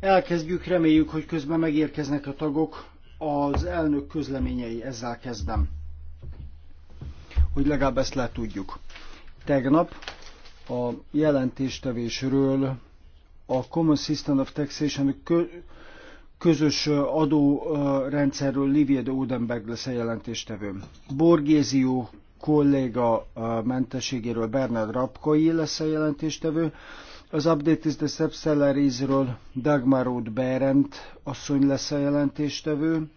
Elkezdjük, reméljük, hogy közben megérkeznek a tagok. Az elnök közleményei, ezzel kezdem. Hogy legalább ezt le tudjuk. Tegnap a jelentéstevésről a Common System of Taxation közös adórendszerről Livia de Odenberg lesz a jelentéstevő. Borgézió kolléga mentességéről Bernard Rapkai lesz a jelentéstevő, az Update is the Subsalaries-ről Dagmar Roth Berent asszony lesz a jelentéstevő,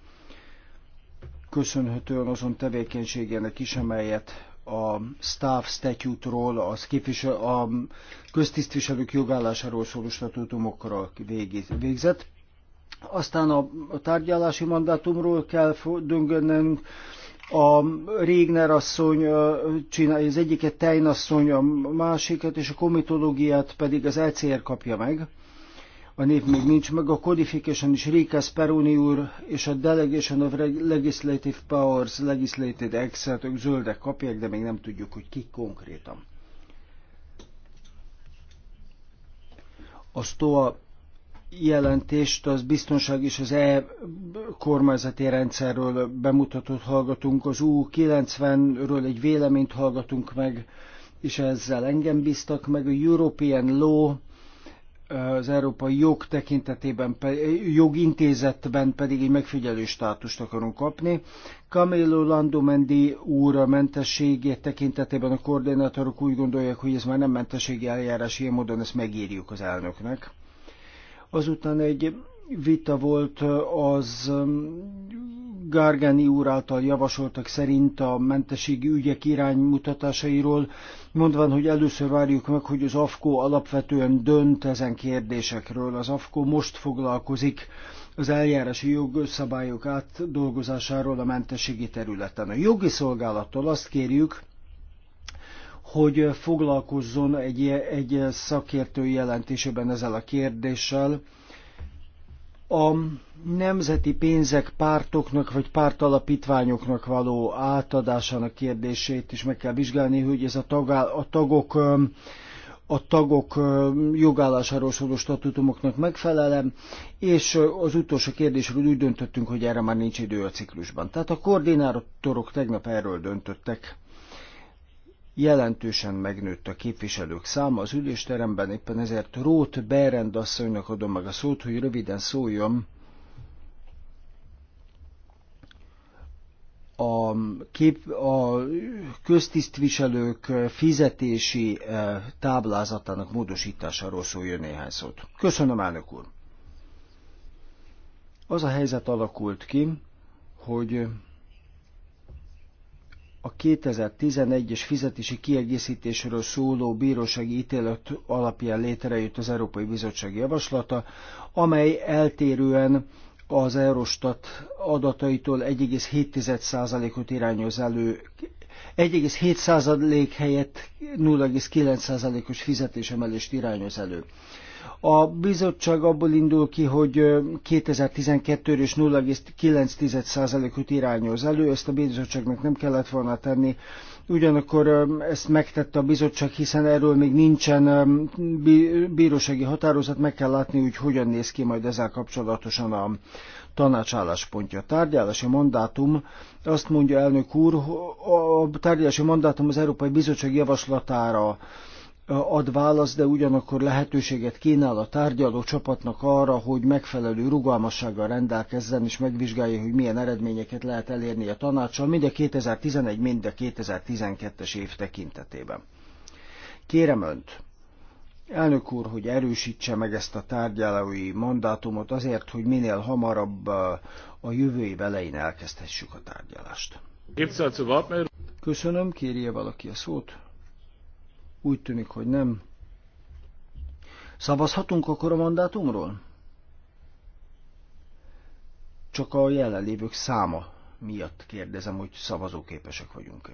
köszönhetően azon tevékenységének is, amelyet a staff statute-ról, az a köztisztviselők jogállásáról szóló statutumokra végzett. Aztán a, a tárgyalási mandátumról kell döngönnünk, a Régner asszony csinálja az egyiket, Tejnasszony a másikat, és a komitológiát pedig az ECR kapja meg. A nép még nincs meg, a Codification is Rikas Peroni úr és a Delegation of Legislative Powers Legislated Excel, hát ők zöldek kapják, de még nem tudjuk, hogy ki konkrétan. A STOA jelentést az biztonság és az e-kormányzati rendszerről bemutatót hallgatunk, az U90-ről egy véleményt hallgatunk meg, és ezzel engem bíztak meg. A European Law az Európai Jog tekintetében, jogintézetben pedig egy megfigyelő státust akarunk kapni. Camilo Landomendi úr a mentességét tekintetében a koordinátorok úgy gondolják, hogy ez már nem mentességi eljárás, ilyen módon ezt megírjuk az elnöknek. Azután egy vita volt az um, Gárgáni úr által javasoltak szerint a mentességi ügyek iránymutatásairól, mondván, hogy először várjuk meg, hogy az AFKO alapvetően dönt ezen kérdésekről. Az AFKO most foglalkozik az eljárási jogszabályok átdolgozásáról a mentességi területen. A jogi szolgálattól azt kérjük, hogy foglalkozzon egy, egy szakértő jelentésében ezzel a kérdéssel. A nemzeti pénzek pártoknak vagy pártalapítványoknak való átadásának kérdését is meg kell vizsgálni, hogy ez a, tagál, a tagok a tagok jogállásáról szóló statutumoknak megfelelem, és az utolsó kérdésről úgy döntöttünk, hogy erre már nincs idő a ciklusban. Tehát a koordinátorok tegnap erről döntöttek jelentősen megnőtt a képviselők száma az ülésteremben, éppen ezért Rót Berend asszonynak adom meg a szót, hogy röviden szóljon a, kép, a köztisztviselők fizetési eh, táblázatának módosításáról szóljon néhány szót. Köszönöm, elnök úr! Az a helyzet alakult ki, hogy a 2011-es fizetési kiegészítésről szóló bírósági ítélet alapján létrejött az Európai Bizottság javaslata, amely eltérően az Eurostat adataitól 1,7%-ot irányoz elő 1,7% helyett 0,9%-os fizetésemelést irányoz elő. A bizottság abból indul ki, hogy 2012 ről is 0,9%-ot irányoz elő, ezt a bizottságnak nem kellett volna tenni. Ugyanakkor ezt megtette a bizottság, hiszen erről még nincsen bírósági határozat, meg kell látni, hogy hogyan néz ki majd ezzel kapcsolatosan a tanácsálláspontja. A tárgyalási mandátum, azt mondja elnök úr, a tárgyalási mandátum az Európai Bizottság javaslatára ad választ, de ugyanakkor lehetőséget kínál a tárgyaló csapatnak arra, hogy megfelelő rugalmassággal rendelkezzen, és megvizsgálja, hogy milyen eredményeket lehet elérni a tanácssal, mind a 2011, mind a 2012-es év tekintetében. Kérem Önt, elnök úr, hogy erősítse meg ezt a tárgyalói mandátumot azért, hogy minél hamarabb a jövő év elején elkezdhessük a tárgyalást. Szóval, Köszönöm, kérje valaki a szót. Úgy tűnik, hogy nem. Szavazhatunk akkor a mandátumról? Csak a jelenlévők száma miatt kérdezem, hogy szavazóképesek vagyunk.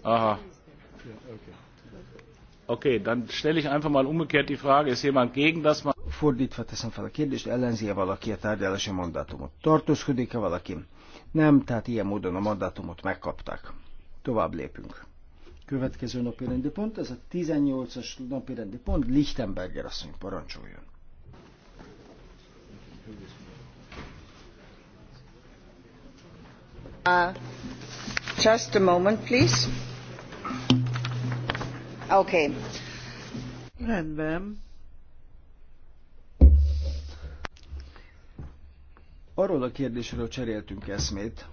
Aha. Okay, dann stelle ich einfach mal umgekehrt die Frage, ist jemand gegen das man fordítva teszem fel a kérdést, ellenzi-e valaki a tárgyalási mandátumot? Tartózkodik-e valaki? Nem, tehát ilyen módon a mandátumot megkapták. Tovább lépünk. Következő napi rendi pont, ez a 18-as napi rendi pont, Lichtenberger asszony parancsoljon. Uh, just a moment, please. Okay. Rendben. Arról a kérdésről cseréltünk eszmét,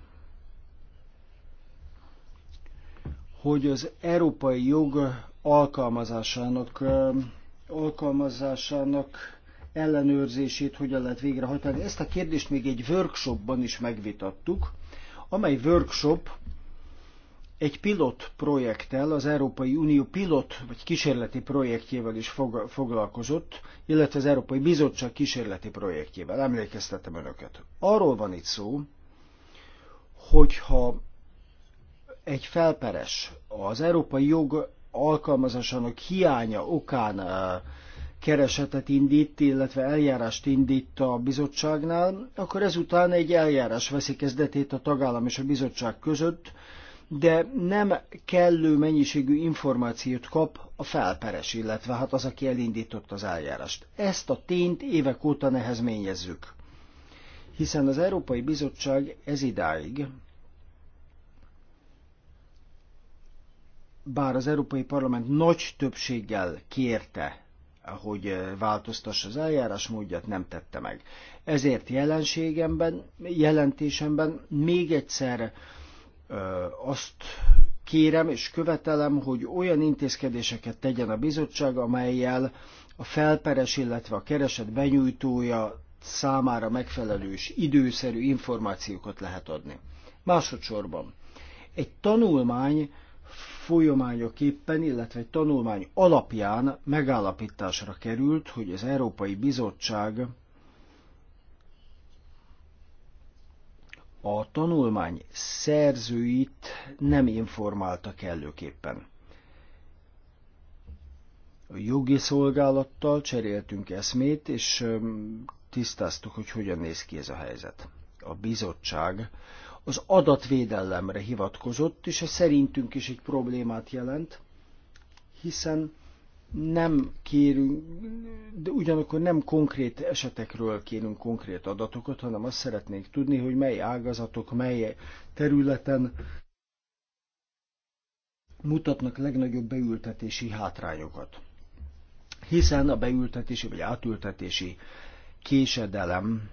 hogy az európai jog alkalmazásának, alkalmazásának ellenőrzését hogyan lehet végrehajtani. Ezt a kérdést még egy workshopban is megvitattuk, amely workshop egy pilot projekttel, az Európai Unió pilot vagy kísérleti projektjével is foglalkozott, illetve az Európai Bizottság kísérleti projektjével. Emlékeztetem önöket. Arról van itt szó, hogyha egy felperes az európai jog alkalmazásának hiánya okán keresetet indít, illetve eljárást indít a bizottságnál, akkor ezután egy eljárás veszi kezdetét a tagállam és a bizottság között, de nem kellő mennyiségű információt kap a felperes, illetve hát az, aki elindított az eljárást. Ezt a tényt évek óta nehezményezzük. Hiszen az Európai Bizottság ez idáig, bár az Európai Parlament nagy többséggel kérte hogy változtassa az eljárásmódját, nem tette meg. Ezért jelenségemben, jelentésemben még egyszer azt kérem és követelem, hogy olyan intézkedéseket tegyen a bizottság, amelyel a felperes, illetve a kereset benyújtója számára megfelelő és időszerű információkat lehet adni. Másodszorban egy tanulmány folyamányoképpen, illetve egy tanulmány alapján megállapításra került, hogy az Európai Bizottság a tanulmány szerzőit nem informálta kellőképpen. A jogi szolgálattal cseréltünk eszmét, és tisztáztuk, hogy hogyan néz ki ez a helyzet. A bizottság az adatvédelemre hivatkozott, és ez szerintünk is egy problémát jelent, hiszen nem kérünk, de ugyanakkor nem konkrét esetekről kérünk konkrét adatokat, hanem azt szeretnénk tudni, hogy mely ágazatok, mely területen mutatnak legnagyobb beültetési hátrányokat. Hiszen a beültetési vagy átültetési késedelem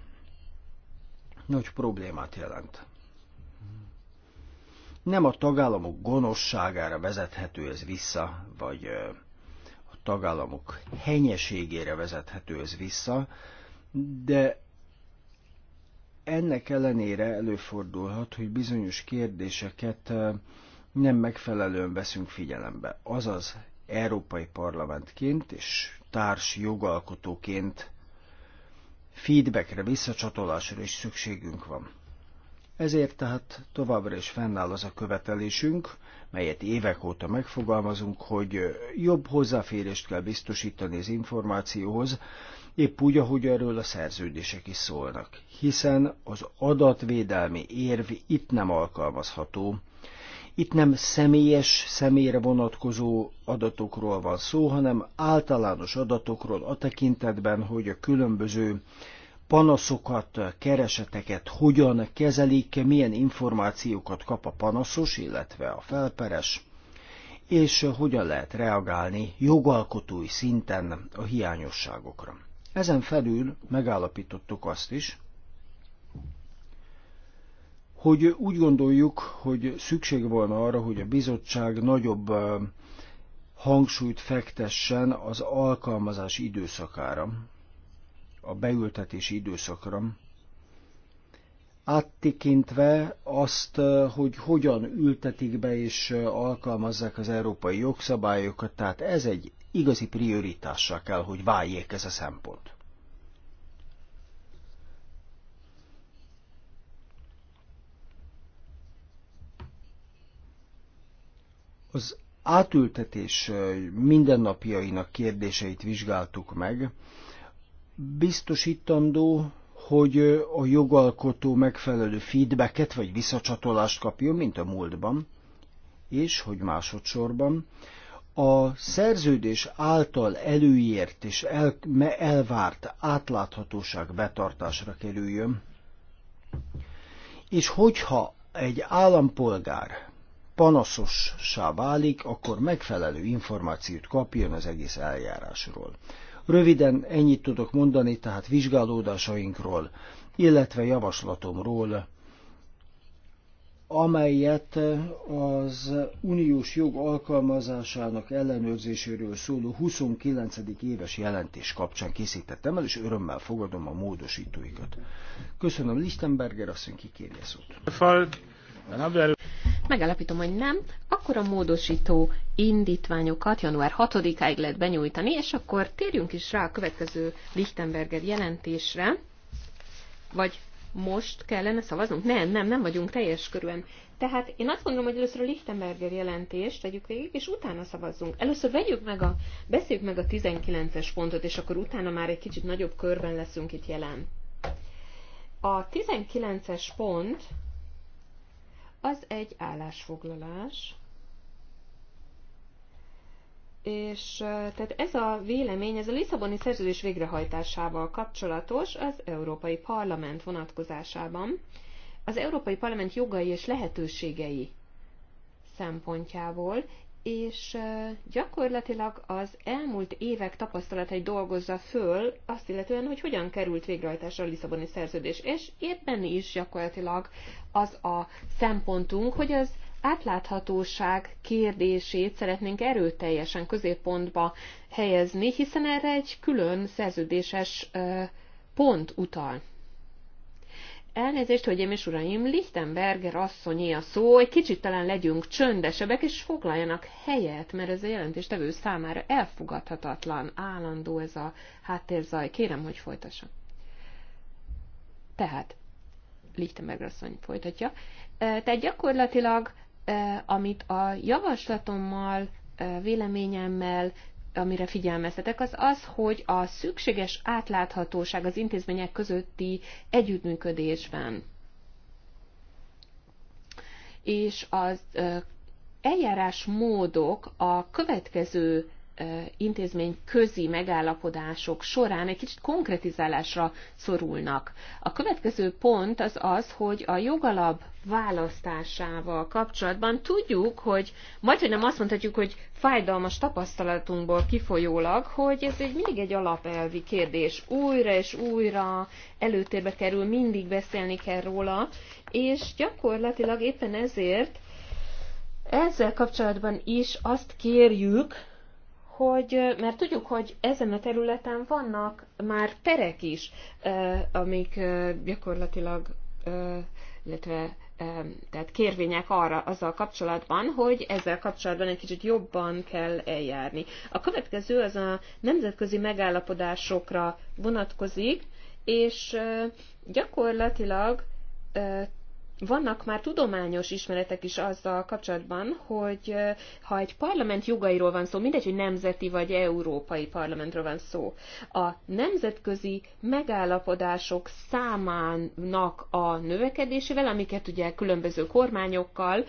nagy problémát jelent. Nem a tagállamok gonoszságára vezethető ez vissza, vagy tagállamok henyeségére vezethető ez vissza, de ennek ellenére előfordulhat, hogy bizonyos kérdéseket eh, nem megfelelően veszünk figyelembe. Azaz, Európai Parlamentként és társ jogalkotóként feedbackre, visszacsatolásra is szükségünk van. Ezért tehát továbbra is fennáll az a követelésünk, melyet évek óta megfogalmazunk, hogy jobb hozzáférést kell biztosítani az információhoz, épp úgy, ahogy erről a szerződések is szólnak, hiszen az adatvédelmi érv itt nem alkalmazható. Itt nem személyes, személyre vonatkozó adatokról van szó, hanem általános adatokról a tekintetben, hogy a különböző panaszokat, kereseteket hogyan kezelik, milyen információkat kap a panaszos, illetve a felperes, és hogyan lehet reagálni jogalkotói szinten a hiányosságokra. Ezen felül megállapítottuk azt is, hogy úgy gondoljuk, hogy szükség van arra, hogy a bizottság nagyobb hangsúlyt fektessen az alkalmazás időszakára, a beültetési időszakra, Áttikintve azt, hogy hogyan ültetik be és alkalmazzák az európai jogszabályokat, tehát ez egy igazi prioritással kell, hogy váljék ez a szempont. Az átültetés mindennapjainak kérdéseit vizsgáltuk meg, biztosítandó, hogy a jogalkotó megfelelő feedbacket vagy visszacsatolást kapjon, mint a múltban, és hogy másodszorban a szerződés által előírt és el, elvárt átláthatóság betartásra kerüljön. És hogyha egy állampolgár panaszossá válik, akkor megfelelő információt kapjon az egész eljárásról. Röviden ennyit tudok mondani, tehát vizsgálódásainkról, illetve javaslatomról, amelyet az uniós jog alkalmazásának ellenőrzéséről szóló 29. éves jelentés kapcsán készítettem el, és örömmel fogadom a módosítóikat. Köszönöm Lichtenberger asszony kikérje szót. Megállapítom, hogy nem. Akkor a módosító indítványokat január 6-áig lehet benyújtani, és akkor térjünk is rá a következő Lichtenberger jelentésre. Vagy most kellene szavaznunk? Nem, nem, nem vagyunk teljes körülön. Tehát én azt gondolom, hogy először a Lichtenberger jelentést vegyük végig, és utána szavazzunk. Először vegyük meg a, beszéljük meg a 19-es pontot, és akkor utána már egy kicsit nagyobb körben leszünk itt jelen. A 19-es pont az egy állásfoglalás, és tehát ez a vélemény, ez a Lisszaboni szerződés végrehajtásával kapcsolatos az Európai Parlament vonatkozásában, az Európai Parlament jogai és lehetőségei szempontjából, és gyakorlatilag az elmúlt évek tapasztalatai dolgozza föl azt illetően, hogy hogyan került végrehajtásra a Lisszaboni szerződés. És éppen is gyakorlatilag az a szempontunk, hogy az átláthatóság kérdését szeretnénk erőteljesen középpontba helyezni, hiszen erre egy külön szerződéses pont utal. Elnézést, hogy én és uraim, Lichtenberger asszonyé a szó, egy kicsit talán legyünk csöndesebbek, és foglaljanak helyet, mert ez a jelentéstevő számára elfogadhatatlan, állandó ez a háttérzaj. Kérem, hogy folytassa. Tehát, Lichtenberger asszony folytatja. Tehát gyakorlatilag, amit a javaslatommal, véleményemmel amire figyelmeztetek, az az, hogy a szükséges átláthatóság az intézmények közötti együttműködésben és az eljárásmódok a következő intézmény közi megállapodások során egy kicsit konkretizálásra szorulnak. A következő pont az az, hogy a jogalap választásával kapcsolatban tudjuk, hogy majd, hogy nem azt mondhatjuk, hogy fájdalmas tapasztalatunkból kifolyólag, hogy ez egy, mindig egy alapelvi kérdés. Újra és újra előtérbe kerül, mindig beszélni kell róla, és gyakorlatilag éppen ezért ezzel kapcsolatban is azt kérjük, hogy, mert tudjuk, hogy ezen a területen vannak már perek is, amik gyakorlatilag, illetve tehát kérvények arra azzal kapcsolatban, hogy ezzel kapcsolatban egy kicsit jobban kell eljárni. A következő az a nemzetközi megállapodásokra vonatkozik, és gyakorlatilag vannak már tudományos ismeretek is azzal kapcsolatban, hogy ha egy parlament jogairól van szó, mindegy, hogy nemzeti vagy európai parlamentről van szó, a nemzetközi megállapodások számának a növekedésével, amiket ugye különböző kormányokkal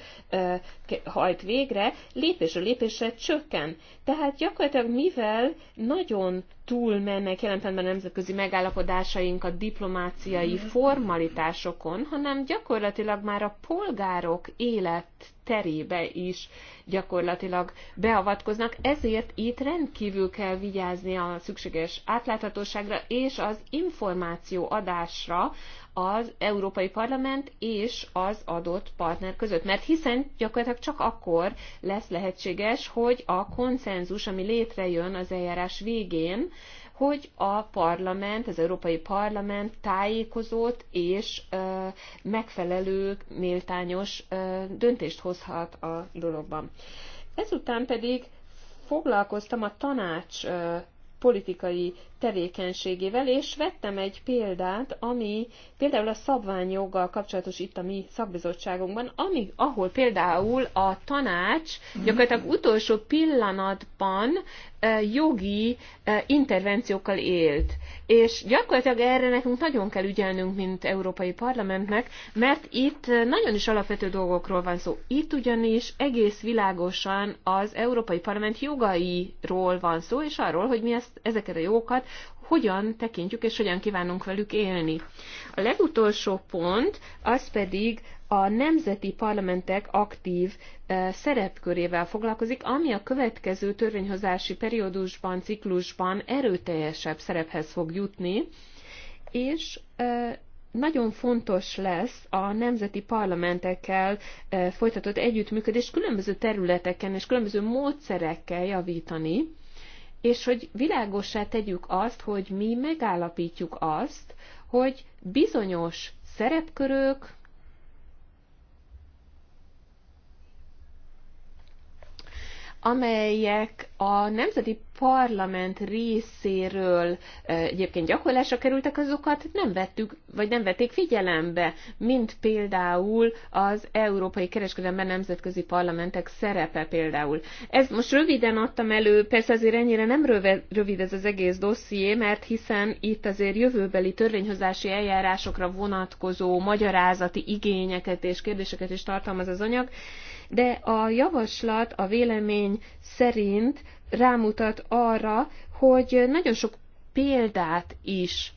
hajt végre, lépésről lépésre csökken. Tehát gyakorlatilag mivel nagyon túl mennek jelen a nemzetközi megállapodásaink a diplomáciai mhm. formalitásokon, hanem gyakorlatilag már a polgárok élet terébe is gyakorlatilag beavatkoznak, ezért itt rendkívül kell vigyázni a szükséges átláthatóságra és az információ adásra az Európai Parlament és az adott partner között. Mert hiszen gyakorlatilag csak akkor lesz lehetséges, hogy a konszenzus, ami létrejön az eljárás végén, hogy a parlament, az Európai Parlament tájékozott és ö, megfelelő, méltányos ö, döntést hozhat a dologban. Ezután pedig foglalkoztam a tanács ö, politikai tevékenységével, és vettem egy példát, ami például a szabványjoggal kapcsolatos itt a mi szakbizottságunkban, ami, ahol például a tanács mhm. gyakorlatilag utolsó pillanatban jogi intervenciókkal élt. És gyakorlatilag erre nekünk nagyon kell ügyelnünk, mint Európai Parlamentnek, mert itt nagyon is alapvető dolgokról van szó. Itt ugyanis egész világosan az Európai Parlament jogairól van szó, és arról, hogy mi ezt, ezeket a jogokat hogyan tekintjük és hogyan kívánunk velük élni. A legutolsó pont az pedig a nemzeti parlamentek aktív szerepkörével foglalkozik, ami a következő törvényhozási periódusban, ciklusban erőteljesebb szerephez fog jutni, és nagyon fontos lesz a nemzeti parlamentekkel folytatott együttműködés különböző területeken és különböző módszerekkel javítani, és hogy világossá tegyük azt, hogy mi megállapítjuk azt, hogy bizonyos szerepkörök, amelyek a nemzeti parlament részéről eh, egyébként gyakorlásra kerültek, azokat nem vettük, vagy nem vették figyelembe, mint például az Európai Kereskedelemben Nemzetközi Parlamentek szerepe például. Ez most röviden adtam elő, persze azért ennyire nem rövid ez az egész dosszié, mert hiszen itt azért jövőbeli törvényhozási eljárásokra vonatkozó magyarázati igényeket és kérdéseket is tartalmaz az anyag, de a javaslat a vélemény szerint rámutat arra, hogy nagyon sok példát is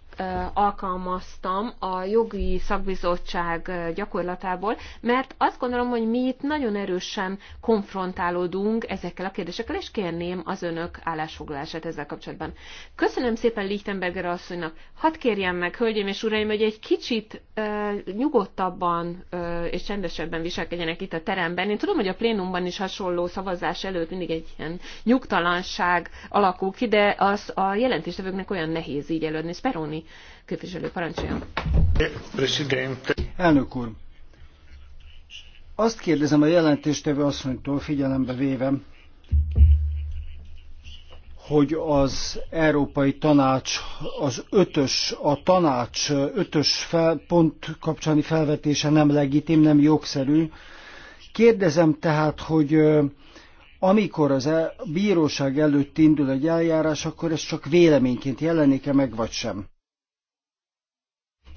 alkalmaztam a jogi szakbizottság gyakorlatából, mert azt gondolom, hogy mi itt nagyon erősen konfrontálódunk ezekkel a kérdésekkel, és kérném az önök állásfoglalását ezzel kapcsolatban. Köszönöm szépen Lichtenberger asszonynak. Hadd kérjem meg, hölgyeim és uraim, hogy egy kicsit uh, nyugodtabban uh, és csendesebben viselkedjenek itt a teremben. Én tudom, hogy a plénumban is hasonló szavazás előtt mindig egy ilyen nyugtalanság alakul ki, de az a jelentéstevőknek olyan nehéz így előadni. Speroni képviselő parancsoljon. Elnök úr, azt kérdezem a jelentéstevő asszonytól figyelembe véve, hogy az Európai Tanács az ötös, a tanács ötös fel, pont kapcsolni felvetése nem legitim, nem jogszerű. Kérdezem tehát, hogy amikor az e- bíróság előtt indul egy eljárás, akkor ez csak véleményként jelenik-e meg, vagy sem?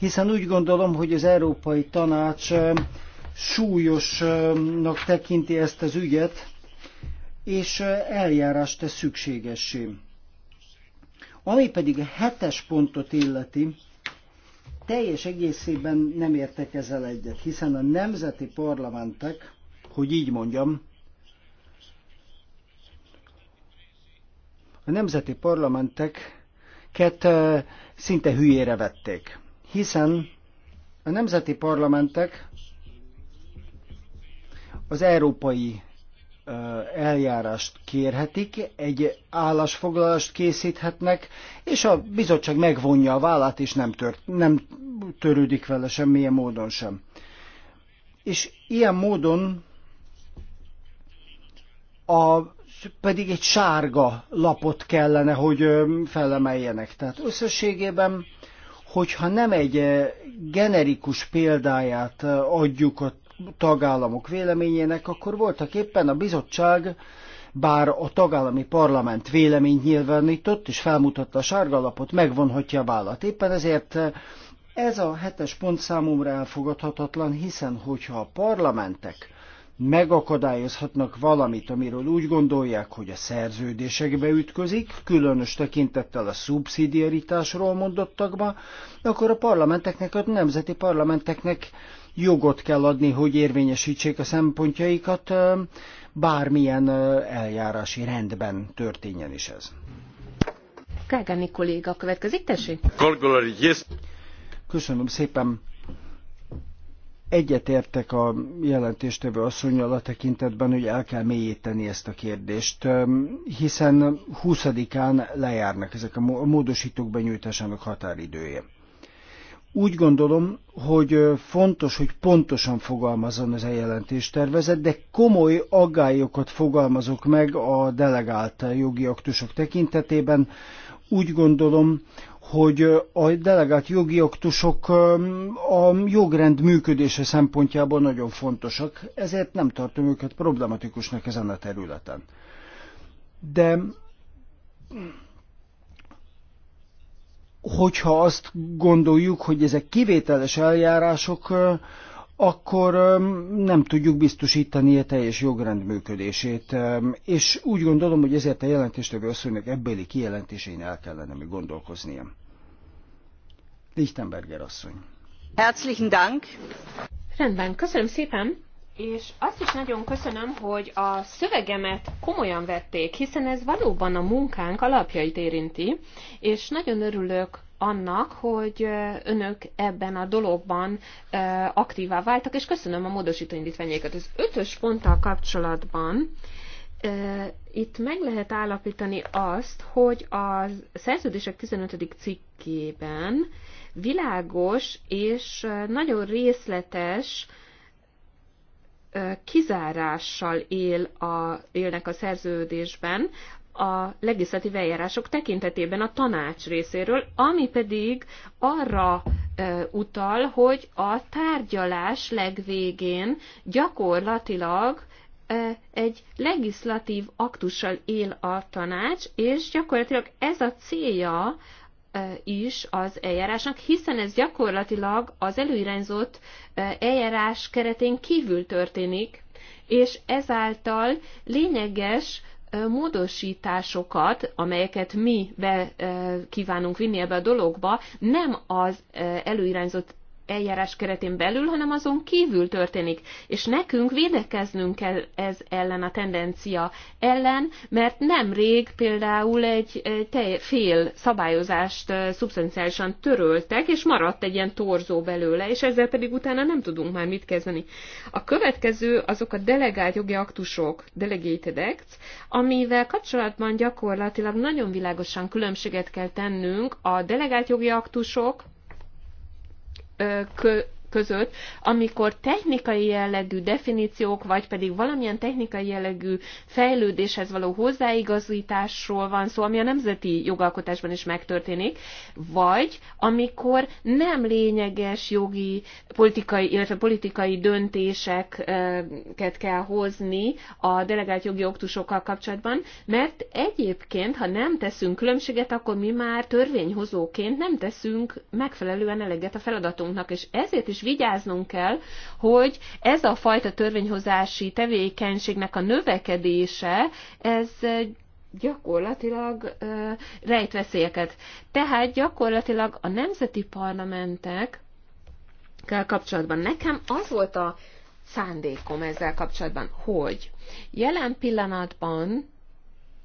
hiszen úgy gondolom, hogy az Európai Tanács súlyosnak tekinti ezt az ügyet, és eljárást tesz szükségessé. Ami pedig a hetes pontot illeti, teljes egészében nem értek ezzel egyet, hiszen a nemzeti parlamentek, hogy így mondjam, a nemzeti parlamenteket szinte hülyére vették hiszen a nemzeti parlamentek az európai eljárást kérhetik, egy állásfoglalást készíthetnek, és a bizottság megvonja a vállát, és nem, tört, nem törődik vele semmilyen módon sem. És ilyen módon a, pedig egy sárga lapot kellene, hogy felemeljenek. Tehát összességében hogyha nem egy eh, generikus példáját eh, adjuk a tagállamok véleményének, akkor voltak éppen a bizottság, bár a tagállami parlament véleményt nyilvánított és felmutatta a sárgalapot, megvonhatja a vállat. Éppen ezért eh, ez a hetes pont számomra elfogadhatatlan, hiszen hogyha a parlamentek megakadályozhatnak valamit, amiről úgy gondolják, hogy a szerződésekbe ütközik, különös tekintettel a szubszidiaritásról mondottakba, akkor a parlamenteknek, a nemzeti parlamenteknek jogot kell adni, hogy érvényesítsék a szempontjaikat, bármilyen eljárási rendben történjen is ez. Kágáni kolléga következik, tessék? Köszönöm szépen. Egyetértek a jelentéstevő asszonyjal a tekintetben, hogy el kell mélyíteni ezt a kérdést, hiszen 20-án lejárnak ezek a módosítók benyújtásának határidője. Úgy gondolom, hogy fontos, hogy pontosan fogalmazon az a tervezet, de komoly aggályokat fogalmazok meg a delegált jogi aktusok tekintetében. Úgy gondolom, hogy a delegált jogi aktusok a jogrend működése szempontjából nagyon fontosak, ezért nem tartom őket problematikusnak ezen a területen. De hogyha azt gondoljuk, hogy ezek kivételes eljárások, akkor nem tudjuk biztosítani a teljes jogrend működését. És úgy gondolom, hogy ezért a jelentéstevő asszonynak ebbéli kijelentésén el kellene mi gondolkoznia. Lichtenberger asszony. Herzlichen Dank. Rendben, köszönöm szépen. És azt is nagyon köszönöm, hogy a szövegemet komolyan vették, hiszen ez valóban a munkánk alapjait érinti, és nagyon örülök annak, hogy önök ebben a dologban aktívá váltak, és köszönöm a módosító indítványéket. Az ötös ponttal kapcsolatban itt meg lehet állapítani azt, hogy a szerződések 15. cikkében világos és nagyon részletes kizárással él a, élnek a szerződésben a legislatív eljárások tekintetében a tanács részéről, ami pedig arra utal, hogy a tárgyalás legvégén gyakorlatilag egy legislatív aktussal él a tanács, és gyakorlatilag ez a célja is az eljárásnak, hiszen ez gyakorlatilag az előirányzott eljárás keretén kívül történik, és ezáltal lényeges módosításokat, amelyeket mi be kívánunk vinni ebbe a dologba, nem az előirányzott eljárás keretén belül, hanem azon kívül történik. És nekünk védekeznünk kell ez ellen a tendencia ellen, mert nemrég például egy, egy fél szabályozást szubszenciálisan töröltek, és maradt egy ilyen torzó belőle, és ezzel pedig utána nem tudunk már mit kezdeni. A következő azok a delegált jogi aktusok, delegated acts, amivel kapcsolatban gyakorlatilag nagyon világosan különbséget kell tennünk a delegált jogi aktusok, kö között, amikor technikai jellegű definíciók, vagy pedig valamilyen technikai jellegű fejlődéshez való hozzáigazításról van szó, ami a nemzeti jogalkotásban is megtörténik, vagy amikor nem lényeges jogi, politikai, illetve politikai döntéseket kell hozni a delegált jogi oktusokkal kapcsolatban, mert egyébként, ha nem teszünk különbséget, akkor mi már törvényhozóként nem teszünk megfelelően eleget a feladatunknak, és ezért is is vigyáznunk kell, hogy ez a fajta törvényhozási tevékenységnek a növekedése, ez gyakorlatilag uh, rejt veszélyeket. Tehát gyakorlatilag a nemzeti parlamentek kell kapcsolatban. Nekem az volt a szándékom ezzel kapcsolatban, hogy jelen pillanatban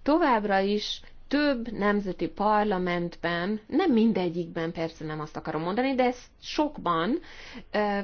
továbbra is több nemzeti parlamentben, nem mindegyikben persze nem azt akarom mondani, de ez sokban ö,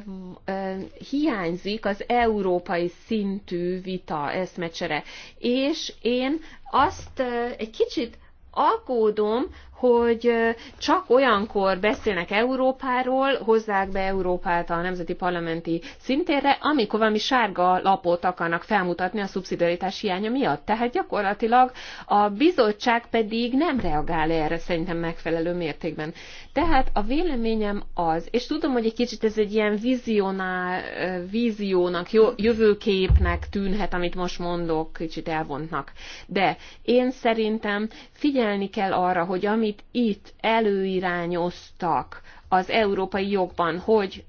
ö, hiányzik az európai szintű vita, eszmecsere. És én azt ö, egy kicsit aggódom, hogy csak olyankor beszélnek Európáról, hozzák be Európát a nemzeti parlamenti szintérre, amikor valami sárga lapot akarnak felmutatni a szubszidiaritás hiánya miatt. Tehát gyakorlatilag a bizottság pedig nem reagál erre szerintem megfelelő mértékben. Tehát a véleményem az, és tudom, hogy egy kicsit ez egy ilyen vizionál, víziónak, jövőképnek tűnhet, amit most mondok, kicsit elvontnak. De én szerintem figyelni kell arra, hogy ami amit itt előirányoztak az európai jogban, hogy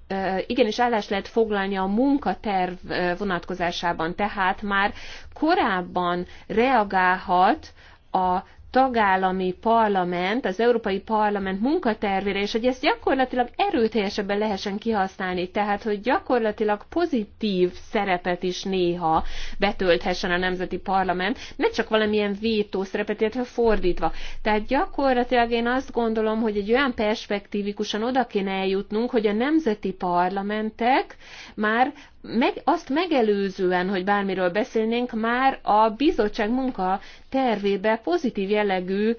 igenis állást lehet foglalni a munkaterv vonatkozásában, tehát már korábban reagálhat a tagállami parlament, az Európai Parlament munkatervére, és hogy ezt gyakorlatilag erőteljesebben lehessen kihasználni, tehát hogy gyakorlatilag pozitív szerepet is néha betölthessen a Nemzeti Parlament, ne csak valamilyen vétó szerepet, illetve fordítva. Tehát gyakorlatilag én azt gondolom, hogy egy olyan perspektívikusan oda kéne eljutnunk, hogy a nemzeti parlamentek már meg, azt megelőzően, hogy bármiről beszélnénk, már a bizottság munka tervébe pozitív jellegű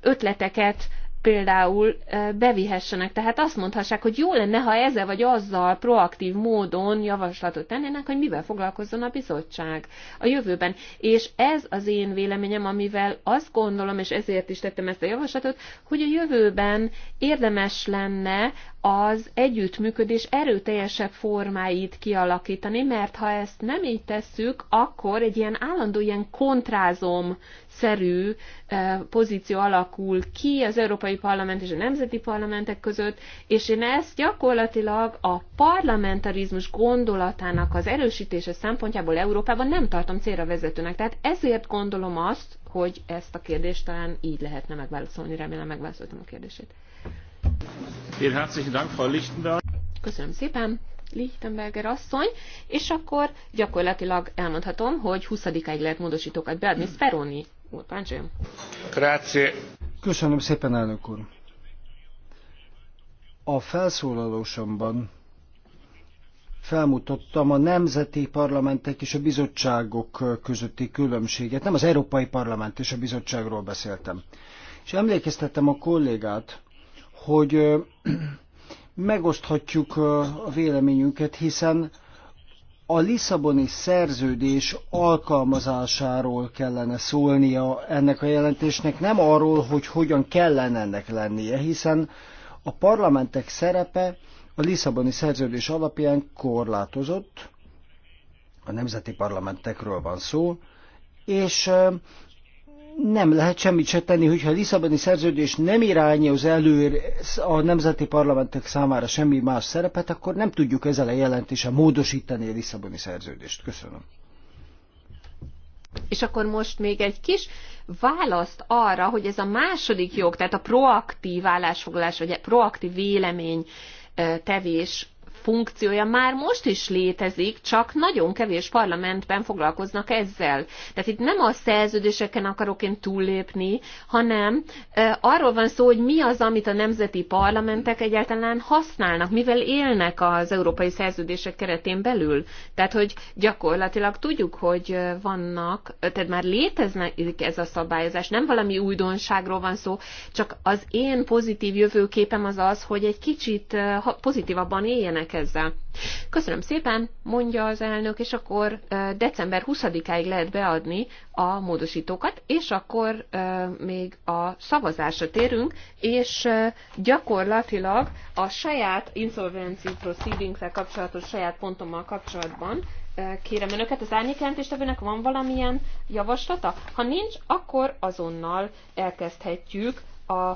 ötleteket például bevihessenek. Tehát azt mondhassák, hogy jó lenne, ha ezzel vagy azzal proaktív módon javaslatot tennének, hogy mivel foglalkozzon a bizottság a jövőben. És ez az én véleményem, amivel azt gondolom, és ezért is tettem ezt a javaslatot, hogy a jövőben érdemes lenne az együttműködés erőteljesebb formáit kialakítani, mert ha ezt nem így tesszük, akkor egy ilyen állandó ilyen kontrázom szerű eh, pozíció alakul ki az Európai Parlament és a Nemzeti Parlamentek között, és én ezt gyakorlatilag a parlamentarizmus gondolatának az erősítése szempontjából Európában nem tartom célra vezetőnek. Tehát ezért gondolom azt, hogy ezt a kérdést talán így lehetne megválaszolni. Remélem megválaszoltam a kérdését. Köszönöm szépen, Lichtenberger asszony, és akkor gyakorlatilag elmondhatom, hogy 20-ig lehet módosítókat beadni. Speroni Köszönöm szépen, elnök úr. A felszólalósomban felmutattam a nemzeti parlamentek és a bizottságok közötti különbséget, nem az Európai Parlament és a bizottságról beszéltem. És emlékeztettem a kollégát, hogy megoszthatjuk a véleményünket, hiszen a Lisszaboni szerződés alkalmazásáról kellene szólnia ennek a jelentésnek, nem arról, hogy hogyan kellene ennek lennie, hiszen a parlamentek szerepe a Lisszaboni szerződés alapján korlátozott, a nemzeti parlamentekről van szó, és nem lehet semmit se tenni, hogyha a Lisszaboni szerződés nem irányoz elő a nemzeti parlamentek számára semmi más szerepet, akkor nem tudjuk ezzel a jelentéssel módosítani a Lisszaboni szerződést. Köszönöm. És akkor most még egy kis választ arra, hogy ez a második jog, tehát a proaktív állásfoglalás, vagy a proaktív vélemény eh, tevés funkciója már most is létezik, csak nagyon kevés parlamentben foglalkoznak ezzel. Tehát itt nem a szerződéseken akarok én túllépni, hanem arról van szó, hogy mi az, amit a nemzeti parlamentek egyáltalán használnak, mivel élnek az európai szerződések keretén belül. Tehát, hogy gyakorlatilag tudjuk, hogy vannak, tehát már léteznek ez a szabályozás, nem valami újdonságról van szó, csak az én pozitív jövőképem az az, hogy egy kicsit pozitívabban éljenek élnek ezzel. Köszönöm szépen, mondja az elnök, és akkor december 20-áig lehet beadni a módosítókat, és akkor még a szavazásra térünk, és gyakorlatilag a saját insolvency proceedings kapcsolatos saját pontommal kapcsolatban kérem önöket, az árnyékjelentéstevőnek van valamilyen javaslata? Ha nincs, akkor azonnal elkezdhetjük a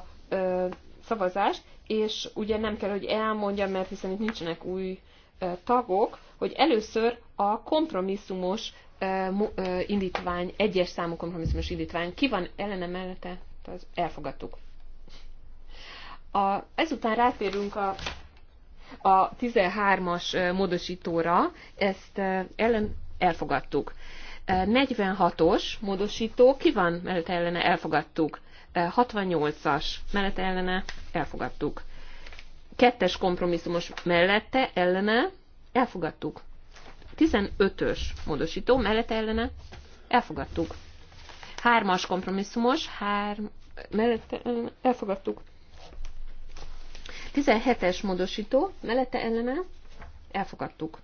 szavazást, és ugye nem kell, hogy elmondjam, mert hiszen itt nincsenek új tagok, hogy először a kompromisszumos indítvány, egyes számú kompromisszumos indítvány, ki van ellene mellette, az elfogadtuk. A, ezután rátérünk a, a 13-as módosítóra, ezt ellen elfogadtuk. 46-os módosító, ki van mellette ellene elfogadtuk. 68-as mellette ellene elfogadtuk. Kettes kompromisszumos mellette ellene elfogadtuk. 15-ös módosító mellette ellene elfogadtuk. Hármas kompromisszumos, hár... mellette ellene elfogadtuk. 17-es módosító mellette ellene elfogadtuk.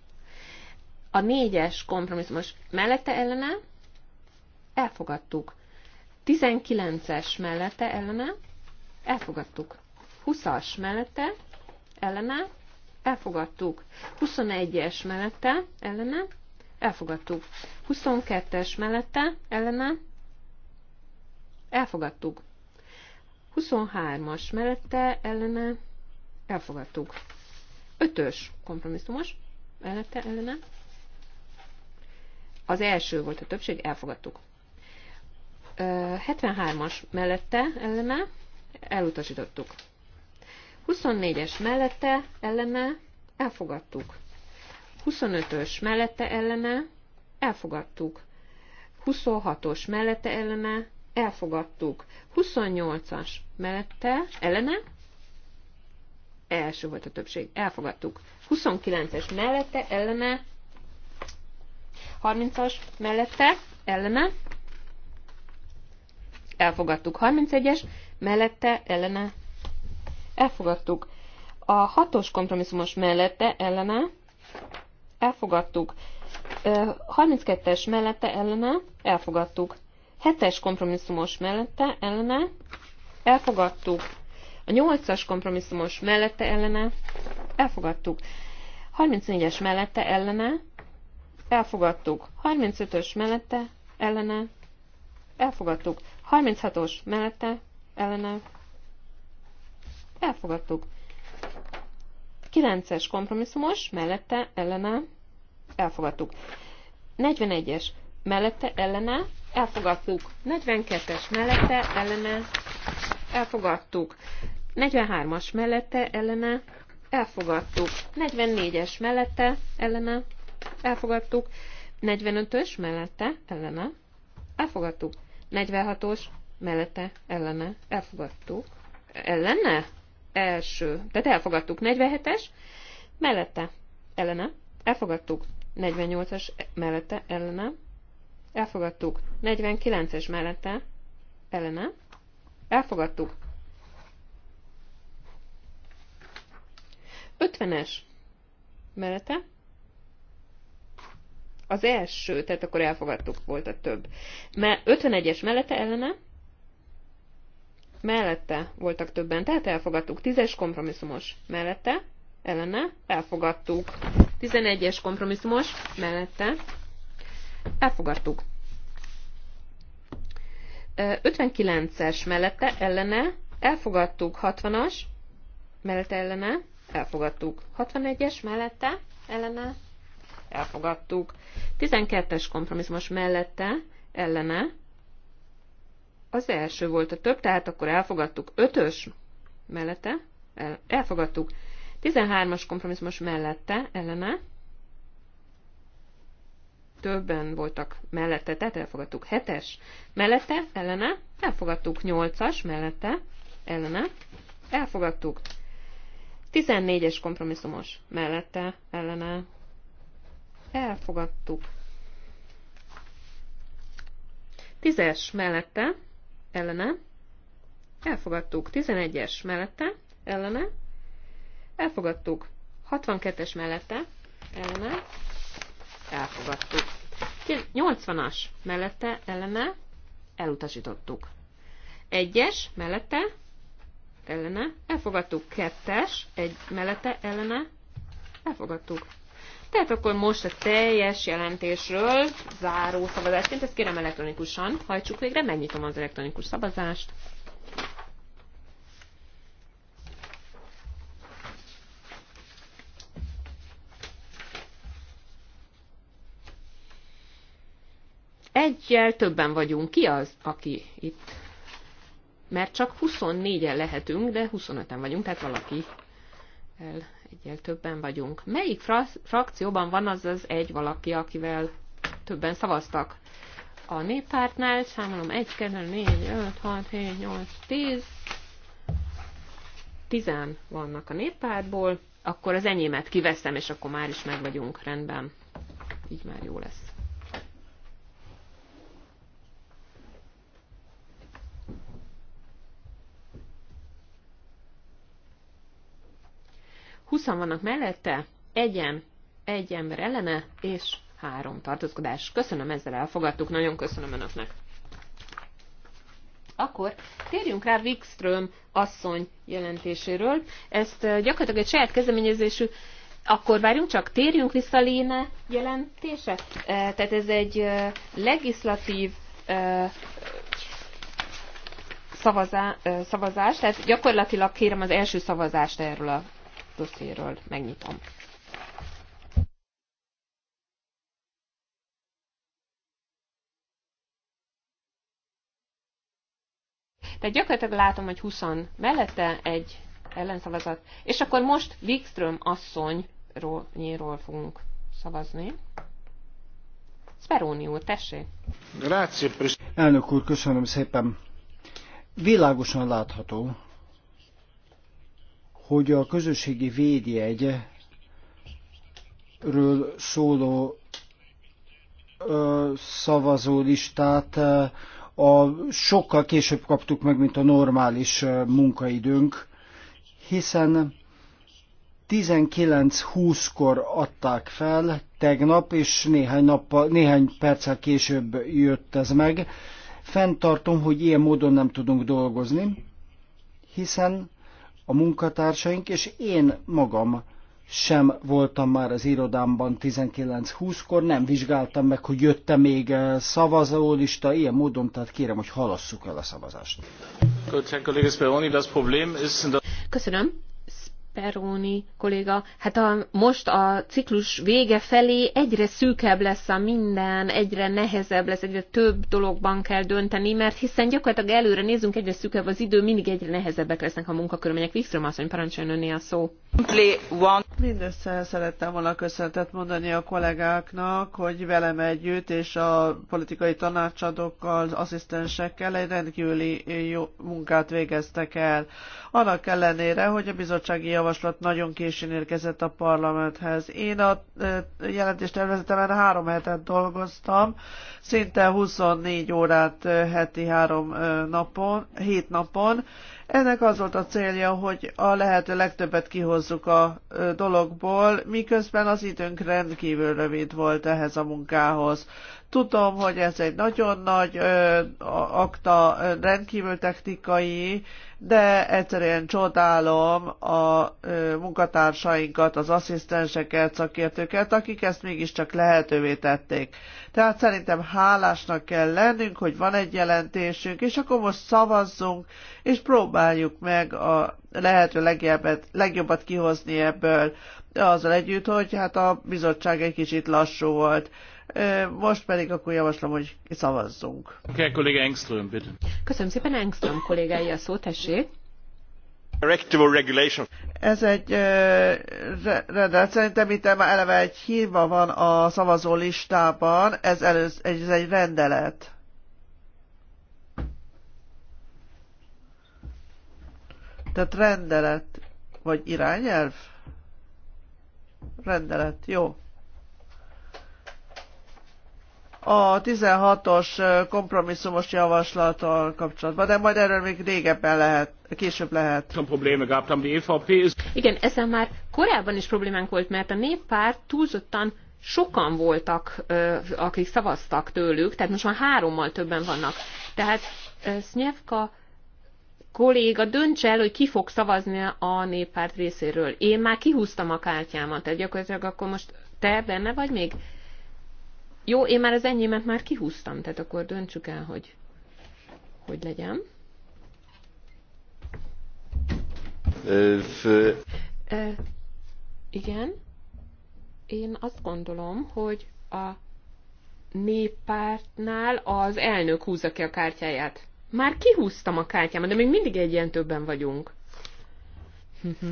A négyes kompromisszumos mellette ellene elfogadtuk. 19-es mellette ellene elfogadtuk. 20-as mellette ellene elfogadtuk. 21-es mellette ellene elfogadtuk. 22-es mellette ellene elfogadtuk. 23-as mellette ellene elfogadtuk. 5-ös kompromisszumos mellette ellene. Az első volt a többség, elfogadtuk. 73-as mellette ellene elutasítottuk. 24-es mellette ellene elfogadtuk. 25-ös mellette ellene elfogadtuk. 26-os mellette ellene elfogadtuk. 28-as mellette ellene első volt a többség, elfogadtuk. 29-es mellette ellene 30-as mellette ellene elfogadtuk. 31-es mellette ellene elfogadtuk. A hatos kompromisszumos mellette ellene elfogadtuk. 32-es mellette ellene elfogadtuk. 7-es kompromisszumos mellette ellene elfogadtuk. A 8-as kompromisszumos mellette ellene elfogadtuk. 34-es mellette ellene elfogadtuk. 35-ös mellette ellene elfogadtuk. 36-os mellette, ellene, elfogadtuk. 9-es kompromisszumos, mellette, ellene, elfogadtuk. 41-es mellette, ellene, elfogadtuk. 42-es mellette, ellene, elfogadtuk. 43-as mellette, ellene, elfogadtuk. 44-es mellette, ellene, elfogadtuk. 45-ös mellette, ellene, elfogadtuk. 46-os mellette ellene elfogadtuk. Ellene? Első. Tehát elfogadtuk. 47-es mellette ellene elfogadtuk. 48-as mellette ellene elfogadtuk. 49-es mellette ellene elfogadtuk. 50-es mellette az első, tehát akkor elfogadtuk, volt a több. Mert 51-es mellette ellene, mellette voltak többen, tehát elfogadtuk. 10-es kompromisszumos mellette, ellene, elfogadtuk. 11-es kompromisszumos mellette, elfogadtuk. 59-es mellette, ellene, elfogadtuk 60-as, mellette ellene, elfogadtuk 61-es mellette, ellene, elfogadtuk. 12-es kompromisszumos mellette, ellene, az első volt a több, tehát akkor elfogadtuk. 5-ös mellette, el, elfogadtuk. 13-as kompromisszumos mellette, ellene, többen voltak mellette, tehát elfogadtuk 7-es, mellette, ellene, elfogadtuk 8-as, mellette, ellene, elfogadtuk 14-es kompromisszumos, mellette, ellene, elfogadtuk. Tízes mellette, ellene, elfogadtuk. Tizenegyes mellette, ellene, elfogadtuk. 62-es mellette, ellene, elfogadtuk. 80-as mellette, ellene, elutasítottuk. Egyes mellette, ellene, elfogadtuk. Kettes, egy mellette, ellene, elfogadtuk. Tehát akkor most a teljes jelentésről záró szavazásként, ezt kérem elektronikusan, hajtsuk végre, megnyitom az elektronikus szavazást. egyel többen vagyunk. Ki az, aki itt? Mert csak 24-en lehetünk, de 25-en vagyunk, tehát valaki el egyel többen vagyunk. Melyik fra- frakcióban van az az egy valaki, akivel többen szavaztak? A néppártnál számolom 1, 2, 4, 5, 6, 7, 8, 10. 10 vannak a néppártból, akkor az enyémet kiveszem, és akkor már is meg vagyunk rendben. Így már jó lesz. 20 vannak mellette, egyen, egy ember ellene, és három tartózkodás. Köszönöm, ezzel elfogadtuk, nagyon köszönöm Önöknek. Akkor térjünk rá Wikström asszony jelentéséről. Ezt eh, gyakorlatilag egy saját kezdeményezésű akkor várjunk csak, térjünk vissza Léne jelentése. Eh, tehát ez egy eh, legislatív szavazás, tehát gyakorlatilag kérem az első szavazást erről a dosszéről. Megnyitom. Tehát gyakorlatilag látom, hogy 20 mellette egy ellenszavazat, és akkor most Wikström asszonyról fogunk szavazni. Speroni úr, tessék! Grazie, Elnök úr, köszönöm szépen! Világosan látható, hogy a közösségi védjegyről szóló szavazólistát a, sokkal később kaptuk meg, mint a normális munkaidőnk, hiszen 19-20-kor adták fel tegnap, és néhány, nappal, néhány perccel később jött ez meg. Fentartom, hogy ilyen módon nem tudunk dolgozni, hiszen a munkatársaink, és én magam sem voltam már az irodámban 19-20-kor, nem vizsgáltam meg, hogy jött-e még eh, szavazólista, ilyen módon, tehát kérem, hogy halasszuk el a szavazást. Köszönöm. Peróni kolléga, hát a, most a ciklus vége felé egyre szűkebb lesz a minden, egyre nehezebb lesz, egyre több dologban kell dönteni, mert hiszen gyakorlatilag előre nézünk, egyre szűkebb az idő, mindig egyre nehezebbek lesznek a munkakörülmények. Wikström asszony, parancsoljon önné a szó. Mindössze szerettem volna köszöntet mondani a kollégáknak, hogy velem együtt és a politikai tanácsadókkal, az asszisztensekkel egy rendkívüli jó munkát végeztek el. Annak ellenére, hogy a bizottsági javaslat javaslat nagyon későn érkezett a parlamenthez. Én a jelentést tervezetemen három hetet dolgoztam, szinte 24 órát heti három napon, hét napon. Ennek az volt a célja, hogy a lehető legtöbbet kihozzuk a dologból, miközben az időnk rendkívül rövid volt ehhez a munkához. Tudom, hogy ez egy nagyon nagy ö, akta, rendkívül technikai, de egyszerűen csodálom a ö, munkatársainkat, az asszisztenseket, szakértőket, akik ezt mégiscsak lehetővé tették. Tehát szerintem hálásnak kell lennünk, hogy van egy jelentésünk, és akkor most szavazzunk, és próbáljuk meg a lehető legjobbat, legjobbat kihozni ebből, de azzal együtt, hogy hát a bizottság egy kicsit lassú volt. Most pedig akkor javaslom, hogy szavazzunk. Okay, kolléga Engström, bitte. Köszönöm szépen, Engström kollégái a szó, tessék. Ez egy rendelet. Szerintem itt már eleve egy hírva van a szavazó listában. Ez, elősz, ez egy rendelet. Tehát rendelet, vagy irányelv? Rendelet, jó a 16-os kompromisszumos javaslattal kapcsolatban, de majd erről még régebben lehet, később lehet. E Igen, ezzel már korábban is problémánk volt, mert a néppárt túlzottan sokan voltak, akik szavaztak tőlük, tehát most már hárommal többen vannak. Tehát Sznyevka kolléga dönts el, hogy ki fog szavazni a néppárt részéről. Én már kihúztam a kártyámat, tehát gyakorlatilag akkor most te benne vagy még? Jó, én már az enyémet már kihúztam, tehát akkor döntsük el, hogy hogy legyen. Ez... E, igen. Én azt gondolom, hogy a néppártnál az elnök húzza ki a kártyáját. Már kihúztam a kártyámat, de még mindig egy ilyen többen vagyunk.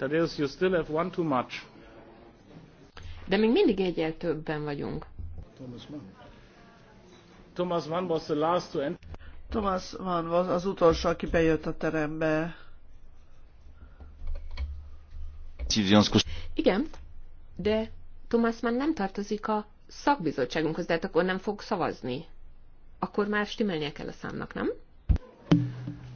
Tadeusz, you still have one too much. De még mindig egyel többen vagyunk. Thomas Mann. Thomas Mann was the last to enter. Thomas Mann was az utolsó, aki bejött a terembe. Igen, de Thomas Mann nem tartozik a szakbizottságunkhoz, de hát akkor nem fog szavazni. Akkor már stimmelnie kell a számnak, nem?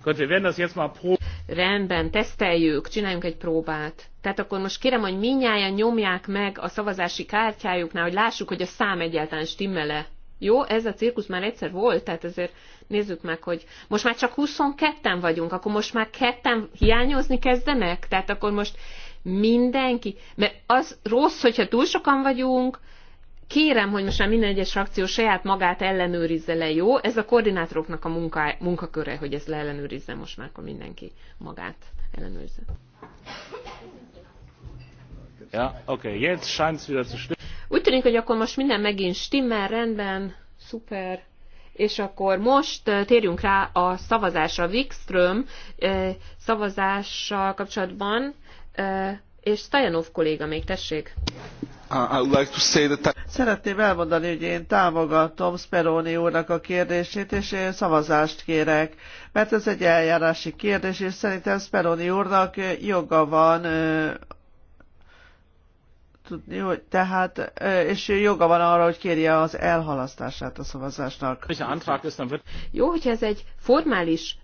Gott, wir werden das jetzt mal pro rendben, teszteljük, csináljunk egy próbát. Tehát akkor most kérem, hogy minnyáján nyomják meg a szavazási kártyájuknál, hogy lássuk, hogy a szám egyáltalán stimmele. Jó, ez a cirkusz már egyszer volt, tehát ezért nézzük meg, hogy most már csak 22-en vagyunk, akkor most már ketten hiányozni kezdenek? Tehát akkor most mindenki, mert az rossz, hogyha túl sokan vagyunk, kérem, hogy most már minden egyes frakció saját magát ellenőrizze le, jó? Ez a koordinátoroknak a munka munkaköre, hogy ezt leellenőrizze most már, akkor mindenki magát ellenőrizze. Ja, oké, okay. jetzt wieder zu stimmen. Úgy tűnik, hogy akkor most minden megint stimmel, rendben, szuper. És akkor most térjünk rá a szavazásra. Wikström szavazással kapcsolatban és Stajanov kolléga még, tessék! Uh, Szeretném elmondani, hogy én támogatom Speroni úrnak a kérdését, és én szavazást kérek, mert ez egy eljárási kérdés, és szerintem Speroni úrnak joga van tudni, hogy tehát, és joga van arra, hogy kérje az elhalasztását a szavazásnak. Jó, hogyha ez egy formális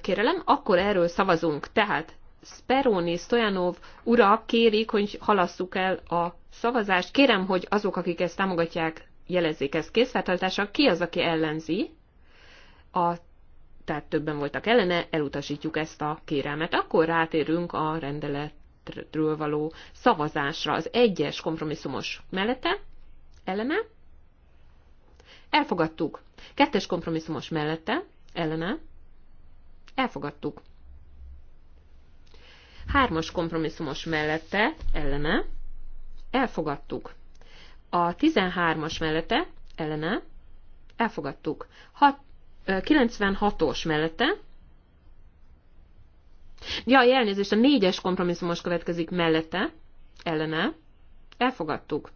kérelem, akkor erről szavazunk. Tehát Speroni, Stojanov urak kérik, hogy halasszuk el a szavazást. Kérem, hogy azok, akik ezt támogatják, jelezzék ezt készfeltartással. Ki az, aki ellenzi? A, tehát többen voltak ellene, elutasítjuk ezt a kérelmet. Akkor rátérünk a rendeletről való szavazásra. Az egyes kompromisszumos mellette, ellene, elfogadtuk. Kettes kompromisszumos mellette, ellene, elfogadtuk. Hármas kompromisszumos mellette, ellene, elfogadtuk. A 13-as mellette, ellene, elfogadtuk. 96-os mellette, ja, elnézést, a négyes kompromisszumos következik mellette, ellene, elfogadtuk.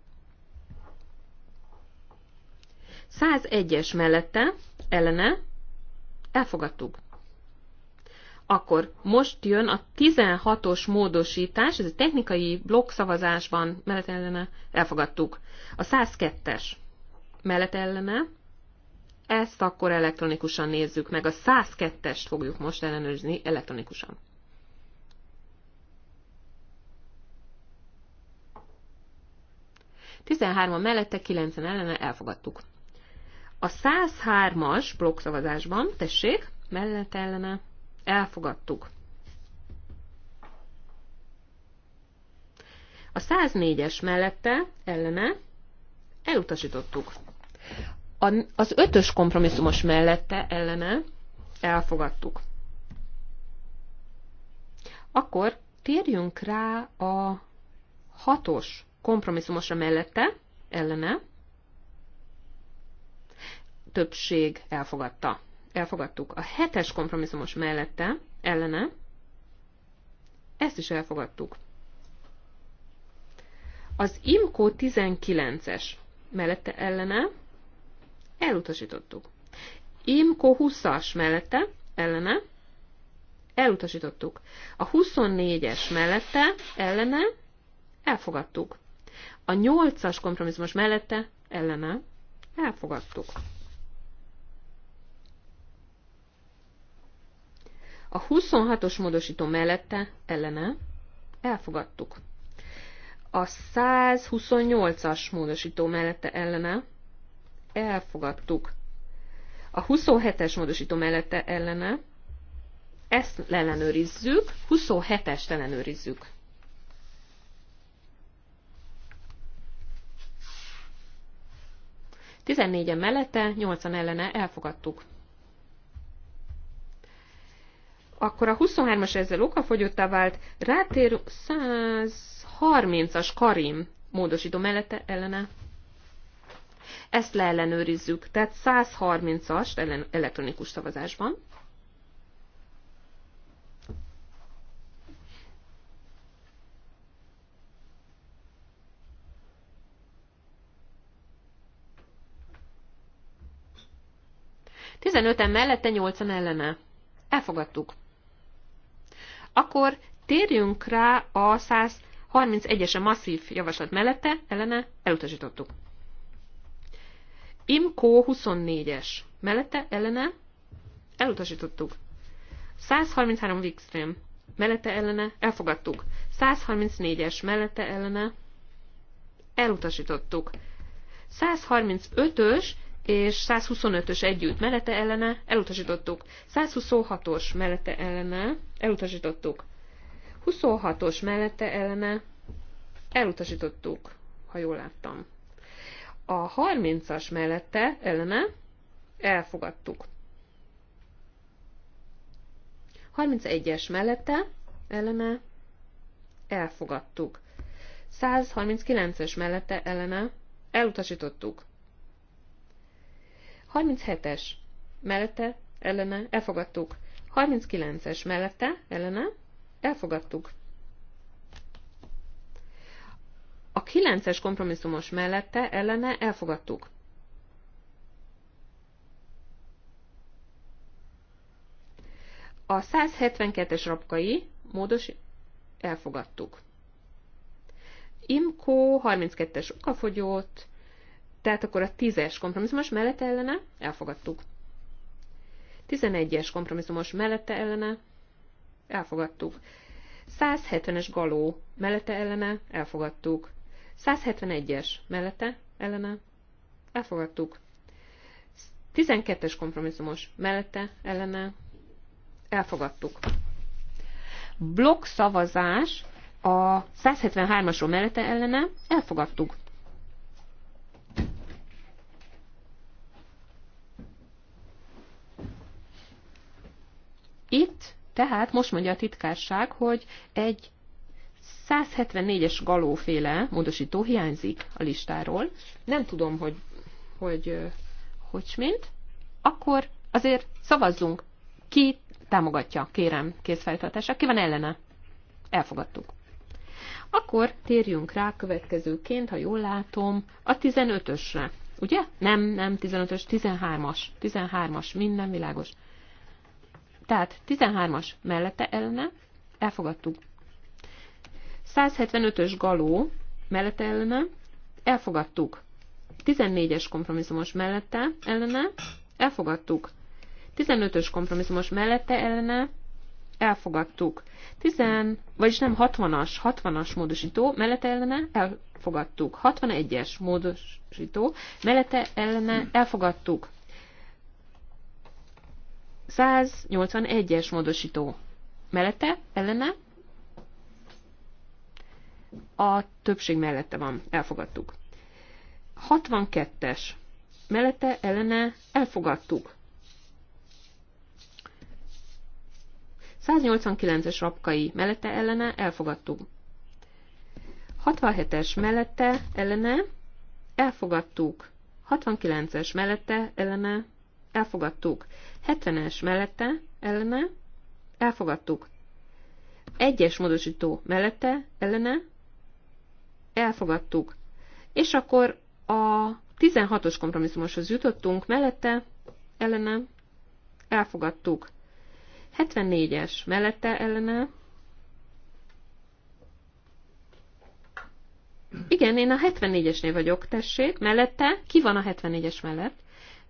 101-es mellette, ellene, elfogadtuk. Akkor most jön a 16-os módosítás, ez a technikai blokkszavazásban mellett ellene elfogadtuk. A 102-es mellett ellene, ezt akkor elektronikusan nézzük meg. A 102-est fogjuk most ellenőrizni elektronikusan. a mellette, 90 ellene elfogadtuk. A 103-as blokkszavazásban, tessék, mellett ellene, elfogadtuk. A 104-es mellette ellene elutasítottuk. A, az ötös kompromisszumos mellette ellene elfogadtuk. Akkor térjünk rá a hatos kompromisszumosra mellette ellene többség elfogadta elfogadtuk. A hetes kompromisszumos mellette, ellene, ezt is elfogadtuk. Az IMCO 19-es mellette ellene elutasítottuk. IMCO 20-as mellette ellene elutasítottuk. A 24-es mellette ellene elfogadtuk. A 8-as kompromisszumos mellette ellene elfogadtuk. A 26-os módosító mellette ellene elfogadtuk. A 128-as módosító mellette ellene elfogadtuk. A 27-es módosító mellette ellene ezt ellenőrizzük, 27-est ellenőrizzük. Tizennégyen mellette, nyolcan ellene elfogadtuk akkor a 23-as ezzel okafogyottá vált, rátér 130-as Karim módosító mellette ellene. Ezt leellenőrizzük, tehát 130 as elektronikus szavazásban. Tizenöten mellette, nyolcan ellene. Elfogadtuk akkor térjünk rá a 131-es a masszív javaslat mellette, ellene elutasítottuk. IMCO 24-es mellette, ellene elutasítottuk. 133 Wikström mellette, ellene elfogadtuk. 134-es mellette, ellene elutasítottuk. 135-ös és 125-ös együtt mellette ellene elutasítottuk. 126-os mellette ellene elutasítottuk. 26-os mellette ellene elutasítottuk, ha jól láttam. A 30-as mellette ellene elfogadtuk. 31-es mellette ellene elfogadtuk. 139-es mellette ellene elutasítottuk. 37-es mellette, ellene, elfogadtuk. 39-es mellette, ellene, elfogadtuk. A 9-es kompromisszumos mellette, ellene, elfogadtuk. A 172-es rabkai módos elfogadtuk. Imkó 32-es okafogyót, tehát akkor a tízes kompromisszumos mellette ellene elfogadtuk. 11-es kompromisszumos mellette ellene elfogadtuk. 170-es galó mellette ellene elfogadtuk. 171-es mellette ellene elfogadtuk. 12-es kompromisszumos mellette ellene elfogadtuk. Blokk szavazás a 173-asról mellette ellene elfogadtuk. Itt tehát most mondja a titkárság, hogy egy 174-es galóféle módosító hiányzik a listáról. Nem tudom, hogy hogy, hogy mint. Akkor azért szavazzunk. Ki támogatja, kérem, kézfeltartásra. Ki van ellene? Elfogadtuk. Akkor térjünk rá következőként, ha jól látom, a 15-ösre. Ugye? Nem, nem 15-ös, 13-as. 13-as, minden világos. Tehát 13-as mellette ellene elfogadtuk. 175-ös galó mellette ellene elfogadtuk. 14-es kompromisszumos mellette ellene elfogadtuk. 15-ös kompromisszumos mellette ellene elfogadtuk. 10, vagyis nem 60-as, 60-as módosító, mellette ellene elfogadtuk. 61-es módosító, mellette ellene elfogadtuk. 181-es módosító mellette, ellene, a többség mellette van, elfogadtuk. 62-es mellette, ellene, elfogadtuk. 189-es rapkai mellette, ellene, elfogadtuk. 67-es mellette, ellene, elfogadtuk. 69-es mellette, ellene, elfogadtuk. 70-es mellette, ellene, elfogadtuk. Egyes módosító mellette, ellene, elfogadtuk. És akkor a 16-os kompromisszumoshoz jutottunk, mellette, ellene, elfogadtuk. 74-es mellette, ellene, Igen, én a 74-esnél vagyok, tessék, mellette, ki van a 74-es mellett?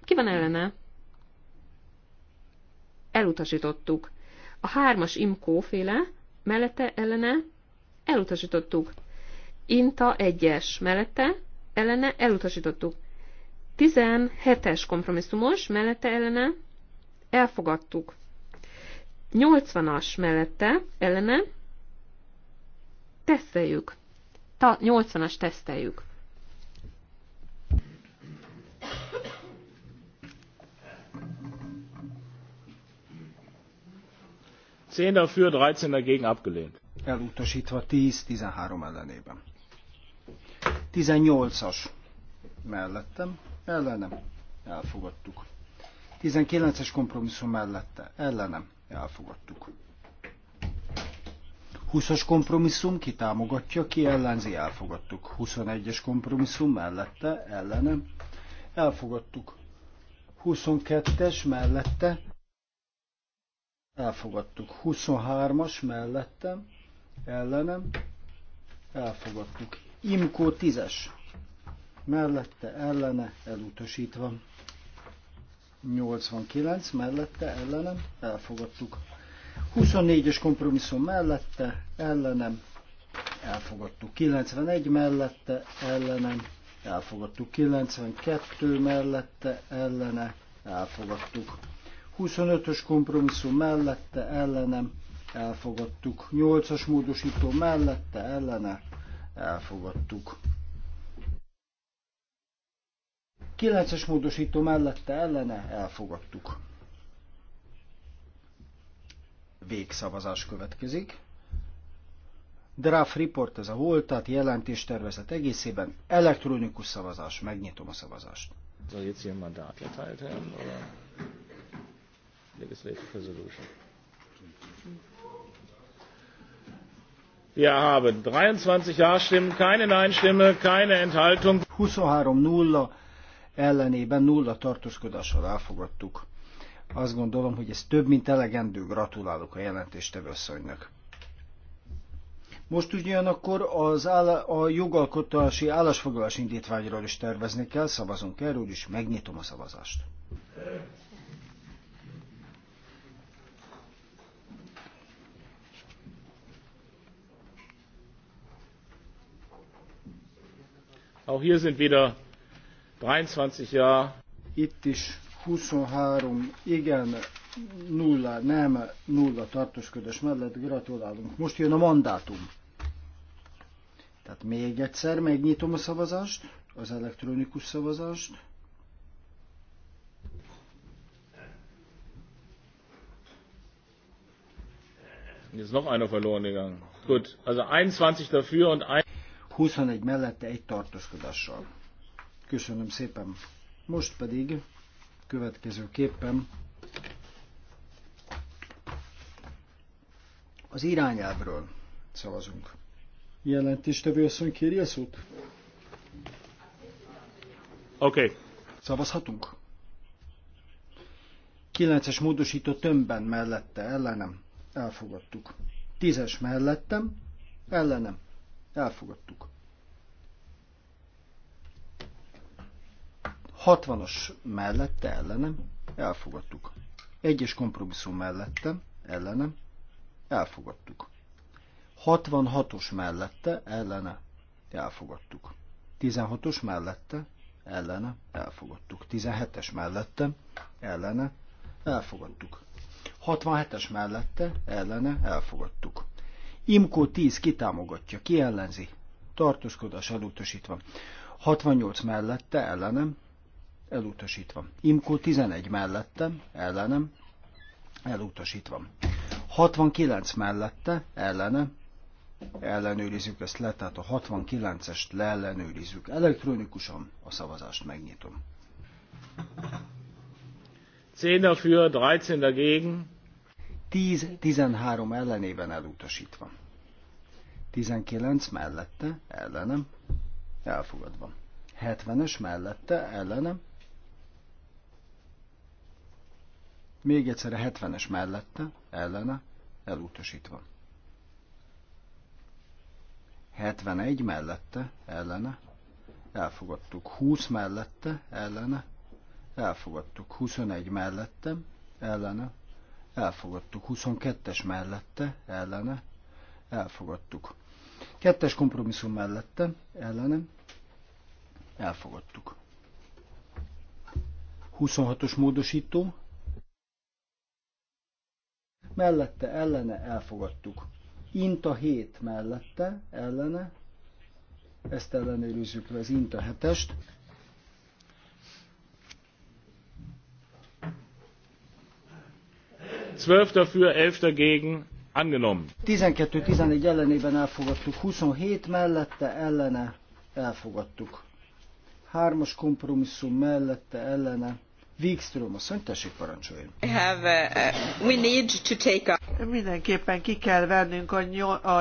Ki van ellene? elutasítottuk. A hármas imkó féle, mellette ellene elutasítottuk. Inta egyes mellette ellene elutasítottuk. 17-es kompromisszumos mellette ellene elfogadtuk. 80-as mellette ellene teszteljük. Ta, 80-as teszteljük. 10 dafür, 13 dagegen abgelehnt. Elutasítva 10-13 ellenében. 18-as mellettem, ellenem, elfogadtuk. 19-es kompromisszum mellette, ellenem, elfogadtuk. 20-as kompromisszum kitámogatja, ki ellenzi, elfogadtuk. 21-es kompromisszum mellette, ellenem, elfogadtuk. 22-es mellette, elfogadtuk. 23-as mellettem, ellenem, elfogadtuk. Imkó 10-es, mellette, ellene, elutasítva. 89 mellette, ellenem, elfogadtuk. 24-es kompromisszum mellette, ellenem, elfogadtuk. 91 mellette, ellenem, elfogadtuk. 92 mellette, ellene, elfogadtuk. 25-ös kompromisszum mellette ellenem elfogadtuk. 8-as módosító mellette ellene elfogadtuk. 9-es módosító mellette ellene elfogadtuk. Végszavazás következik. Draft Report ez a volt, tehát tervezett egészében elektronikus szavazás. Megnyitom a szavazást. Soll jetzt jemand da oder? legislative resolution. Wir haben 23 Ja-Stimmen, keine Nein-Stimme, keine Enthaltung. 23 0 ellenében nulla tartózkodással elfogadtuk. Azt gondolom, hogy ez több, mint elegendő. Gratulálok a jelentéstevő asszonynak. Most ugyanakkor az áll- a jogalkotási állásfoglalás indítványról is tervezni kell, szavazunk erről is, megnyitom a szavazást. Auch hier sind wieder 23 ja. Itt is 23 igen, nulla nem, nulla tartózkodás mellett gratulálunk. Most jön a mandátum. Tehát még egyszer megnyitom a szavazást, az elektronikus szavazást. Jetzt noch einer verloren gegangen. Gut, also 21 dafür und ein 21 mellette egy tartózkodással. Köszönöm szépen. Most pedig következőképpen az irányábról szavazunk. Jelentéstevő asszony kéri a szót? Oké. Okay. Szavazhatunk? 9-es módosító tömbben mellette ellenem elfogadtuk. 10-es mellettem ellenem Elfogadtuk. 60-as mellette ellenem, elfogadtuk. Egyes kompromisszum mellette ellenem, elfogadtuk. 66-os mellette, ellene, elfogadtuk. 16-os mellette, ellene, elfogadtuk. 17-es mellette, ellene, elfogadtuk. 67-es mellette, ellene, elfogadtuk. Imkó 10 kitámogatja, ki ellenzi. Tartózkodás elutasítva. 68 mellette, ellenem, elutasítva. Imkó 11 mellettem, ellenem, elutasítva. 69 mellette, ellenem, ellenőrizzük ezt le, tehát a 69-est leellenőrizzük elektronikusan, a szavazást megnyitom. 10 dafür, 13 dagegen. 10-13 ellenében elutasítva. 19 mellette, ellenem, elfogadva. 70-es mellette, ellenem, még egyszer a 70-es mellette, ellene, elutasítva. 71 mellette, ellene, elfogadtuk. 20 mellette, ellene, elfogadtuk. 21 mellette, ellene, elfogadtuk. 22-es mellette, ellene, elfogadtuk. Kettes kompromisszum mellette, ellene, elfogadtuk. 26-os módosító, mellette, ellene, elfogadtuk. Inta 7 mellette, ellene, ezt ellenőrizzük le az Inta 7-est. 12 dafür, 11 dagegen, angenommen. 12-11 ellenében elfogadtuk, 27 mellette ellene elfogadtuk. Hármas kompromisszum mellette ellene. Wikström, asszony, tessék parancsoljon. we uh, uh, need to take a... Mindenképpen ki kell vennünk a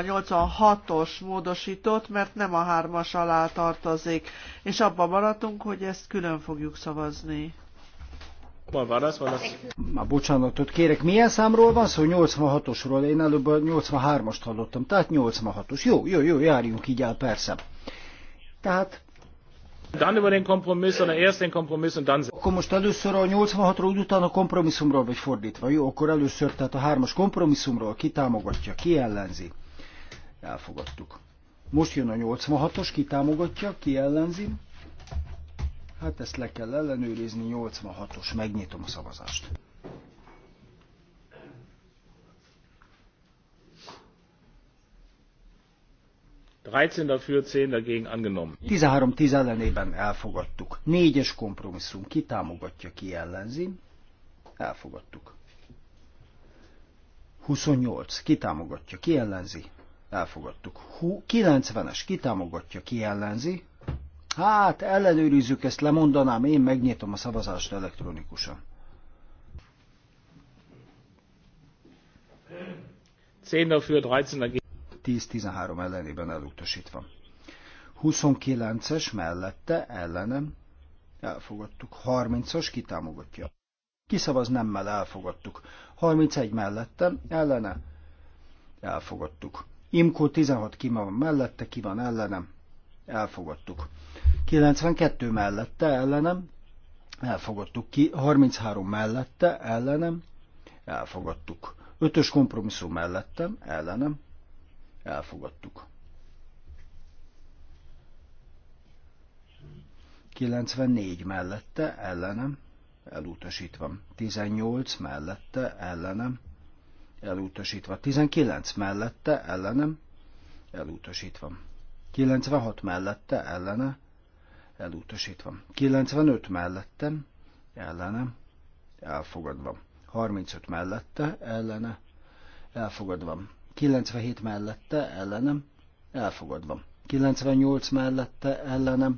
86-os módosítót, mert nem a hármas alá tartozik, és abban maradtunk, hogy ezt külön fogjuk szavazni. Hol van az? Van Már bocsánatot kérek. Milyen számról van szó? 86-osról. Én előbb 83-ast hallottam. Tehát 86-os. Jó, jó, jó, járjunk így el, persze. Tehát Dann über den Kompromiss oder erst den Kompromiss und dann... Akkor most először a 86-ról, utána a kompromisszumról, vagy fordítva. Jó, akkor először tehát a hármas kompromisszumról ki támogatja, ki ellenzi. Elfogadtuk. Most jön a 86-os, ki támogatja, ki ellenzi. Hát ezt le kell ellenőrizni, 86-os, megnyitom a szavazást. dafür, 10 angenommen. 13-10 ellenében elfogadtuk. Négyes kompromisszum, ki támogatja, ki ellenzi. Elfogadtuk. 28, ki támogatja, ki ellenzi. Elfogadtuk. 90-es, ki támogatja, ki ellenzi. Hát, ellenőrizzük ezt, lemondanám, én megnyitom a szavazást elektronikusan. 10 13 10-13 ellenében elutasítva. 29-es mellette ellenem elfogadtuk. 30-as kitámogatja. Kiszavaz nemmel elfogadtuk. 31 mellette ellene elfogadtuk. Imkó 16 ki van mellette, ki van ellenem elfogadtuk. 92 mellette ellenem, elfogadtuk ki, 33 mellette ellenem, elfogadtuk. 5-ös kompromisszum mellettem, ellenem, elfogadtuk. 94 mellette, ellenem, elutasítva. 18 mellette, ellenem, elutasítva. 19 mellette, ellenem, elutasítva. 96 mellette, ellene, elutasítva. 95 mellettem, ellenem, elfogadva. 35 mellette, ellene, elfogadva. 97 mellette, ellenem, elfogadva. 98 mellette, ellenem,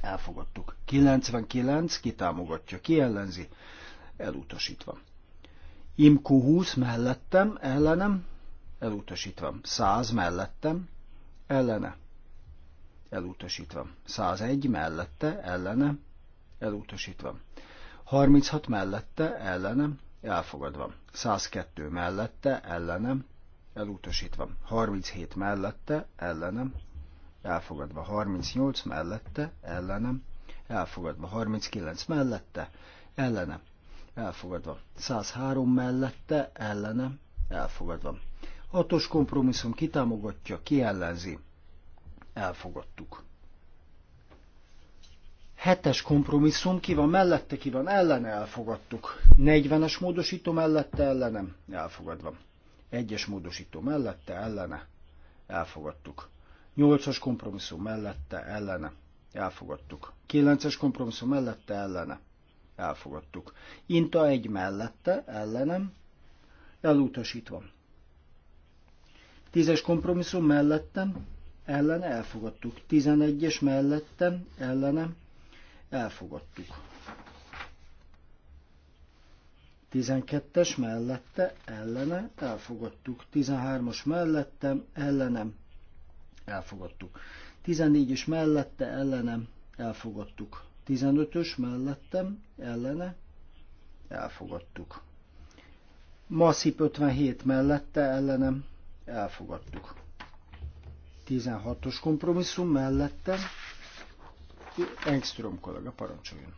elfogadtuk. 99 kitámogatja, ki ellenzi, elutasítva. Imku 20 mellettem, ellenem, elutasítva. 100 mellettem, ellene, elutasítva. 101 mellette, ellene, elutasítva. 36 mellette, ellene, elfogadva. 102 mellette, ellene, elutasítva. 37 mellette, ellene, elfogadva. 38 mellette, ellene, elfogadva. 39 mellette, ellene, elfogadva. 103 mellette, ellene, elfogadva. Hatos kompromisszum kitámogatja, kiellenzi, elfogadtuk. Hetes kompromisszum, ki van mellette, ki van ellene, elfogadtuk. 40-es módosító mellette, ellenem, elfogadva. Egyes módosító mellette, ellene, elfogadtuk. 8-as kompromisszum mellette, ellene, elfogadtuk. 9-es kompromisszum mellette, ellene, elfogadtuk. Inta egy mellette, ellenem, elutasítva. Tízes kompromisszum mellettem, ellene elfogadtuk. 11-es mellettem ellene elfogadtuk. 12-es mellette ellene elfogadtuk. 13-as mellettem ellenem elfogadtuk. 14-es mellette ellenem elfogadtuk. 15-ös mellettem ellene elfogadtuk. Masszip 57 mellette ellenem elfogadtuk. 16-os kompromisszum mellette Engström kollega parancsoljon.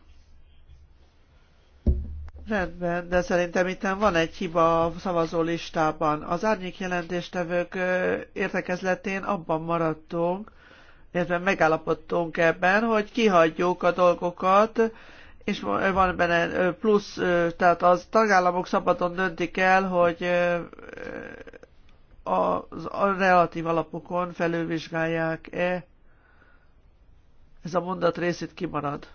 Rendben, de szerintem itt van egy hiba a szavazó listában. Az árnyék jelentéstevők értekezletén abban maradtunk, illetve megállapodtunk ebben, hogy kihagyjuk a dolgokat, és van benne plusz, tehát az tagállamok szabadon döntik el, hogy az a relatív alapokon felülvizsgálják-e. Ez a mondat részét kimarad.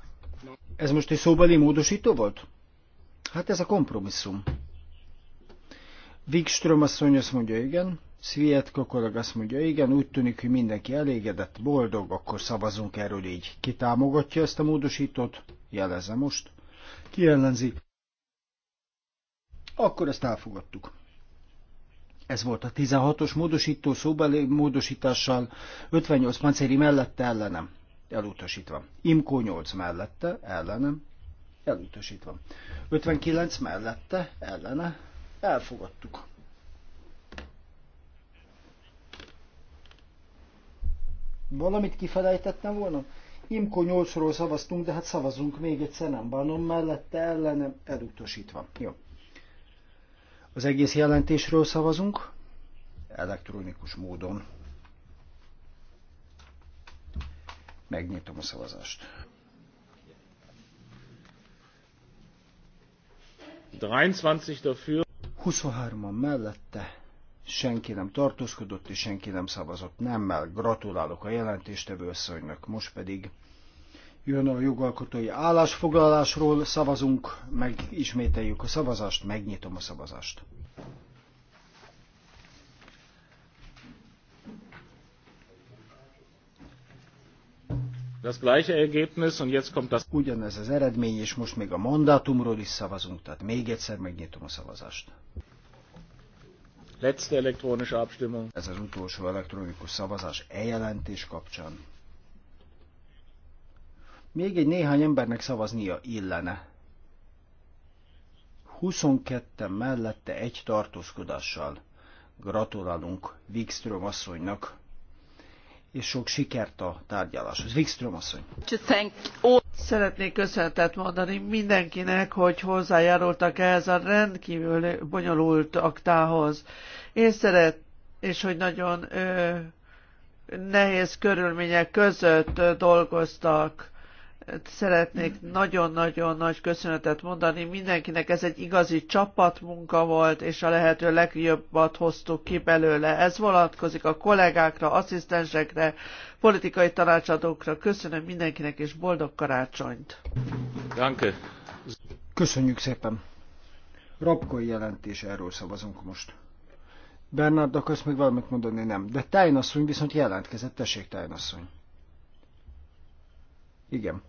Ez most egy szóbeli módosító volt? Hát ez a kompromisszum. Wigström asszony azt mondja, igen. Sviatka korag azt mondja, igen, úgy tűnik, hogy mindenki elégedett, boldog, akkor szavazunk erről így. Ki támogatja ezt a módosítót? Jelezze most. Ki ellenzi? Akkor ezt elfogadtuk. Ez volt a 16-os módosító szóbeli módosítással, 58 pancéri mellette ellenem, elutasítva. Imkó 8 mellette ellenem, elutasítva. 59 mellette ellene, elfogadtuk. Valamit kifelejtettem volna? Imko 8-ról szavaztunk, de hát szavazunk még egyszer, nem bánom mellette, ellenem, elutasítva. Jó. Az egész jelentésről szavazunk elektronikus módon. Megnyitom a szavazást. 23 23-an mellette senki nem tartózkodott és senki nem szavazott nemmel. Gratulálok a jelentéstevő asszonynak, most pedig jön a jogalkotói állásfoglalásról, szavazunk, megismételjük a szavazást, megnyitom a szavazást. Das gleiche Ergebnis und jetzt kommt das. Ugyanez az eredmény, és most még a mandátumról is szavazunk, tehát még egyszer megnyitom a szavazást. Letzte elektronische Abstimmung. Ez az utolsó elektronikus szavazás eljelentés kapcsán még egy néhány embernek szavaznia illene. 22 mellette egy tartózkodással. Gratulálunk Wikström asszonynak, és sok sikert a tárgyaláshoz. Wikström asszony. Szeretnék köszönetet mondani mindenkinek, hogy hozzájárultak ehhez a rendkívül bonyolult aktához. Én szeret, és hogy nagyon ö, nehéz körülmények között dolgoztak szeretnék nagyon-nagyon nagy köszönetet mondani mindenkinek. Ez egy igazi csapatmunka volt, és a lehető legjobbat hoztuk ki belőle. Ez vonatkozik a kollégákra, asszisztensekre, politikai tanácsadókra. Köszönöm mindenkinek, és boldog karácsonyt! Danke. Köszönjük szépen! Rabkoi jelentés, erről szavazunk most. Bernard, akarsz még valamit mondani? Nem. De Tájnasszony viszont jelentkezett. Tessék, Tájnasszony. Igen.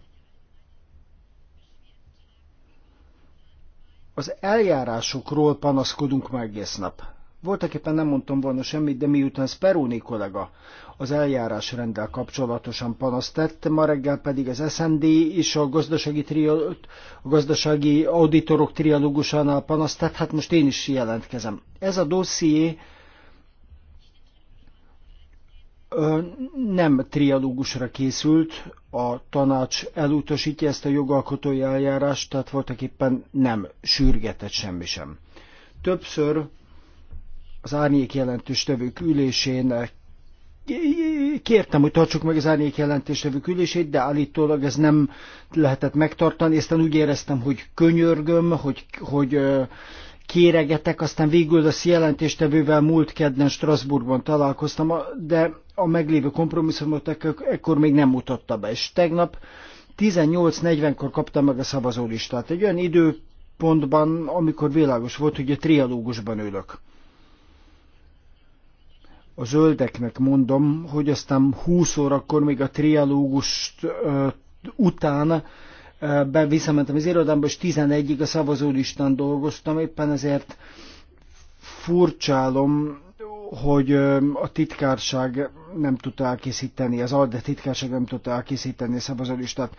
Az eljárásokról panaszkodunk már egész nap. Voltak éppen nem mondtam volna semmit, de miután Speroni kollega az eljárás rendel kapcsolatosan panaszt tett, ma reggel pedig az SND és a gazdasági, trial, a gazdasági auditorok trialógusánál panaszt tett, hát most én is jelentkezem. Ez a dosszié nem trialógusra készült, a tanács elutasítja ezt a jogalkotói eljárást, tehát voltak éppen nem sürgetett semmi sem. Többször az árnyék jelentős tevők ülésén eh, kértem, hogy tartsuk meg az árnyék tevők ülését, de állítólag ez nem lehetett megtartani, és úgy éreztem, hogy könyörgöm, hogy, hogy eh, kéregetek, aztán végül a jelentéstevővel múlt kedden Strasbourgban találkoztam, de a meglévő kompromisszumot ekkor még nem mutatta be. És tegnap 18.40-kor kaptam meg a szavazólistát. Egy olyan időpontban, amikor világos volt, hogy a trialógusban ülök. A zöldeknek mondom, hogy aztán 20 órakor még a trialógust uh, után be visszamentem az irodámba, és 11-ig a szavazólistán dolgoztam, éppen ezért furcsálom, hogy a titkárság nem tudta elkészíteni, az ALDE titkárság nem tudta elkészíteni a szavazólistát.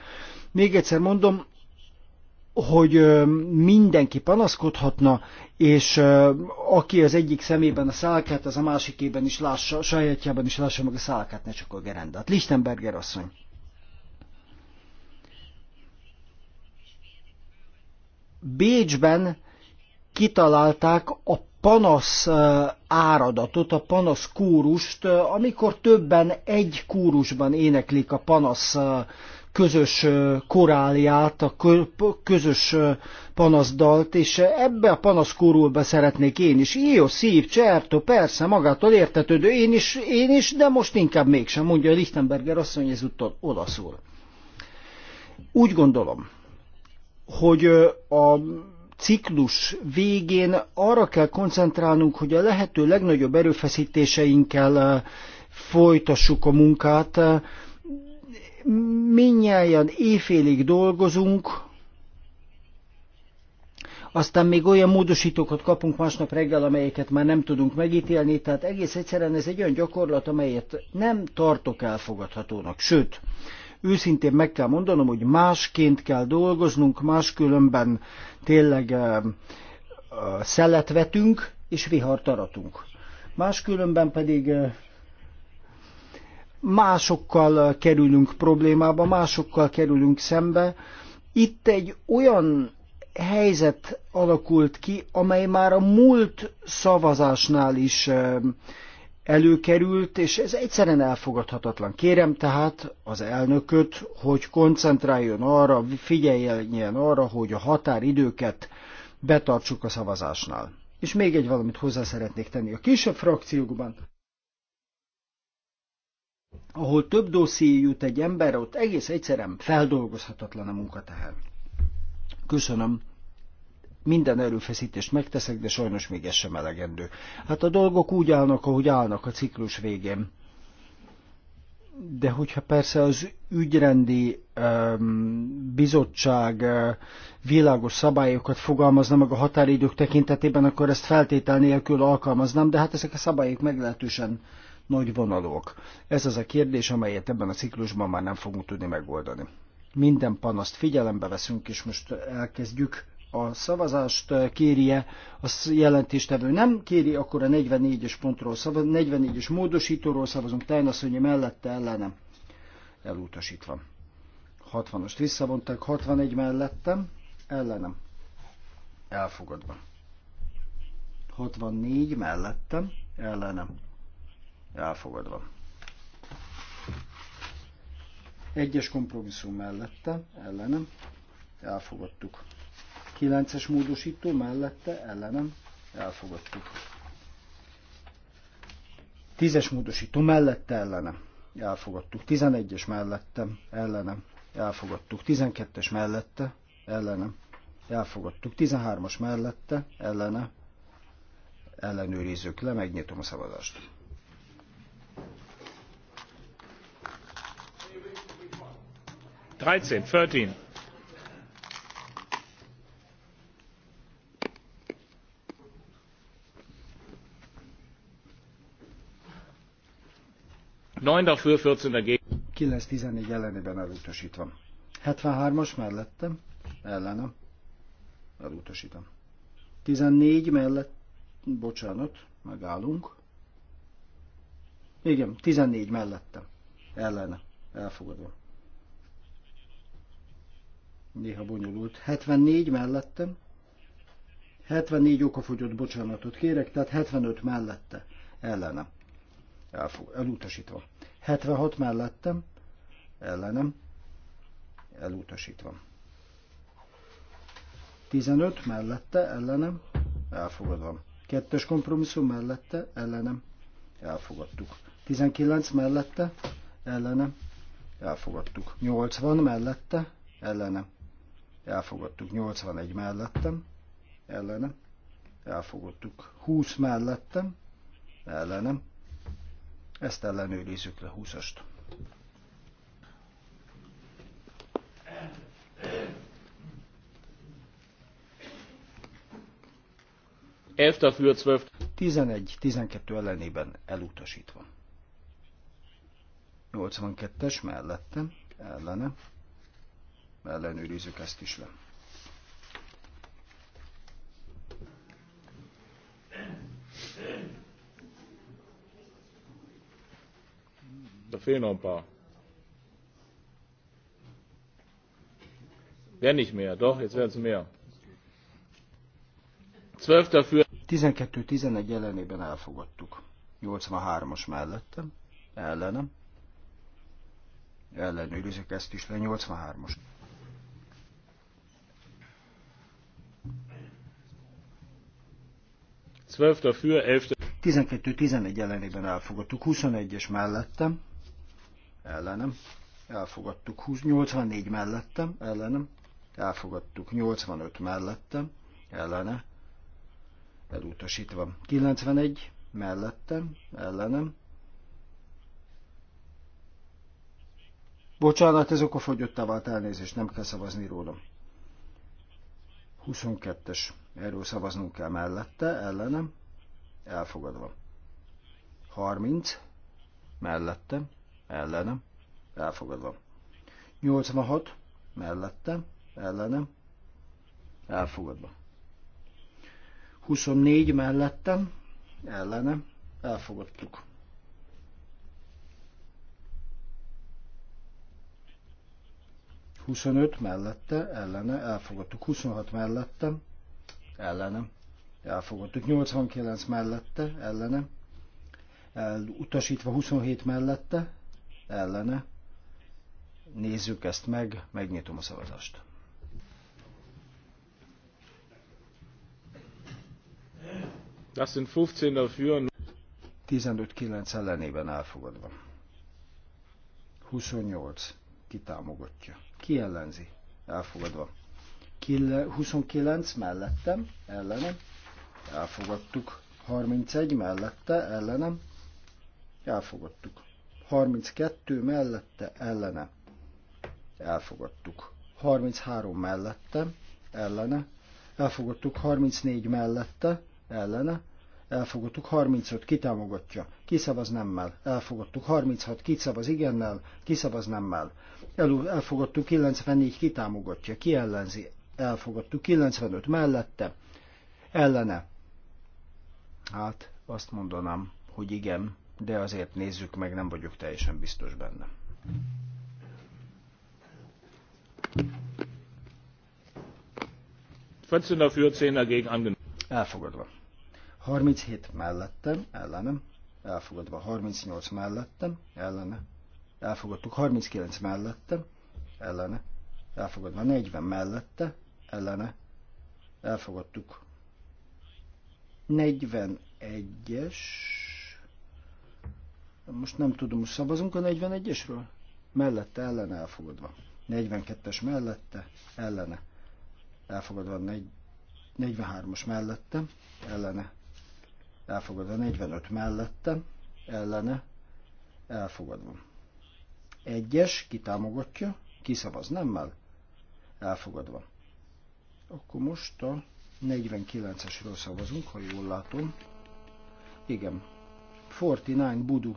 Még egyszer mondom, hogy mindenki panaszkodhatna, és aki az egyik szemében a szálkát, az a másikében is lássa, a sajátjában is lássa meg a szálkát, ne csak a gerendát. Lichtenberger asszony. Bécsben kitalálták a panasz áradatot, a panasz kórust, amikor többen egy kórusban éneklik a panasz közös koráliát, a közös panaszdalt, és ebbe a panaszkórulba szeretnék én is. jó szív, csertó, persze, magától értetődő, én is, én is, de most inkább mégsem, mondja Lichtenberger asszony ezúttal olaszul. Úgy gondolom, hogy a ciklus végén arra kell koncentrálnunk, hogy a lehető legnagyobb erőfeszítéseinkkel folytassuk a munkát. Minnyáján éjfélig dolgozunk, aztán még olyan módosítókat kapunk másnap reggel, amelyeket már nem tudunk megítélni, tehát egész egyszerűen ez egy olyan gyakorlat, amelyet nem tartok elfogadhatónak. Sőt, Őszintén meg kell mondanom, hogy másként kell dolgoznunk, máskülönben tényleg eh, eh, szelet vetünk és vihart aratunk. Máskülönben pedig eh, másokkal kerülünk problémába, másokkal kerülünk szembe. Itt egy olyan helyzet alakult ki, amely már a múlt szavazásnál is előkerült, és ez egyszerűen elfogadhatatlan. Kérem tehát az elnököt, hogy koncentráljon arra, figyeljen arra, hogy a határidőket betartsuk a szavazásnál. És még egy valamit hozzá szeretnék tenni. A kisebb frakciókban, ahol több dosszié jut egy ember, ott egész egyszerűen feldolgozhatatlan a munkateher. Köszönöm minden erőfeszítést megteszek, de sajnos még ez sem elegendő. Hát a dolgok úgy állnak, ahogy állnak a ciklus végén. De hogyha persze az ügyrendi um, bizottság uh, világos szabályokat fogalmazna meg a határidők tekintetében, akkor ezt feltétel nélkül alkalmaznám, de hát ezek a szabályok meglehetősen nagy vonalok. Ez az a kérdés, amelyet ebben a ciklusban már nem fogunk tudni megoldani. Minden panaszt figyelembe veszünk, és most elkezdjük a szavazást kérje a jelentéstevő. Nem kéri, akkor a 44-es pontról szavaz, 44-es módosítóról szavazunk, mondja, mellette ellenem. Elutasítva. 60-ast visszavonták, 61 mellettem, ellenem. Elfogadva. 64 mellettem, ellenem. Elfogadva. Egyes kompromisszum mellette, ellenem. Elfogadtuk. 9-es módosító mellette ellenem elfogadtuk. 10-es módosító mellette ellenem elfogadtuk. 11-es mellette ellenem elfogadtuk. 12-es mellette ellenem elfogadtuk. 13-as mellette ellene ellenőrizzük le, megnyitom a szavazást. Dreizehn, 13. 9 dafür, 14 dagegen. 9-14 ellenében elutasítva. 73-as mellettem, ellenem, elutasítom. 14 mellett, bocsánat, megállunk. Igen, 14 mellettem, ellene, elfogadom. Néha bonyolult. 74 mellettem, 74 okafogyott bocsánatot kérek, tehát 75 mellette, ellenem, Elfog, elutasítva. 76 mellettem, ellenem, elutasítva. 15 mellette, ellenem, elfogadva. Kettes kompromisszum mellette, ellenem, elfogadtuk. 19 mellette, ellenem, elfogadtuk. 80 mellette, ellenem, elfogadtuk. 81 mellettem, ellenem, elfogadtuk. 20 mellettem, ellenem, ezt ellenőrizzük le 20-ast. dafür, 12. 11, 12 ellenében elutasítva. 82-es mellettem, ellene. Ellenőrizzük ezt is le. Da fehlen Wer nicht mehr? Doch, jetzt werden es mehr. 12 dafür. 12-11 ellenében elfogadtuk. 83-as mellettem, ellenem. Ellenőrizek ezt is le, 83-as. für, elfter. 12-11 ellenében elfogadtuk, 21-es mellettem, ellenem, elfogadtuk 20, 84 mellettem, ellenem, elfogadtuk 85 mellettem, ellene, elutasítva 91 mellettem, ellenem, Bocsánat, ez okafogyottá vált elnézést, nem kell szavazni rólam. 22-es. Erről szavaznunk kell mellette, ellenem, elfogadva. 30. mellettem. Ellenem. elfogadva. 86 Mellettem. Ellenem. elfogadva. 24 mellettem, ellenem, elfogadtuk. 25 mellette, ellene, elfogadtuk. 26 mellette, ellene, elfogadtuk. 89 mellette, ellene, elutasítva 27 mellette, ellene. Nézzük ezt meg, megnyitom a szavazást. Das sind 15 dafür. 15-9 ellenében elfogadva. 28. kitámogatja. Ki ellenzi? Elfogadva. 29 mellettem, ellenem. Elfogadtuk. 31 mellette, ellenem. Elfogadtuk. 32 mellette ellene elfogadtuk. 33 mellette ellene elfogadtuk. 34 mellette ellene elfogadtuk. 35 kitámogatja, kiszavaz nemmel, elfogadtuk. 36 kiszavaz igennel, kiszavaz nemmel. elfogadtuk 94 kitámogatja, ki ellenzi, elfogadtuk 95 mellette, ellene. Hát, azt mondanám, hogy igen de azért nézzük meg, nem vagyok teljesen biztos benne. Elfogadva. 37 mellettem, ellenem. Elfogadva. 38 mellettem, ellene. Elfogadtuk. 39 mellettem, ellene. Elfogadva. 40 mellette, ellene. Elfogadtuk. 41-es most nem tudom, most szavazunk a 41-esről? Mellette, ellene, elfogadva. 42-es mellette, ellene. Elfogadva 43-as mellette, ellene. Elfogadva 45 mellette, ellene. Elfogadva. Egyes, kitámogatja, kiszavaz nemmel, elfogadva. Akkor most a 49-esről szavazunk, ha jól látom. Igen. 49 Budu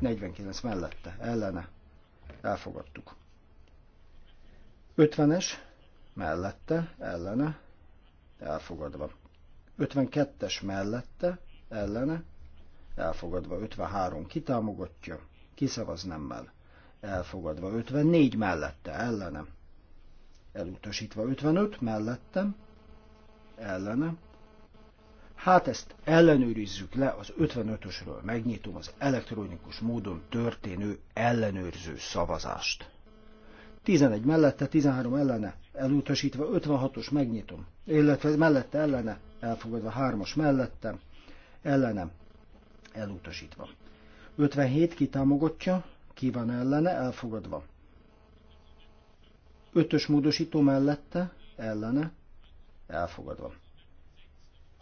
49 mellette, ellene, elfogadtuk. 50-es, mellette, ellene, elfogadva. 52-es mellette, ellene, elfogadva. 53 kitámogatja, kiszavaz nemmel, elfogadva. 54 mellette, ellene, elutasítva. 55 mellette, ellene, Hát ezt ellenőrizzük le az 55-ösről, megnyitom az elektronikus módon történő ellenőrző szavazást. 11 mellette, 13 ellene, elutasítva 56-os megnyitom, illetve mellette ellene, elfogadva 3-as mellette, ellenem, elutasítva. 57 kitámogatja, ki van ellene, elfogadva. 5-ös módosító mellette, ellene, elfogadva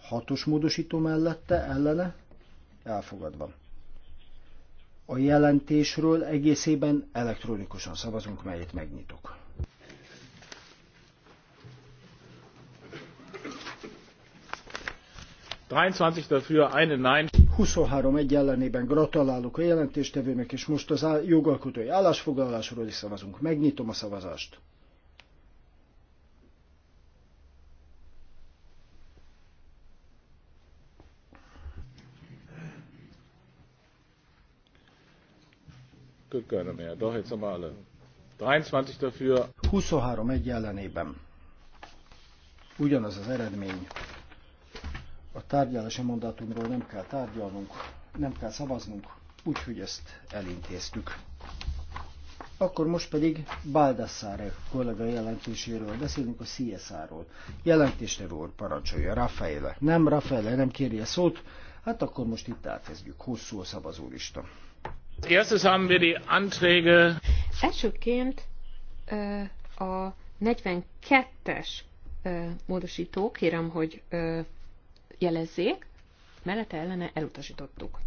hatos módosító mellette ellene elfogadva. A jelentésről egészében elektronikusan szavazunk, melyet megnyitok. Dafür, eine Nein. 23 egy ellenében gratulálok a jelentéstevőnek, és most az jogalkotói állásfoglalásról is szavazunk. Megnyitom a szavazást. 23 dafür. 23 egy ellenében. Ugyanaz az eredmény. A tárgyalási mandátumról nem kell tárgyalnunk, nem kell szavaznunk, úgyhogy ezt elintéztük. Akkor most pedig Baldassare kollega jelentéséről beszélünk, a CSR-ról. Jelentéstevő úr parancsolja, Rafaele. Nem, Rafaele nem kéri a szót, hát akkor most itt elkezdjük. Hosszú a szavazólista. Elsőként a 42-es módosító, kérem, hogy jelezzék, mellette ellene elutasítottuk.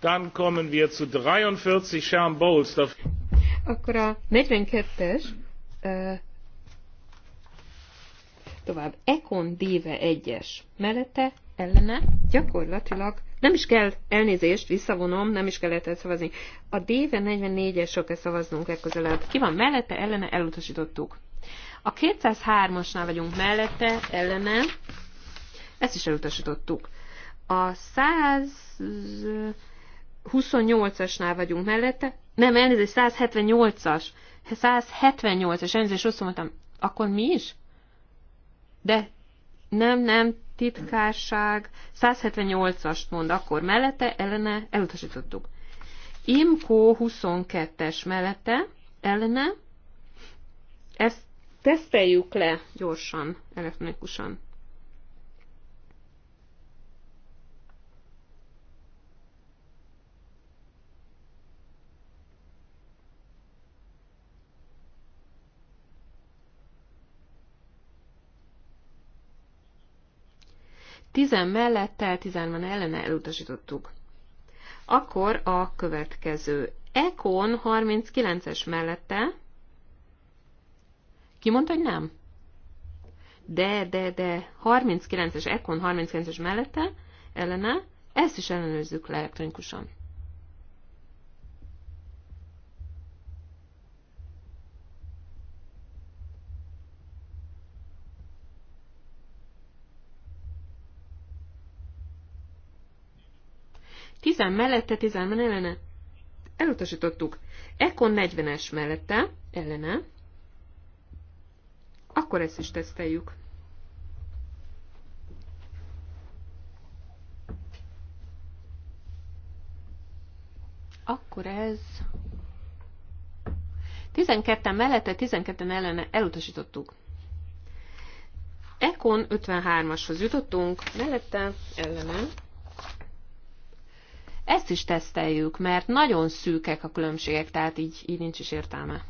Dann kommen wir zu 43 Sharon Bowles. Akkor a 42-es tovább Econ Déve 1-es mellette ellene gyakorlatilag nem is kell elnézést, visszavonom, nem is kellett el szavazni. A Déve 44-esről kell szavaznunk legközelebb. Ki van mellette, ellene, elutasítottuk. A 203-asnál vagyunk mellette, ellene, ezt is elutasítottuk. A 128-asnál vagyunk mellette, nem, elnézést, 178-as. 178-as, elnézést, rosszul mondtam. Akkor mi is? De nem, nem, titkárság 178-ast mond, akkor mellette, ellene, elutasítottuk. Imco 22-es mellette, ellene, ezt teszteljük le gyorsan, elektronikusan. Tizen mellettel, tizen van ellene elutasítottuk. Akkor a következő. Ekon 39-es mellette. Ki mondta, hogy nem? De, de, de. 39-es, Ekon 39-es mellette, ellene. Ezt is ellenőrzzük le elektronikusan. 10 mellette, 10 ellene. Elutasítottuk. Ekkor 40-es mellette, ellene. Akkor ezt is teszteljük. Akkor ez... 12 mellette, 12-en ellene elutasítottuk. Ekon 53-ashoz jutottunk, mellette ellene ezt is teszteljük, mert nagyon szűkek a különbségek, tehát így, így nincs is értelme.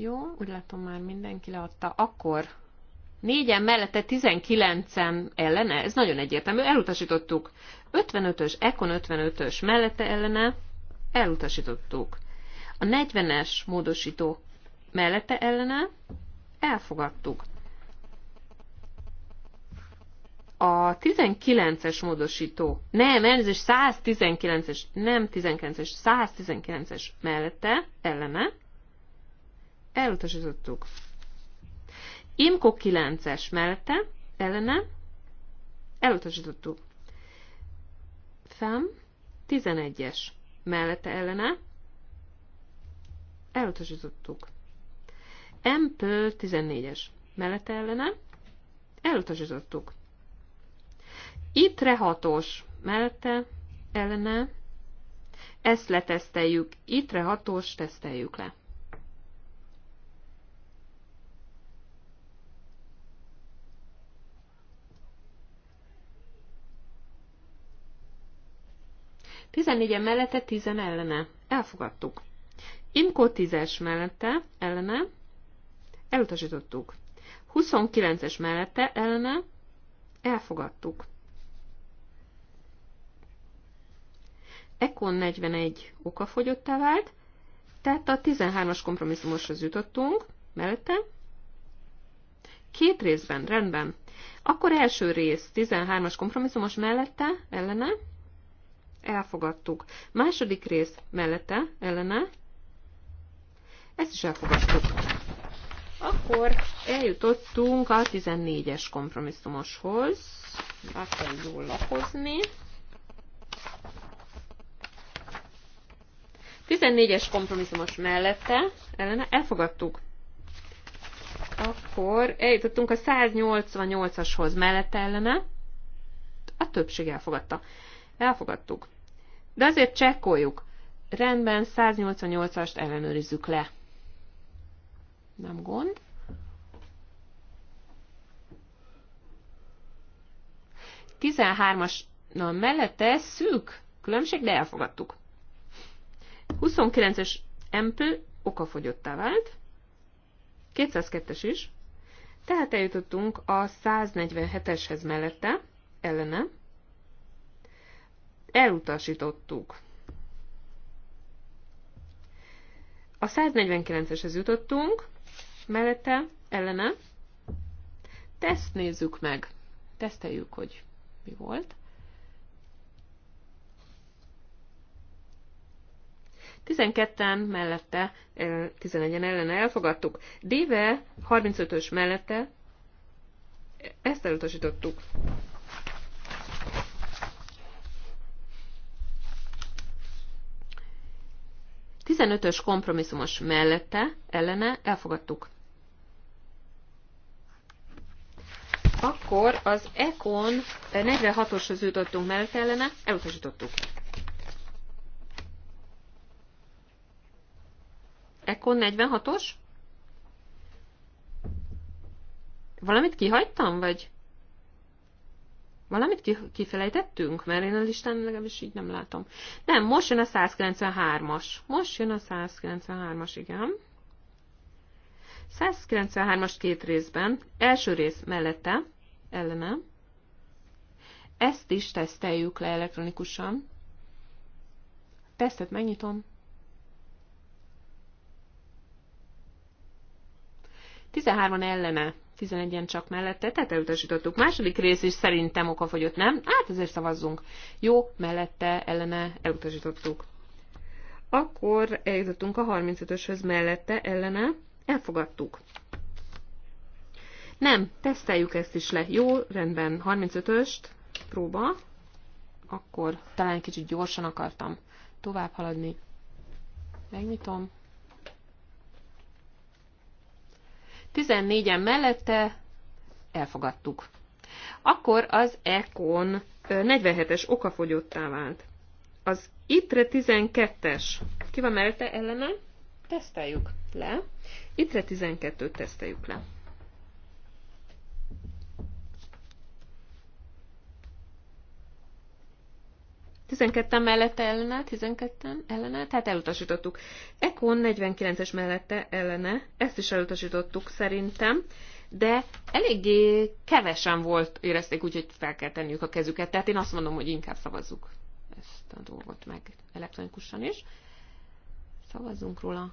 Jó, úgy látom már mindenki leadta. Akkor négyen mellette 19-en ellene, ez nagyon egyértelmű, elutasítottuk. 55-ös, Ekon 55-ös mellette ellene, elutasítottuk. A 40-es módosító mellette ellene elfogadtuk. A 19-es módosító, nem, elnézést, 119-es, nem 19-es, 119-es mellette ellene elutasítottuk. Imko 9-es mellette ellene elutasítottuk. Fem 11-es mellette ellene elutasítottuk. Ample 14-es mellette ellene elutasítottuk. Itre 6-os mellette ellene ezt leteszteljük, itre 6-os teszteljük le. 14 mellette, 10 ellene. Elfogadtuk. Imkó 10-es mellette, ellene. Elutasítottuk. 29-es mellette, ellene. Elfogadtuk. Ekon 41 okafogyottá vált, tehát a 13-as kompromisszumoshoz jutottunk, mellette. Két részben, rendben. Akkor első rész, 13-as kompromisszumos mellette, ellene, Elfogadtuk. Második rész mellette, ellene. Ezt is elfogadtuk. Akkor eljutottunk a 14-es kompromisszumoshoz. Meg kell jól lapozni. 14-es kompromisszumos mellette, ellene elfogadtuk. Akkor eljutottunk a 188-ashoz mellette ellene. A többség elfogadta. Elfogadtuk. De azért csekkoljuk. Rendben, 188-ast ellenőrizzük le. Nem gond. Tizenhármas na, mellette szűk különbség, de elfogadtuk. 29-es MP okafogyottá vált, 202-es is, tehát eljutottunk a 147-eshez mellette, ellenem elutasítottuk. A 149-eshez jutottunk, mellette, ellene. Teszt nézzük meg. Teszteljük, hogy mi volt. 12-en mellette, 11-en ellene elfogadtuk. Déve 35-ös mellette, ezt elutasítottuk. 15-ös kompromisszumos mellette, ellene elfogadtuk. Akkor az Econ 46-oshoz jutottunk mellette, ellene elutasítottuk. Econ 46-os? Valamit kihagytam, vagy? Valamit kifelejtettünk? Mert én a listán legalábbis így nem látom. Nem, most jön a 193-as. Most jön a 193-as, igen. 193-as két részben. Első rész mellette, ellene. Ezt is teszteljük le elektronikusan. Tesztet megnyitom. 13 ellene 11-en csak mellette, tehát elutasítottuk. Második rész is szerintem okafogyott, nem? Hát azért szavazzunk. Jó, mellette, ellene elutasítottuk. Akkor eljutottunk a 35-öshöz mellette, ellene elfogadtuk. Nem, teszteljük ezt is le. Jó, rendben, 35-öst, próba. Akkor talán kicsit gyorsan akartam tovább haladni. Megnyitom. 14-en mellette elfogadtuk. Akkor az Econ 47-es okafogyottá vált. Az ITRE 12-es. Ki van mellette ellene? Teszteljük le. ITRE 12-t teszteljük le. 12 mellette ellene, 12 ellene, tehát elutasítottuk. Ekon 49-es mellette ellene, ezt is elutasítottuk szerintem, de eléggé kevesen volt, érezték úgy, hogy fel kell tenniük a kezüket, tehát én azt mondom, hogy inkább szavazzuk ezt a dolgot meg elektronikusan is. Szavazzunk róla.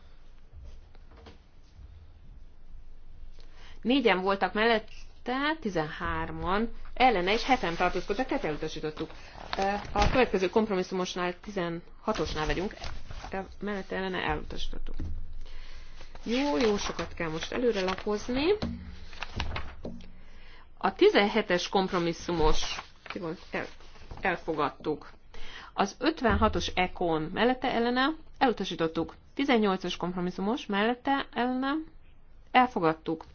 Négyen voltak mellette, 13-an ellene, és heten tartózkodtak, tehát elutasítottuk. A következő kompromisszumosnál 16-osnál vagyunk, e, mellette ellene elutasítottuk. Jó, jó sokat kell most előre lapozni. A 17-es kompromisszumos el, elfogadtuk. Az 56-os ekon mellette ellene elutasítottuk. 18-as kompromisszumos mellette ellene elfogadtuk.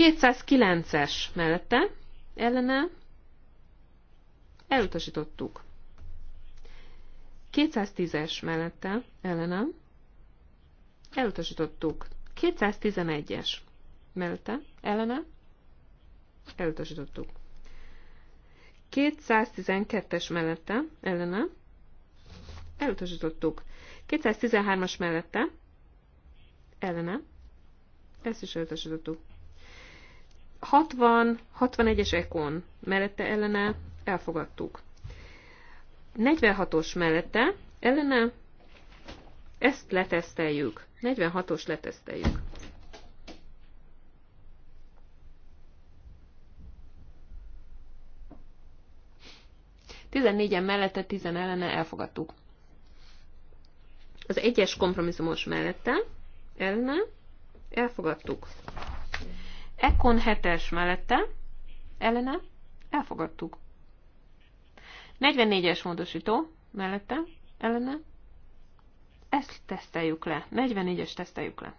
209-es mellette ellene elutasítottuk. 210-es mellette ellene elutasítottuk. 211-es mellette ellene elutasítottuk. 212-es mellette ellene elutasítottuk. 213-as mellette ellene ezt is elutasítottuk. 60-61-es Ekon mellette ellene elfogadtuk. 46-os mellette ellene ezt leteszteljük. 46-os leteszteljük. Tizennégyen mellette, tizen ellene elfogadtuk. Az egyes kompromisszumos mellette ellene elfogadtuk. Ekkon hetes mellette, ellene, elfogadtuk. 44-es módosító mellette, ellene, ezt teszteljük le. 44-es teszteljük le.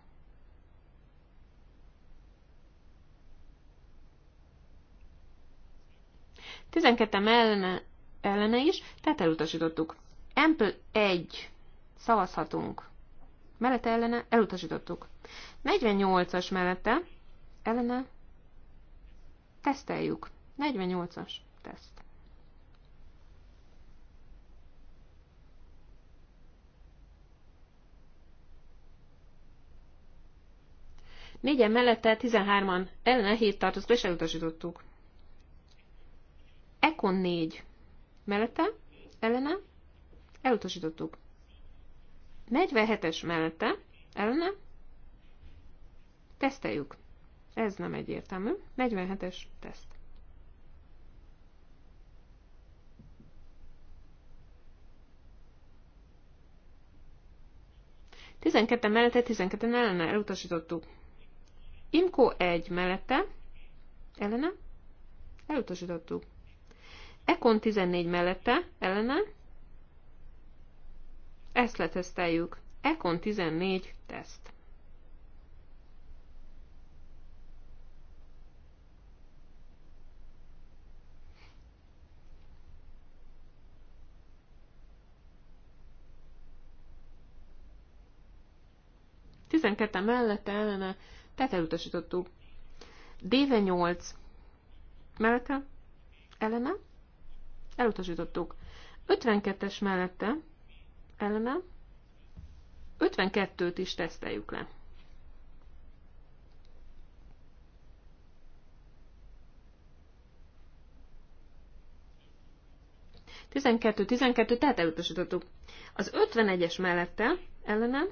Tizenkettem ellene, ellene is, tehát elutasítottuk. Ample 1. Szavazhatunk. Mellette ellene elutasítottuk. 48-as mellette Elena, teszteljük, 48-as teszt. Négyen mellette 13-an Elena 7 tartozva, és elutasítottuk. Ekon 4 mellette, Elena elutasítottuk. 47-es mellette, Elena teszteljük. Ez nem egyértelmű. 47-es teszt. Tizenketten mellette, tizenketten ellene elutasítottuk. Imko egy mellette, ellene, elutasítottuk. Ekon 14 mellette, ellene, ezt leteszteljük. Ekon 14 teszt. 12 mellette ellene, tehát elutasítottuk. DV8 mellette ellene, elutasítottuk. 52-es mellette ellene, 52-t is teszteljük le. Tizenkettő, tizenkettő, tehát elutasítottuk. Az 51-es mellette ellenem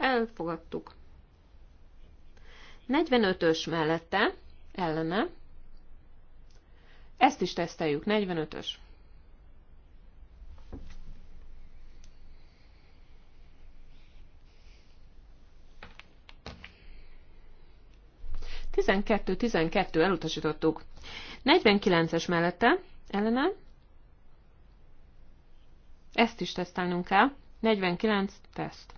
elfogadtuk. 45-ös mellette, ellene, ezt is teszteljük, 45-ös. Tizenkettő, tizenkettő, elutasítottuk. 49-es mellette, ellene, ezt is tesztelnünk kell. 49 teszt.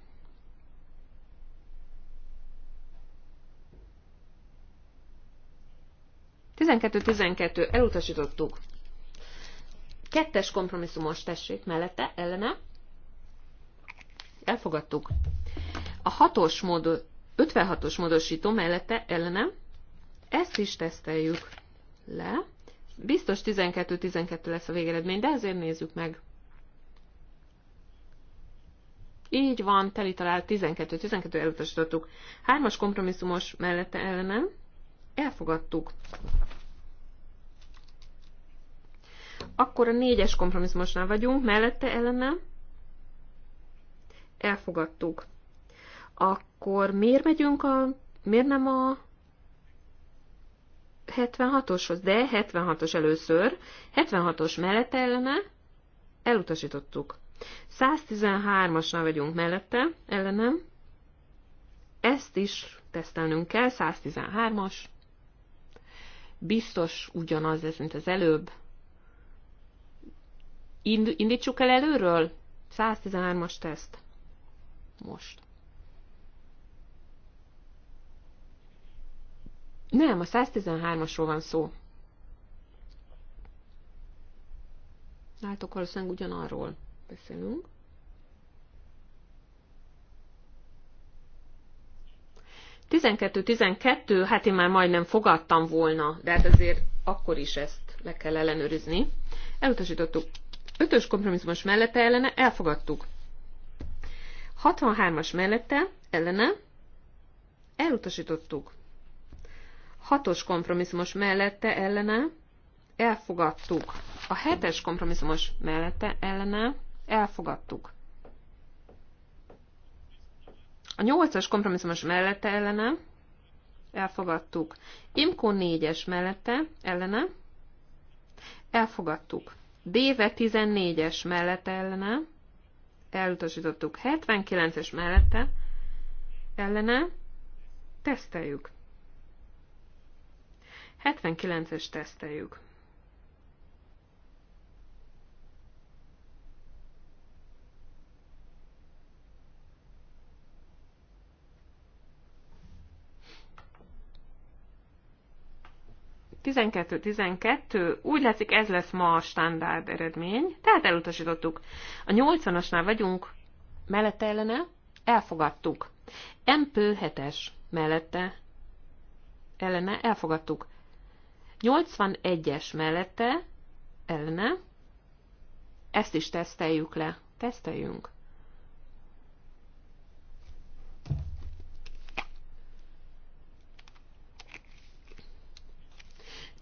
12-12 elutasítottuk. Kettes kompromisszumos tessék mellette, ellene. Elfogadtuk. A hatos mód, 56-os módosító mellette, ellene. Ezt is teszteljük le. Biztos 12-12 lesz a végeredmény, de ezért nézzük meg. Így van, teli talált 12-12 elutasítottuk. Hármas kompromisszumos mellette ellenem Elfogadtuk. Akkor a négyes kompromisszumosnál vagyunk, mellette ellene. Elfogadtuk. Akkor miért megyünk a... Miért nem a 76-oshoz? De 76-os először. 76-os mellette ellene. Elutasítottuk. 113-asnál vagyunk mellette, ellenem. Ezt is tesztelnünk kell, 113-as biztos ugyanaz ez, mint az előbb. Ind- indítsuk el előről? 113-as teszt. Most. Nem, a 113-asról van szó. Látok, valószínűleg ugyanarról beszélünk. 12-12, hát én már majdnem fogadtam volna, de hát azért akkor is ezt le kell ellenőrizni. Elutasítottuk. Ötös kompromisszumos mellette ellene elfogadtuk. 63-as mellette ellene elutasítottuk. 6-os kompromisszumos mellette ellene elfogadtuk. A 7-es kompromisszumos mellette ellene elfogadtuk. A 8-as kompromisszumos mellette ellene elfogadtuk. Imko 4-es mellette ellene elfogadtuk. Déve 14-es mellette ellene elutasítottuk. 79-es mellette ellene teszteljük. 79-es teszteljük. 12-12, úgy látszik ez lesz ma a standard eredmény, tehát elutasítottuk. A 80-asnál vagyunk, mellette ellene, elfogadtuk. Empő 7-es, mellette ellene, elfogadtuk. 81-es mellette, ellene, ezt is teszteljük le. Teszteljünk.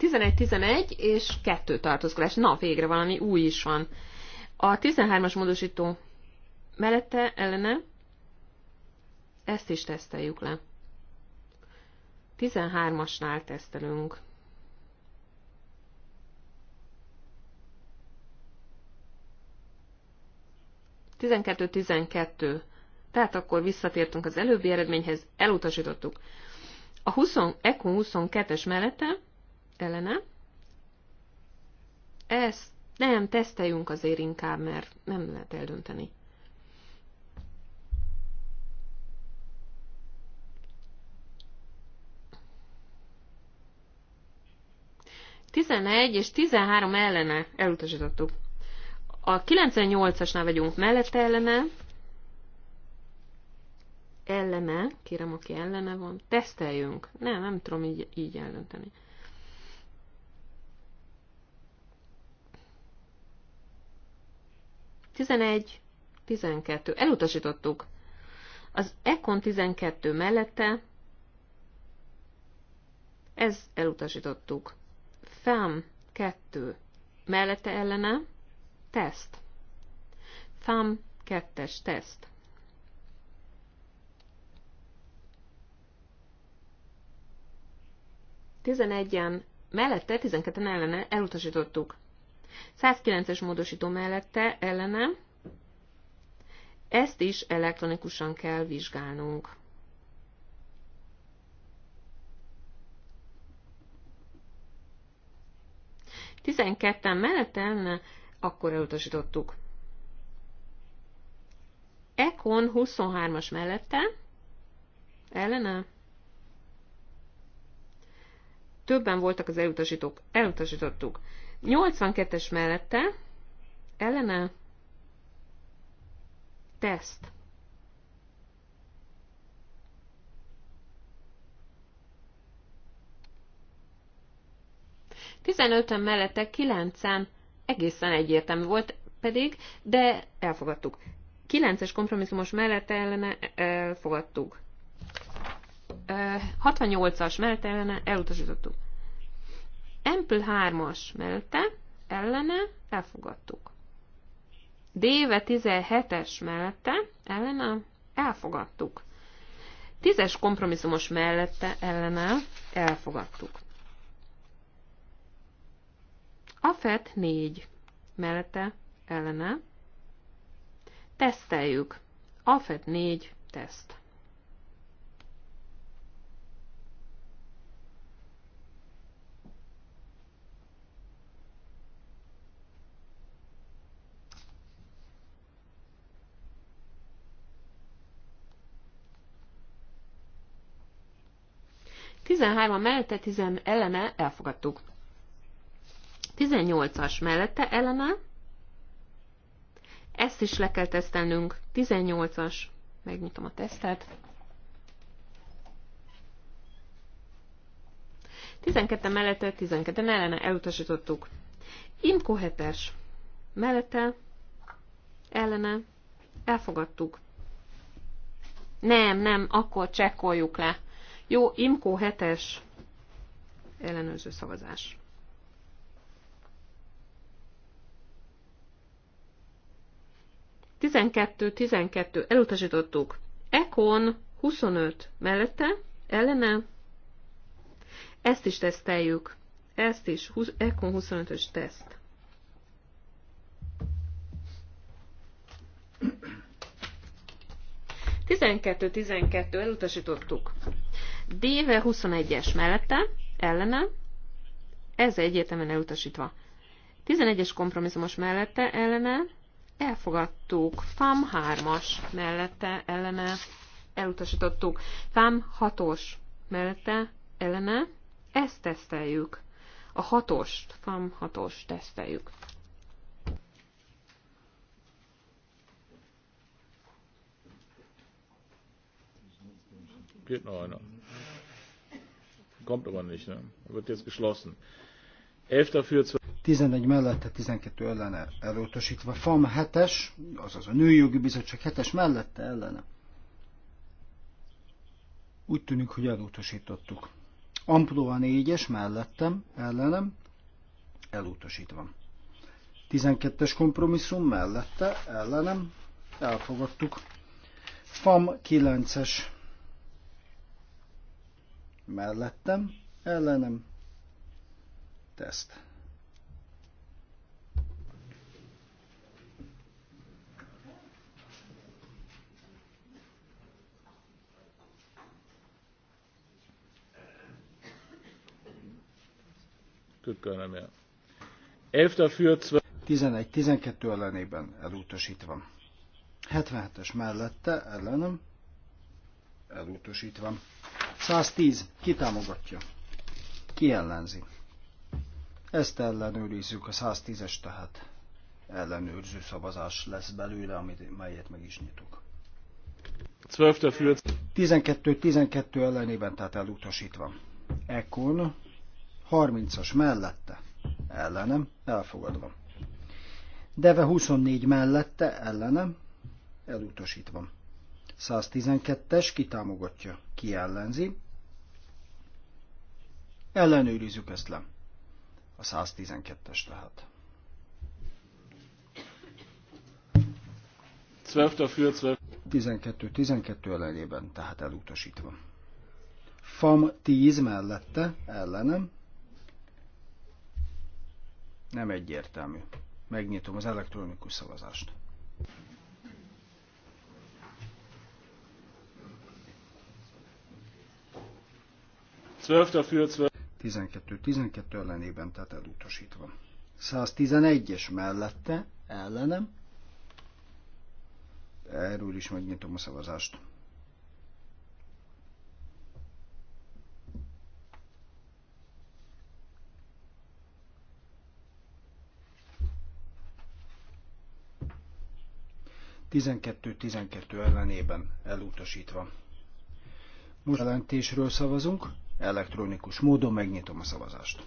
11-11 és 2 tartózkodás. Na, végre valami új is van. A 13-as módosító mellette ellene ezt is teszteljük le. 13-asnál tesztelünk. Tizenkettő, tizenkettő. Tehát akkor visszatértünk az előbbi eredményhez, elutasítottuk. A 20, ECO 22-es mellette ellene. Ezt nem, teszteljünk azért inkább, mert nem lehet eldönteni. Tizenegy és tizenhárom ellene elutasítottuk. A 98-asnál vagyunk mellette ellene. Ellene, kérem, aki ellene van, teszteljünk. Nem, nem tudom így, így eldönteni. 11, 12. Elutasítottuk. Az Econ 12 mellette ez elutasítottuk. FAM 2 mellette ellene teszt. FAM 2-es teszt. Tizenegyen mellette, tizenketten ellene elutasítottuk. 109-es módosító mellette ellene. Ezt is elektronikusan kell vizsgálnunk. Tizenketten mellette ellene, akkor elutasítottuk. Ekon 23-as mellette, ellene, többen voltak az elutasítók, elutasítottuk. 82-es mellette ellene teszt. Tizenöten mellette kilencen egészen egyértelmű volt pedig, de elfogadtuk. Kilences kompromisszumos mellette ellene e, elfogadtuk. 68-as mellett ellene elutasítottuk. Ample 3-as mellette ellene elfogadtuk. Déve 17-es mellette ellene elfogadtuk. 10-es kompromisszumos mellette ellene elfogadtuk. Afet 4 mellette ellene teszteljük. Afet 4 teszt. 13-an mellette, 10 ellene elfogadtuk. 18-as mellette ellene, ezt is le kell tesztelnünk, 18-as, megnyitom a tesztet. 12 mellette, 12 ellene elutasítottuk. Imko 7 mellette, ellene, elfogadtuk. Nem, nem, akkor csekkoljuk le. Jó, Imkó 7-es ellenőrző szavazás. Tizenkettő, tizenkettő, elutasítottuk. Ekon 25 mellette, ellene. Ezt is teszteljük. Ezt is, Ekon 25-ös teszt. Tizenkettő, tizenkettő, elutasítottuk. D-vel 21-es mellette, ellene, ez egyértelműen elutasítva. 11-es kompromisszumos mellette, ellene, elfogadtuk. FAM 3-as mellette, ellene, elutasítottuk. FAM 6-os mellette, ellene, ezt teszteljük. A hatost, FAM 6-os teszteljük. Genau, kommt aber nicht, ne? Wird jetzt geschlossen. 11 dafür, 11 mellette, 12 ellene elutasítva. FAM 7-es, azaz a Nőjogi Bizottság 7-es mellette ellene. Úgy tűnik, hogy elutasítottuk. Amplóa 4-es mellettem, ellenem, elutasítva. 12-es kompromisszum mellette, ellenem, elfogadtuk. FAM 9-es mellettem, ellenem, teszt. Köszönöm. Ja. 11 dafür, 11-12 ellenében elutasítva. 77-es mellette ellenem elutasítva. 110. Ki támogatja? Ki ellenzi? Ezt ellenőrizzük, a 110-es tehát ellenőrző szavazás lesz belőle, amit, melyet meg is nyitok. 12-12 ellenében, tehát elutasítva. Ekon 30-as mellette, ellenem, elfogadva. Deve 24 mellette, ellenem, elutasítva. 112-es kitámogatja, ki ellenzi. Ellenőrizzük ezt le. A 112-es tehát. 12-12 ellenében, tehát elutasítva. FAM 10 mellette, ellenem. Nem egyértelmű. Megnyitom az elektronikus szavazást. 12 dafür, 12. 12, 12 ellenében, tehát elutasítva. 111-es mellette, ellenem. Erről is megnyitom a szavazást. Tizenkettő-tizenkettő ellenében elutasítva. Most jelentésről szavazunk. Elektronikus módon megnyitom a szavazást.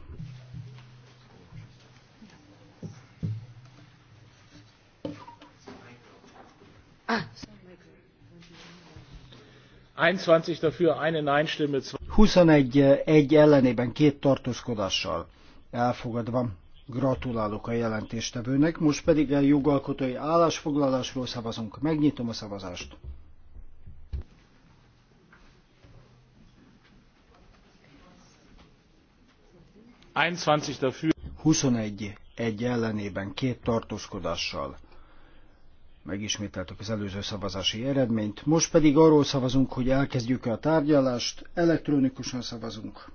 21 dafür, eine Nein-Stimme. 21 egy ellenében két tartózkodással elfogadva. Gratulálok a jelentéstevőnek, most pedig a jogalkotói állásfoglalásról szavazunk. Megnyitom a szavazást. 21 dafür. 21 egy ellenében két tartózkodással megismételtük az előző szavazási eredményt. Most pedig arról szavazunk, hogy elkezdjük-e a tárgyalást, elektronikusan szavazunk.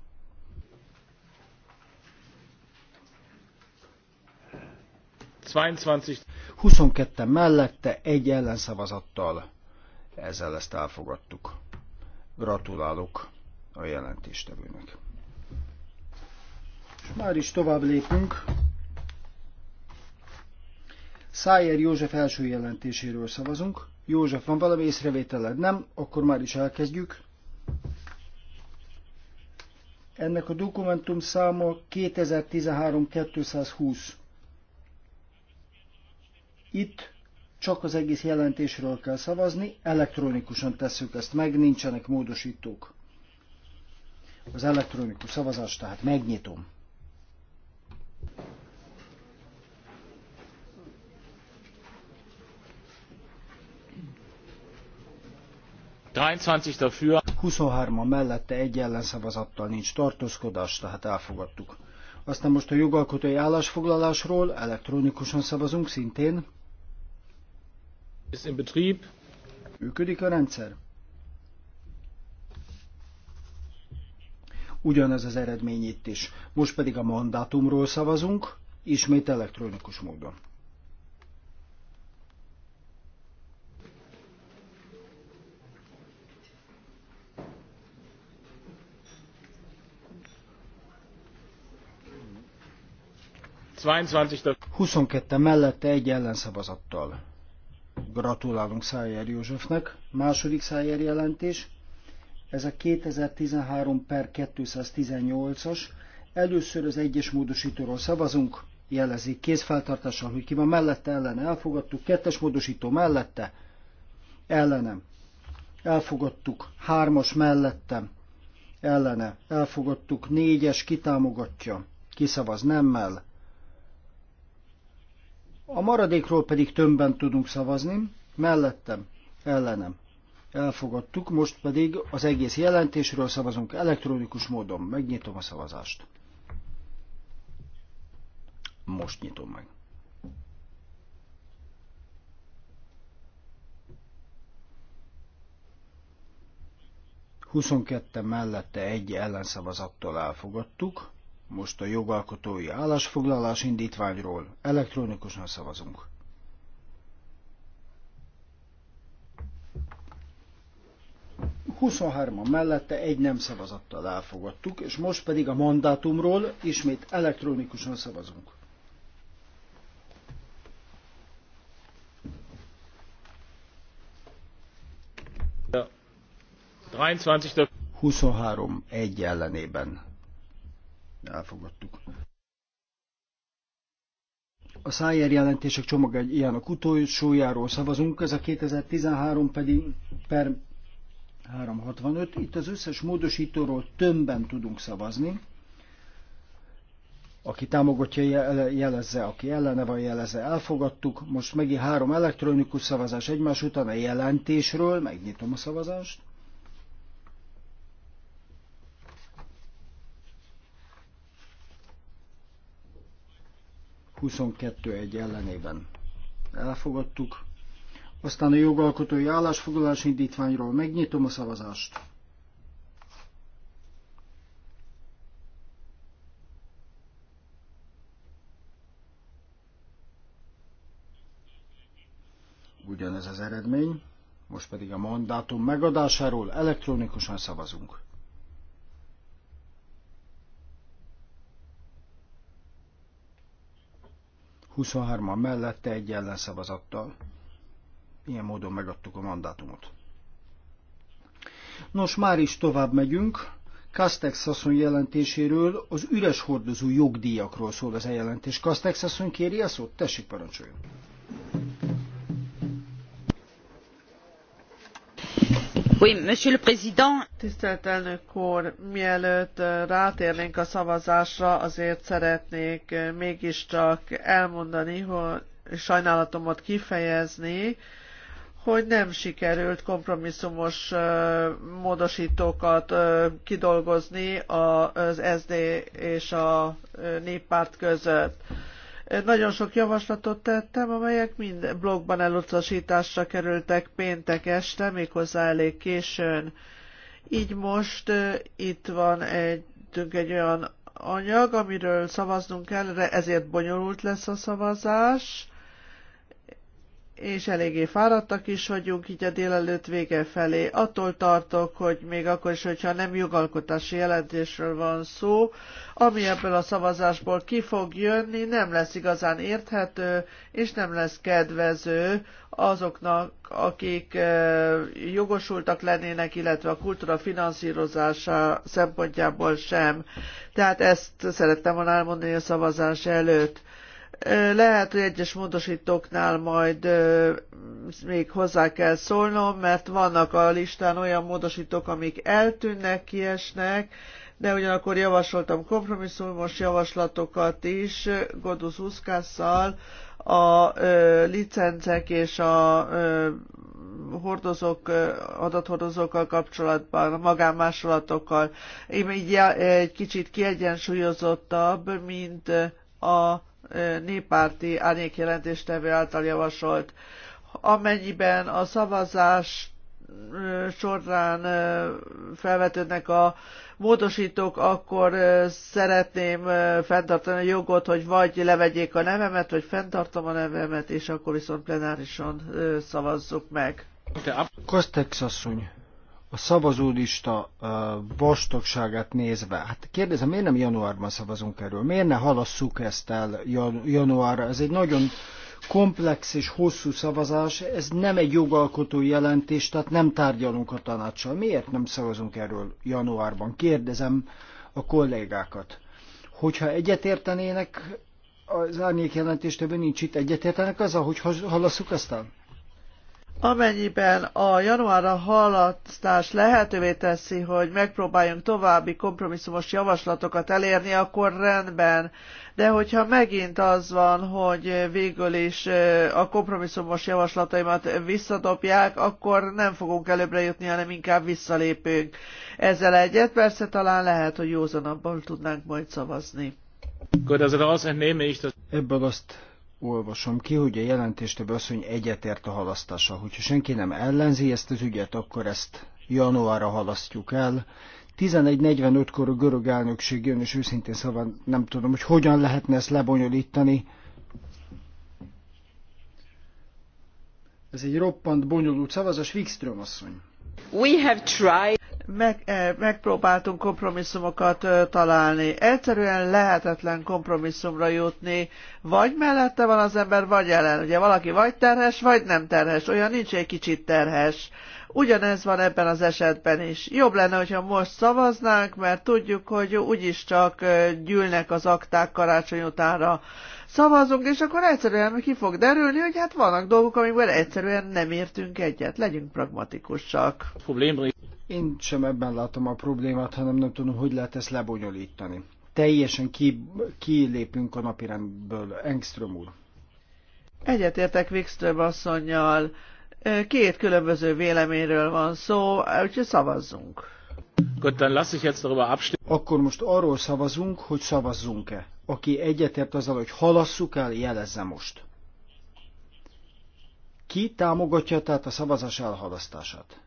Zweiundzwanzig. 22 mellette egy ellenszavazattal. Ezzel ezt elfogadtuk. Gratulálok a jelentéstevőnek. És már is tovább lépünk. Szájer József első jelentéséről szavazunk. József, van valami észrevételed? Nem? Akkor már is elkezdjük. Ennek a dokumentum száma 2013-220. Itt csak az egész jelentésről kell szavazni, elektronikusan tesszük ezt meg, nincsenek módosítók. Az elektronikus szavazást tehát megnyitom dafür. 23 a mellette egy ellenszavazattal nincs tartózkodás, tehát elfogadtuk. Aztán most a jogalkotói állásfoglalásról elektronikusan szavazunk szintén. Ist in Betrieb. Működik a rendszer? ugyanez az eredmény itt is. Most pedig a mandátumról szavazunk, ismét elektronikus módon. Huszonketten mellette egy ellenszavazattal. Gratulálunk Szájer Józsefnek. Második Szájer jelentés ez a 2013 per 218-as. Először az egyes módosítóról szavazunk, jelezi kézfeltartással, hogy ki van mellette, ellene elfogadtuk, kettes módosító mellette, ellenem, elfogadtuk, hármas mellette, ellene, elfogadtuk, négyes kitámogatja, kiszavaz nemmel. A maradékról pedig tömbben tudunk szavazni, mellettem, ellenem, Elfogadtuk, most pedig az egész jelentésről szavazunk elektronikus módon. Megnyitom a szavazást. Most nyitom meg. Huszonkette mellette egy ellenszavazattal elfogadtuk. Most a jogalkotói állásfoglalás indítványról elektronikusan szavazunk. 23-an mellette egy nem szavazattal elfogadtuk, és most pedig a mandátumról ismét elektronikusan szavazunk. Ja. 23. 23 egy ellenében elfogadtuk. A szájér jelentések csomag egy ilyen a utolsójáról szavazunk, ez a 2013 pedig per 365. Itt az összes módosítóról tömbben tudunk szavazni. Aki támogatja, jelezze, aki ellene van, jelezze, elfogadtuk. Most megint három elektronikus szavazás egymás után a jelentésről. Megnyitom a szavazást. Huszonkettő egy ellenében elfogadtuk. Aztán a jogalkotói állásfoglalás indítványról megnyitom a szavazást. Ugyanez az eredmény, most pedig a mandátum megadásáról elektronikusan szavazunk. Huszonhárman mellette egy ellenszavazattal ilyen módon megadtuk a mandátumot. Nos, már is tovább megyünk. Castex asszony jelentéséről az üres hordozó jogdíjakról szól az eljelentés. Castex asszony kéri a szót? Tessék, parancsoljon! tisztelt elnök úr mielőtt rátérnénk a szavazásra azért szeretnék mégiscsak elmondani hogy sajnálatomat kifejezni hogy nem sikerült kompromisszumos módosítókat kidolgozni az SD és a néppárt között. Nagyon sok javaslatot tettem, amelyek mind blogban elutasításra kerültek péntek este, méghozzá elég későn. Így most itt van egy, egy olyan anyag, amiről szavaznunk kell, ezért bonyolult lesz a szavazás és eléggé fáradtak is vagyunk így a délelőtt vége felé. Attól tartok, hogy még akkor is, hogyha nem jogalkotási jelentésről van szó, ami ebből a szavazásból ki fog jönni, nem lesz igazán érthető, és nem lesz kedvező azoknak, akik jogosultak lennének, illetve a kultúra finanszírozása szempontjából sem. Tehát ezt szerettem volna elmondani a szavazás előtt. Lehet, hogy egyes módosítóknál majd még hozzá kell szólnom, mert vannak a listán olyan módosítók, amik eltűnnek, kiesnek, de ugyanakkor javasoltam kompromisszumos javaslatokat is Godus Uszkásszal, a licencek és a hordozók, adathordozókkal kapcsolatban, a magánmásolatokkal. Én így egy kicsit kiegyensúlyozottabb, mint a néppárti árnyékjelentéstevő által javasolt. Amennyiben a szavazás során felvetődnek a módosítók, akkor szeretném fenntartani a jogot, hogy vagy levegyék a nevemet, vagy fenntartom a nevemet, és akkor viszont plenárison szavazzuk meg. Kostex asszony, a szavazólista vastagságát nézve, hát kérdezem, miért nem januárban szavazunk erről? Miért ne halasszuk ezt el januárra? Ez egy nagyon komplex és hosszú szavazás, ez nem egy jogalkotó jelentés, tehát nem tárgyalunk a tanácssal. Miért nem szavazunk erről januárban? Kérdezem a kollégákat. Hogyha egyetértenének, az árnyék jelentéstől nincs itt, egyetértenek azzal, hogy halasszuk ezt el? Amennyiben a januárra halasztás lehetővé teszi, hogy megpróbáljunk további kompromisszumos javaslatokat elérni, akkor rendben. De hogyha megint az van, hogy végül is a kompromisszumos javaslataimat visszadobják, akkor nem fogunk előbbre jutni, hanem inkább visszalépünk. Ezzel egyet persze talán lehet, hogy józanabban tudnánk majd szavazni. Ebből azt olvasom ki, hogy a jelentéstevő asszony egyetért a halasztása. Hogyha senki nem ellenzi ezt az ügyet, akkor ezt januárra halasztjuk el. 11.45-kor a görög elnökség jön, és őszintén szóval nem tudom, hogy hogyan lehetne ezt lebonyolítani. Ez egy roppant bonyolult szavazás, Wikström asszony. We have tried meg, eh, megpróbáltunk kompromisszumokat eh, találni. Egyszerűen lehetetlen kompromisszumra jutni, vagy mellette van az ember, vagy ellen. Ugye valaki vagy terhes, vagy nem terhes, olyan nincs egy kicsit terhes. Ugyanez van ebben az esetben is. Jobb lenne, hogyha most szavaznánk, mert tudjuk, hogy úgyis csak eh, gyűlnek az akták karácsony utánra. Szavazunk, és akkor egyszerűen ki fog derülni, hogy hát vannak dolgok, amikben egyszerűen nem értünk egyet. Legyünk pragmatikusak. Én sem ebben látom a problémát, hanem nem tudom, hogy lehet ezt lebonyolítani. Teljesen ki, kilépünk a napirendből, Engström úr. Egyetértek Wikström asszonynal. Két különböző véleményről van szó, úgyhogy szavazzunk. Gut, dann lasse ich jetzt darüber abstimmen. Akkor most arról szavazunk, hogy szavazzunk-e. Aki egyetért azzal, hogy halasszuk el, jelezze most. Ki támogatja tehát a szavazás elhalasztását?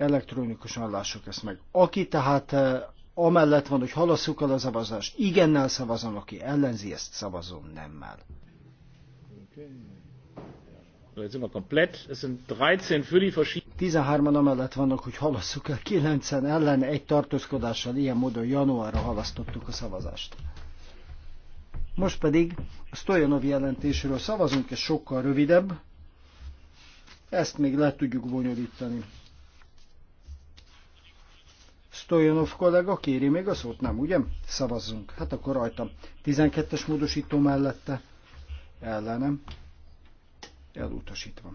elektronikusan lássuk ezt meg. Aki tehát eh, amellett van, hogy halasszuk el a szavazást, igennel szavazom, aki ellenzi, ezt szavazom nemmel. Jetzt komplett. 13 13-an amellett vannak, hogy halasszuk el 9-en ellen egy tartózkodással, ilyen módon januárra halasztottuk a szavazást. Most pedig a Stojanov jelentésről szavazunk, ez sokkal rövidebb. Ezt még le tudjuk bonyolítani. Stojanov kollega kéri még a szót, nem, ugye? Szavazzunk. Hát akkor rajtam. 12-es módosító mellette ellenem elutasítva.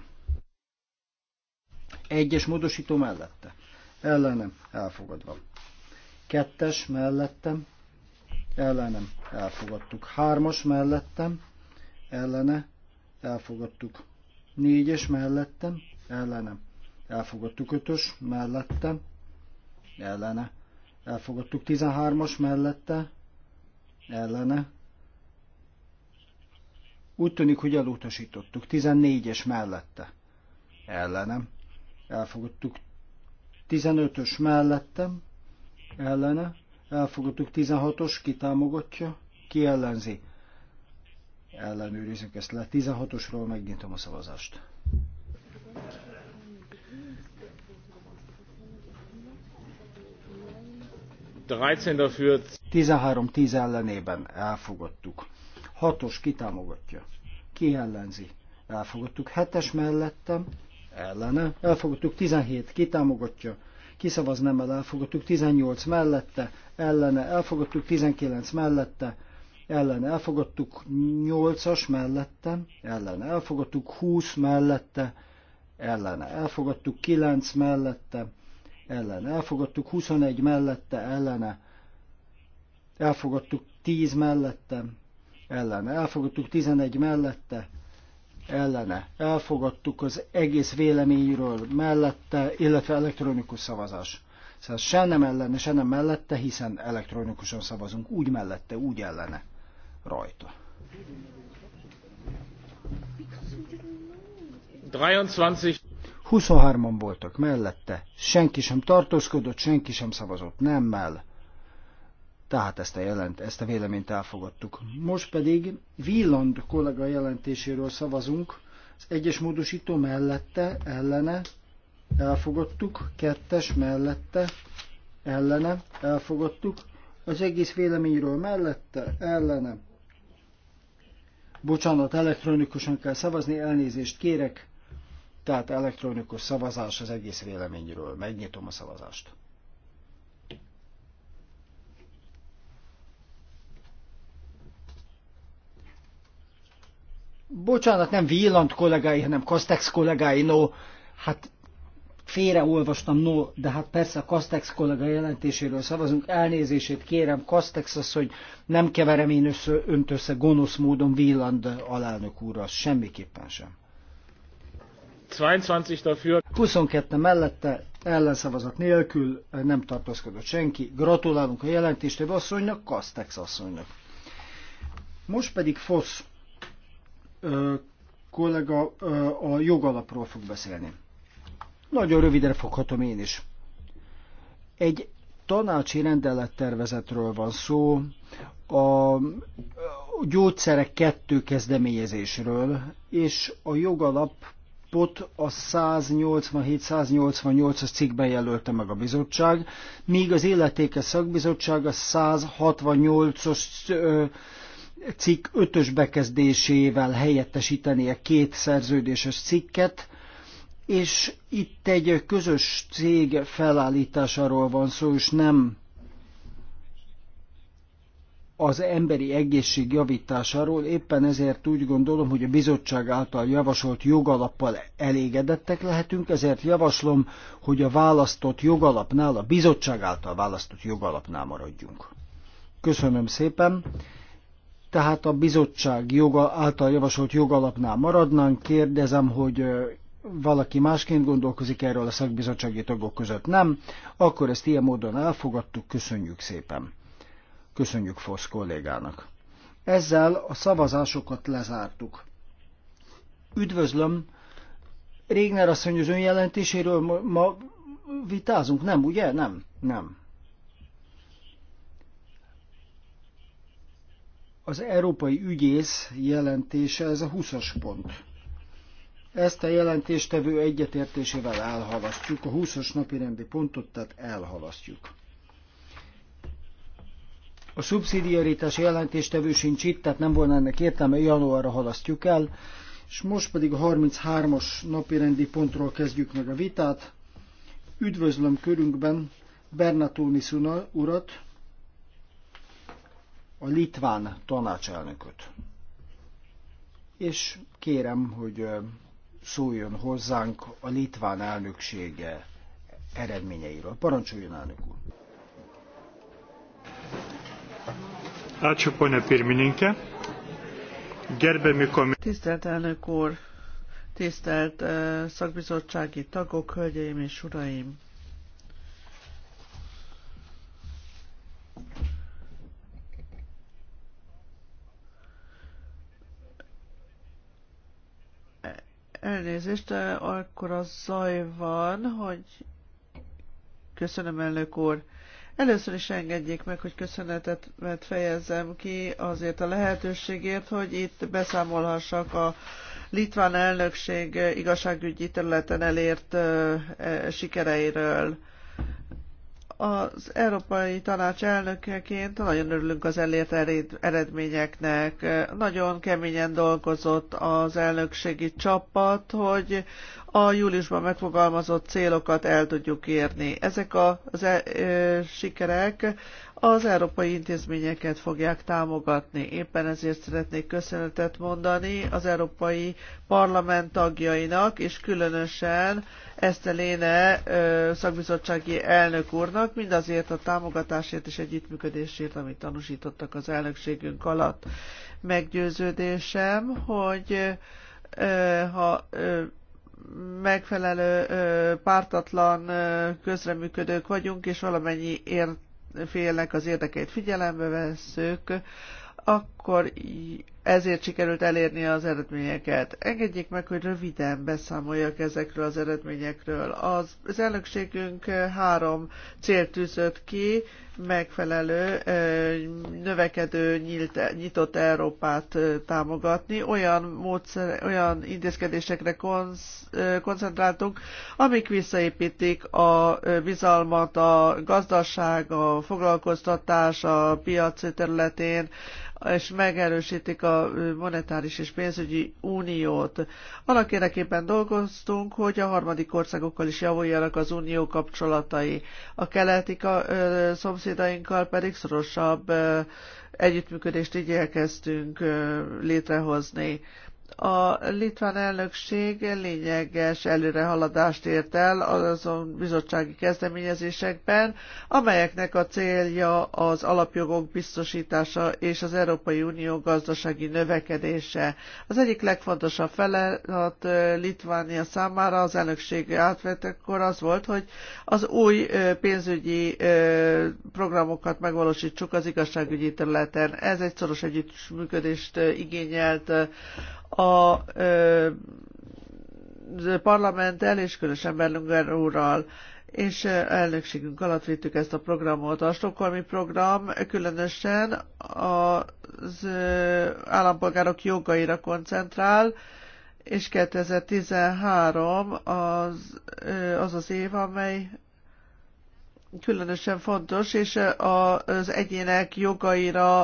Egyes módosító mellette ellenem elfogadva. Kettes mellettem ellenem elfogadtuk. Hármas mellettem ellene elfogadtuk. Négyes mellettem ellenem elfogadtuk. Ötös mellettem ellene. Elfogadtuk 13-as mellette, ellene. Úgy tűnik, hogy elutasítottuk. 14-es mellette, ellenem. Elfogadtuk 15-ös mellettem, ellene. Elfogadtuk 16-os, kitámogatja, ki ellenzi. Ellenőrizünk ezt le. 16-osról megnyitom a szavazást. 13 dafür. 13-10 ellenében elfogadtuk. 6-os kitámogatja. Ki ellenzi? Elfogadtuk 7-es mellettem, ellene. Elfogadtuk 17, kitámogatja. Kiszavaz nem el, elfogadtuk 18 mellette, ellene. Elfogadtuk 19 mellette, ellen elfogadtuk 8-as mellette, ellen elfogadtuk 20 mellette, ellen elfogadtuk 9 mellette, ellen elfogadtuk, 21 mellette ellene elfogadtuk, 10 mellette ellene elfogadtuk, 11 mellette ellene elfogadtuk az egész véleményről mellette, illetve elektronikus szavazás. Szóval se nem ellene, se nem mellette, hiszen elektronikusan szavazunk, úgy mellette, úgy ellene rajta. 23 23-an voltak mellette, senki sem tartózkodott, senki sem szavazott nemmel, tehát ezt a, jelent, ezt a véleményt elfogadtuk. Most pedig Villand kollega jelentéséről szavazunk, az egyes módosító mellette, ellene, elfogadtuk, kettes mellette, ellene, elfogadtuk, az egész véleményről mellette, ellene. Bocsánat, elektronikusan kell szavazni, elnézést kérek, tehát elektronikus szavazás az egész véleményről. Megnyitom a szavazást. Bocsánat, nem Villant kollégái, hanem Kastex kollégái, no, hát félreolvastam, no, de hát persze a Kastex kollega jelentéséről szavazunk, elnézését kérem, Kastex az, hogy nem keverem én össze, önt össze gonosz módon Villand alelnök úrral, semmiképpen sem. 22 dafür. 22 mellette ellenszavazat nélkül nem tartózkodott senki. Gratulálunk a jelentéstevő asszonynak, Kastex asszonynak. Most pedig Fosz ö, kollega ö, a jogalapról fog beszélni. Nagyon rövidre foghatom én is. Egy tanácsi rendelettervezetről van szó, a gyógyszerek kettő kezdeményezésről, és a jogalap spot a 187-188-as cikkben jelölte meg a bizottság, míg az életéke szakbizottság a 168-os cikk 5-ös bekezdésével helyettesíteni a két szerződéses cikket, és itt egy közös cég felállításáról van szó, és nem az emberi egészség javításáról, éppen ezért úgy gondolom, hogy a bizottság által javasolt jogalappal elégedettek lehetünk, ezért javaslom, hogy a választott jogalapnál, a bizottság által választott jogalapnál maradjunk. Köszönöm szépen! Tehát a bizottság joga, által javasolt jogalapnál maradnánk. Kérdezem, hogy valaki másként gondolkozik erről a szakbizottsági tagok között. Nem? Akkor ezt ilyen módon elfogadtuk. Köszönjük szépen! Köszönjük Fosz kollégának. Ezzel a szavazásokat lezártuk. Üdvözlöm! Régner asszony az önjelentéséről ma, ma vitázunk, nem, ugye? Nem, nem. Az Európai Ügyész jelentése, ez a 20-as pont. Ezt a jelentéstevő egyetértésével elhalasztjuk, a 20-as napi rendi pontot, tehát elhalasztjuk. A szubszidiaritás jelentéstevő sincs itt, tehát nem volna ennek értelme, januárra halasztjuk el. És most pedig a 33-as napirendi pontról kezdjük meg a vitát. Üdvözlöm körünkben Bernatóni Szuna urat, a litván tanácselnököt. És kérem, hogy szóljon hozzánk a litván elnöksége eredményeiről. Parancsoljon, elnök úr! Ačiū, ponia pirmininkė. Gerbiami komitetai. Tisztelt elnök úr, tisztelt szakbizottsági tagok, hölgyeim és uraim! Elnézést, akkor a zaj van, hogy köszönöm elnök úr. Először is engedjék meg, hogy köszönetet fejezzem ki azért a lehetőségért, hogy itt beszámolhassak a litván elnökség igazságügyi területen elért eh, sikereiről. Az Európai Tanács elnökeként nagyon örülünk az elért eredményeknek. Nagyon keményen dolgozott az elnökségi csapat, hogy a júliusban megfogalmazott célokat el tudjuk érni. Ezek a, e, e, sikerek az európai intézményeket fogják támogatni. Éppen ezért szeretnék köszönetet mondani az Európai Parlament tagjainak, és különösen Eszteléne szakbizottsági elnök úrnak, mindazért a támogatásért és együttműködésért, amit tanúsítottak az elnökségünk alatt. Meggyőződésem, hogy ha megfelelő pártatlan közreműködők vagyunk, és valamennyi ért félnek az érdekeit figyelembe vesszük, akkor ezért sikerült elérni az eredményeket. Engedjék meg, hogy röviden beszámoljak ezekről az eredményekről. Az, az elnökségünk eh, három célt tűzött ki, megfelelő eh, növekedő nyílt, nyitott Európát eh, támogatni. Olyan, módszer, olyan intézkedésekre konz, koncentráltunk, amik visszaépítik a bizalmat a gazdaság, a foglalkoztatás, a piac területén, és megerősítik a monetáris és pénzügyi uniót. Annak érdekében dolgoztunk, hogy a harmadik országokkal is javuljanak az unió kapcsolatai. A keleti szomszédainkkal pedig szorosabb együttműködést igyekeztünk létrehozni a litván elnökség lényeges előrehaladást ért el azon bizottsági kezdeményezésekben, amelyeknek a célja az alapjogok biztosítása és az Európai Unió gazdasági növekedése. Az egyik legfontosabb feladat Litvánia számára az elnökség átvettekor az volt, hogy az új pénzügyi programokat megvalósítsuk az igazságügyi területen. Ez egy szoros együttműködést igényelt a parlamenttel és különösen Berlinger úrral és elnökségünk alatt vittük ezt a programot. A stokholmi program különösen az állampolgárok jogaira koncentrál, és 2013 az az, az év, amely különösen fontos, és az egyének jogaira,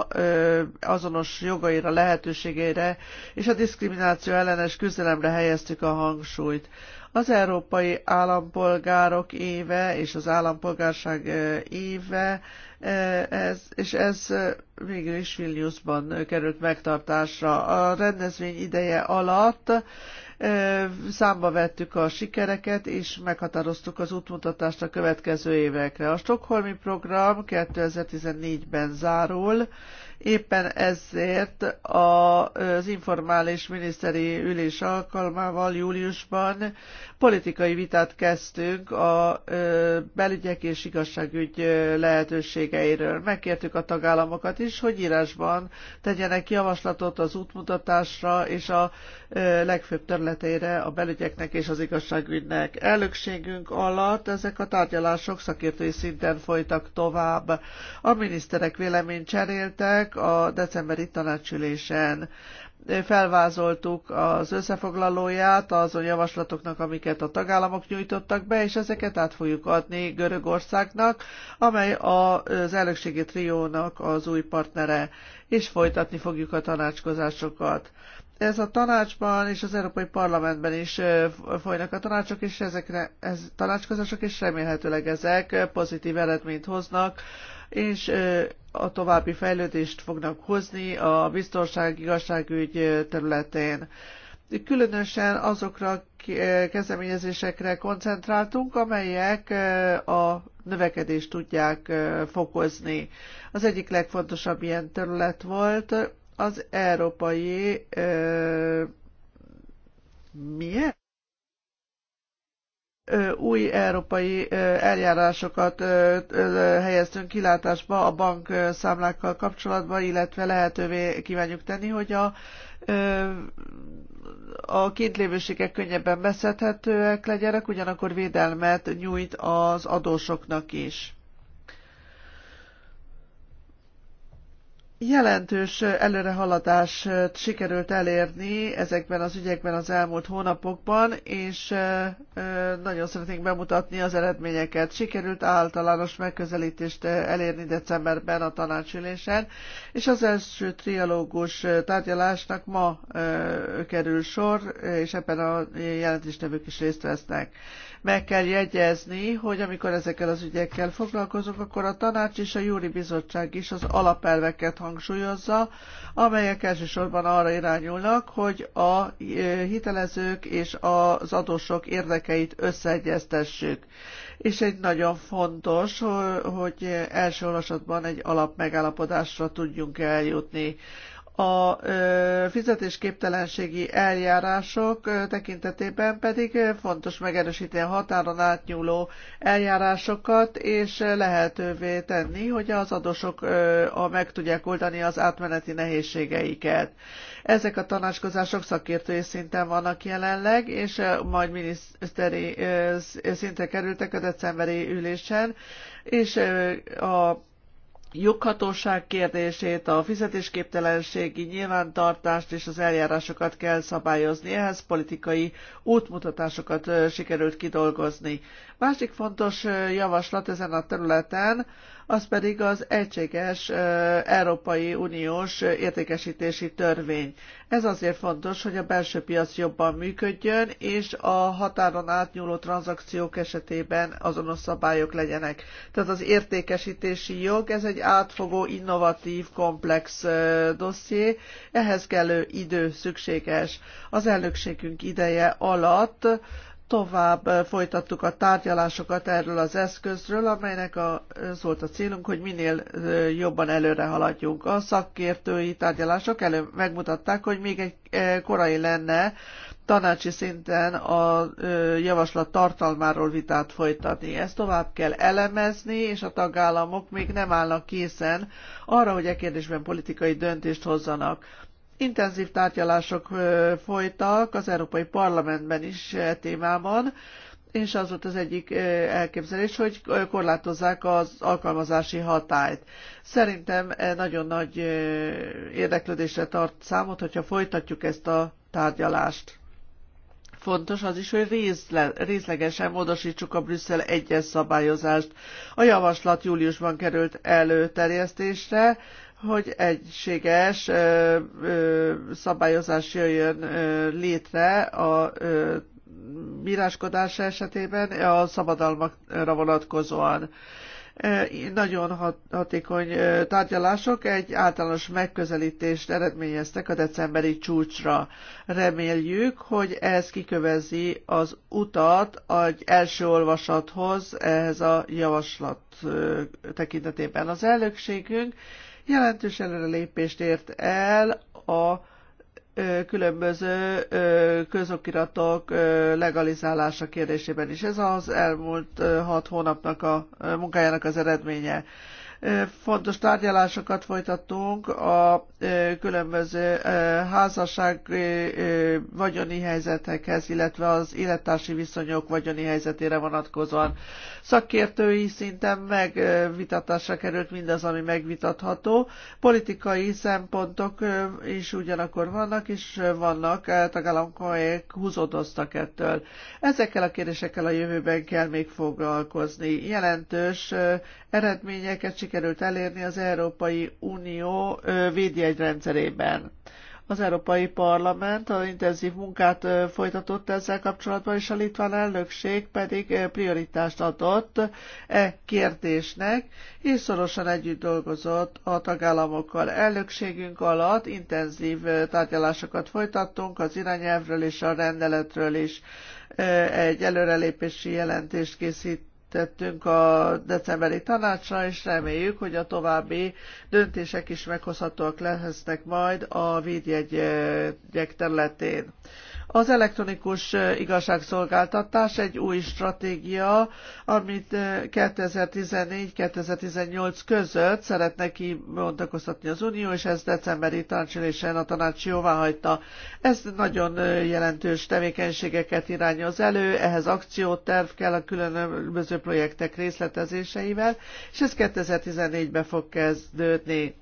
azonos jogaira, lehetőségére, és a diszkrimináció ellenes küzdelemre helyeztük a hangsúlyt. Az Európai Állampolgárok éve és az állampolgárság éve, ez, és ez végül is Vilniusban került megtartásra. A rendezvény ideje alatt Számba vettük a sikereket, és meghatároztuk az útmutatást a következő évekre. A Stockholmi program 2014-ben zárul, Éppen ezért az informális miniszteri ülés alkalmával júliusban politikai vitát kezdtünk a belügyek és igazságügy lehetőségeiről. Megkértük a tagállamokat is, hogy írásban tegyenek javaslatot az útmutatásra és a legfőbb területére a belügyeknek és az igazságügynek. Elnökségünk alatt ezek a tárgyalások szakértői szinten folytak tovább. A miniszterek vélemény cseréltek, szerepelnek a decemberi tanácsülésen. Felvázoltuk az összefoglalóját azon javaslatoknak, amiket a tagállamok nyújtottak be, és ezeket át fogjuk adni Görögországnak, amely az elnökségi triónak az új partnere, és folytatni fogjuk a tanácskozásokat ez a tanácsban és az Európai Parlamentben is folynak a tanácsok, és ezekre, ez, tanácskozások, és remélhetőleg ezek pozitív eredményt hoznak és a további fejlődést fognak hozni a biztonság igazságügy területén. Különösen azokra a kezdeményezésekre koncentráltunk, amelyek a növekedést tudják fokozni. Az egyik legfontosabb ilyen terület volt az európai milyen? új európai eljárásokat helyeztünk kilátásba a bankszámlákkal kapcsolatban, illetve lehetővé kívánjuk tenni, hogy a a lévőségek könnyebben beszedhetőek legyenek, ugyanakkor védelmet nyújt az adósoknak is. Jelentős előrehaladást sikerült elérni ezekben az ügyekben az elmúlt hónapokban, és nagyon szeretnénk bemutatni az eredményeket. Sikerült általános megközelítést elérni decemberben a tanácsülésen, és az első trialógus tárgyalásnak ma kerül sor, és ebben a jelentéstevők is részt vesznek meg kell jegyezni, hogy amikor ezekkel az ügyekkel foglalkozunk, akkor a tanács és a júri bizottság is az alapelveket hangsúlyozza, amelyek elsősorban arra irányulnak, hogy a e, hitelezők és az adósok érdekeit összeegyeztessük. És egy nagyon fontos, hogy első olvasatban egy alapmegállapodásra tudjunk eljutni a fizetésképtelenségi eljárások tekintetében pedig fontos megerősíteni a határon átnyúló eljárásokat, és lehetővé tenni, hogy az adósok a meg tudják oldani az átmeneti nehézségeiket. Ezek a tanácskozások szakértői szinten vannak jelenleg, és majd miniszteri szintre kerültek a decemberi ülésen, és a joghatóság kérdését, a fizetésképtelenségi nyilvántartást és az eljárásokat kell szabályozni. Ehhez politikai útmutatásokat sikerült kidolgozni. Másik fontos javaslat ezen a területen az pedig az egységes Európai Uniós értékesítési törvény. Ez azért fontos, hogy a belső piac jobban működjön, és a határon átnyúló tranzakciók esetében azonos szabályok legyenek. Tehát az értékesítési jog, ez egy átfogó, innovatív, komplex dosszié, ehhez kellő idő szükséges. Az elnökségünk ideje alatt tovább eh, folytattuk a tárgyalásokat erről az eszközről, amelynek az volt a célunk, hogy minél eh, jobban előre haladjunk. A szakértői tárgyalások elő megmutatták, hogy még egy eh, korai lenne tanácsi szinten a javaslat tartalmáról vitát folytatni. Ezt tovább kell elemezni, és a tagállamok még nem állnak készen arra, hogy e kérdésben politikai döntést hozzanak. Intenzív tárgyalások folytak az Európai Parlamentben is e témában, és az volt az egyik elképzelés, hogy korlátozzák az alkalmazási hatályt. Szerintem nagyon nagy érdeklődésre tart számot, hogyha folytatjuk ezt a tárgyalást. Fontos az is, hogy részle, részlegesen módosítsuk a Brüsszel egyes szabályozást. A javaslat júliusban került előterjesztésre, hogy egységes ö, ö, szabályozás jöjjön ö, létre a ö, bíráskodása esetében a szabadalmakra vonatkozóan. Nagyon hatékony tárgyalások egy általános megközelítést eredményeztek a decemberi csúcsra. Reméljük, hogy ez kikövezi az utat egy első olvasathoz ehhez a javaslat tekintetében. Az elnökségünk Jelentős előrelépést ért el a különböző közokiratok legalizálása kérdésében is. Ez az elmúlt hat hónapnak a munkájának az eredménye fontos tárgyalásokat folytattunk a különböző házasság vagyoni helyzetekhez, illetve az élettársi viszonyok vagyoni helyzetére vonatkozóan. Szakértői szinten megvitatásra került mindaz, ami megvitatható. Politikai szempontok is ugyanakkor vannak, és vannak tagállamok, húzódoztak ettől. Ezekkel a kérdésekkel a jövőben kell még foglalkozni. Jelentős eredményeket sikerült sikerült elérni az Európai Unió védjegyrendszerében. Az Európai Parlament az intenzív munkát folytatott ezzel kapcsolatban, és a litván elnökség pedig prioritást adott e kérdésnek, és szorosan együtt dolgozott a tagállamokkal. Elnökségünk alatt intenzív tárgyalásokat folytattunk az irányelvről és a rendeletről is. Egy előrelépési jelentést készít tettünk a decemberi tanácsra, és reméljük, hogy a további döntések is meghozhatóak lesznek majd a védjegyek területén. Az elektronikus igazságszolgáltatás egy új stratégia, amit 2014-2018 között szeretne kibontakoztatni az Unió, és ez decemberi tanácsülésen a tanács jóvá hagyta. Ez nagyon jelentős tevékenységeket irányoz elő, ehhez akcióterv kell a különböző projektek részletezéseivel, és ez 2014-ben fog kezdődni.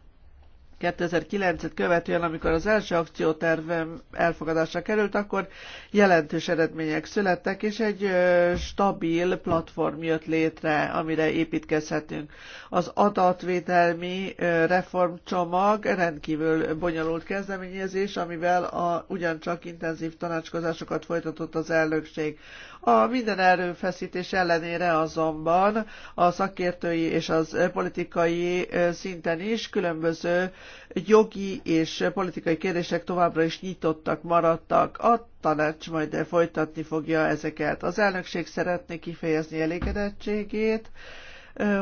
2009-et követően, amikor az első akciótervem elfogadásra került, akkor jelentős eredmények születtek, és egy stabil platform jött létre, amire építkezhetünk. Az adatvédelmi reformcsomag rendkívül bonyolult kezdeményezés, amivel a, ugyancsak intenzív tanácskozásokat folytatott az elnökség. A minden erőfeszítés ellenére azonban a szakértői és az politikai szinten is különböző jogi és politikai kérdések továbbra is nyitottak maradtak. A tanács majd folytatni fogja ezeket. Az elnökség szeretné kifejezni elégedettségét,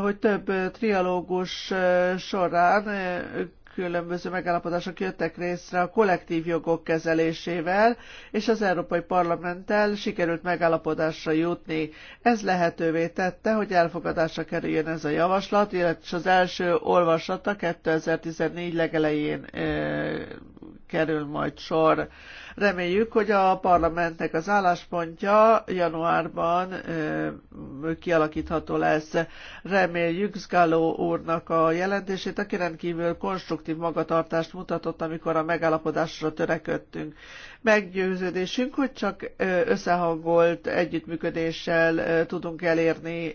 hogy több trialógus során különböző megállapodások jöttek részre a kollektív jogok kezelésével, és az Európai Parlamenttel sikerült megállapodásra jutni. Ez lehetővé tette, hogy elfogadásra kerüljön ez a javaslat, illetve az első olvasata 2014 legelején e, kerül majd sor. Reméljük, hogy a parlamentnek az álláspontja januárban kialakítható lesz. Reméljük Szgáló úrnak a jelentését, aki rendkívül konstruktív magatartást mutatott, amikor a megállapodásra törekedtünk. Meggyőződésünk, hogy csak összehangolt együttműködéssel tudunk elérni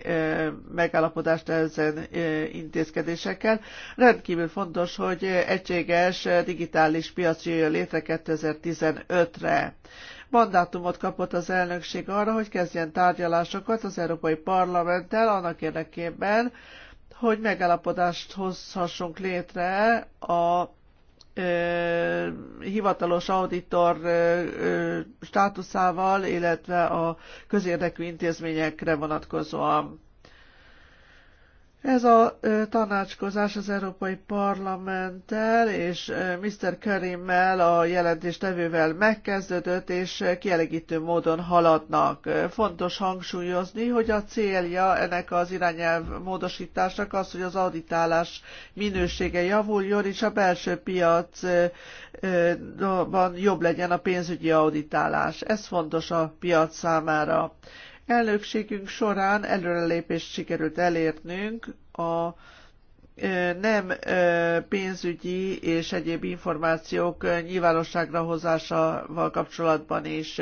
megállapodást ezen intézkedésekkel. Rendkívül fontos, hogy egységes digitális piac jöjjön létre 2015 2025 re Mandátumot kapott az elnökség arra, hogy kezdjen tárgyalásokat az Európai Parlamenttel annak érdekében, hogy megállapodást hozhassunk létre a ö, hivatalos auditor ö, ö, státuszával, illetve a közérdekű intézményekre vonatkozóan. Ez a tanácskozás az Európai Parlamenttel és Mr. Kerimmel, a jelentéstevővel megkezdődött, és kielégítő módon haladnak. Fontos hangsúlyozni, hogy a célja ennek az irányelv módosításnak az, hogy az auditálás minősége javuljon, és a belső piacban jobb legyen a pénzügyi auditálás. Ez fontos a piac számára. Elnökségünk során előrelépést sikerült elérnünk a nem pénzügyi és egyéb információk nyilvánosságra hozásával kapcsolatban is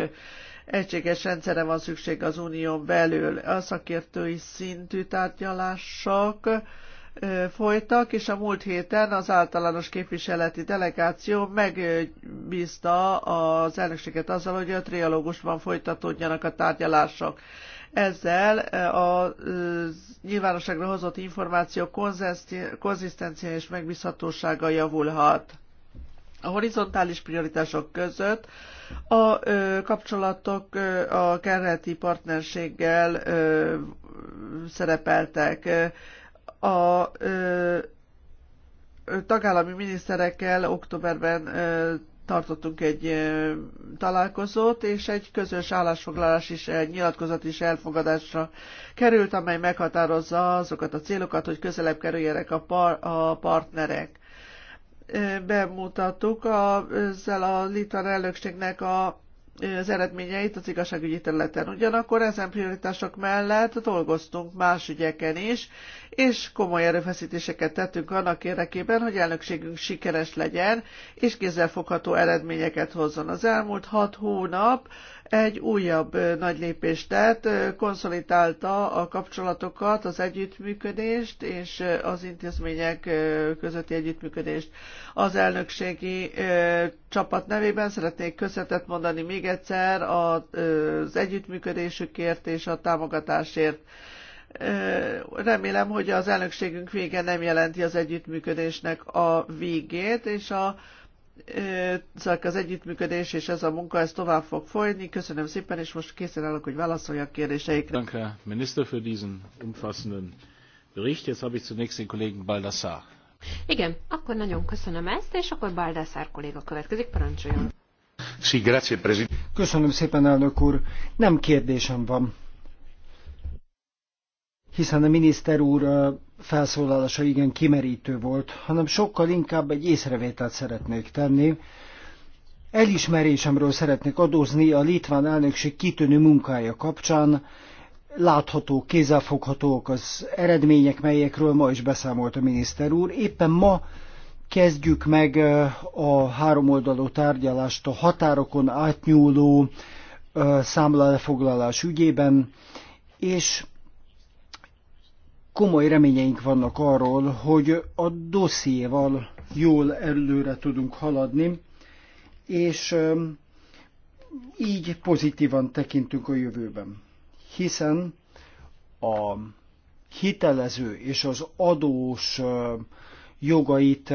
egységes rendszere van szükség az unión belül. A szakértői szintű tárgyalások folytak, és a múlt héten az általános képviseleti delegáció megbízta az elnökséget azzal, hogy a trialógusban folytatódjanak a tárgyalások. Ezzel a nyilvánosságra hozott információ konzisztencia és megbízhatósága javulhat. A horizontális prioritások között a kapcsolatok a kereti partnerséggel szerepeltek a ö, tagállami miniszterekkel októberben ö, tartottunk egy ö, találkozót, és egy közös állásfoglalás is, egy nyilatkozat is elfogadásra került, amely meghatározza azokat a célokat, hogy közelebb kerüljenek a, par, a partnerek. Bemutattuk a, ezzel a litván elnökségnek a az eredményeit az igazságügyi területen. Ugyanakkor ezen prioritások mellett dolgoztunk más ügyeken is, és komoly erőfeszítéseket tettünk annak érdekében, hogy elnökségünk sikeres legyen, és kézzelfogható eredményeket hozzon. Az elmúlt hat hónap egy újabb nagy lépést tett, konszolidálta a kapcsolatokat, az együttműködést és az intézmények közötti együttműködést. Az elnökségi csapat nevében szeretnék köszönetet mondani még egyszer az együttműködésükért és a támogatásért. Remélem, hogy az elnökségünk vége nem jelenti az együttműködésnek a végét, és a, szóval az együttműködés és ez a munka ez tovább fog folyni. Köszönöm szépen, és most készen állok, hogy válaszoljak kérdéseikre. Danke, Herr Minister, für diesen umfassenden Bericht. Jetzt habe ich zunächst den Kollegen Baldassar. Igen, akkor nagyon köszönöm ezt, és akkor Baldassar kolléga következik, parancsoljon. Köszönöm szépen, elnök úr. Nem kérdésem van hiszen a miniszter úr felszólalása igen kimerítő volt, hanem sokkal inkább egy észrevételt szeretnék tenni. Elismerésemről szeretnék adózni a litván elnökség kitűnő munkája kapcsán, látható, kézzelfoghatók az eredmények, melyekről ma is beszámolt a miniszter úr. Éppen ma kezdjük meg a háromoldalú tárgyalást a határokon átnyúló számlalefoglalás ügyében, és komoly reményeink vannak arról, hogy a dossziéval jól előre tudunk haladni, és így pozitívan tekintünk a jövőben. Hiszen a hitelező és az adós jogait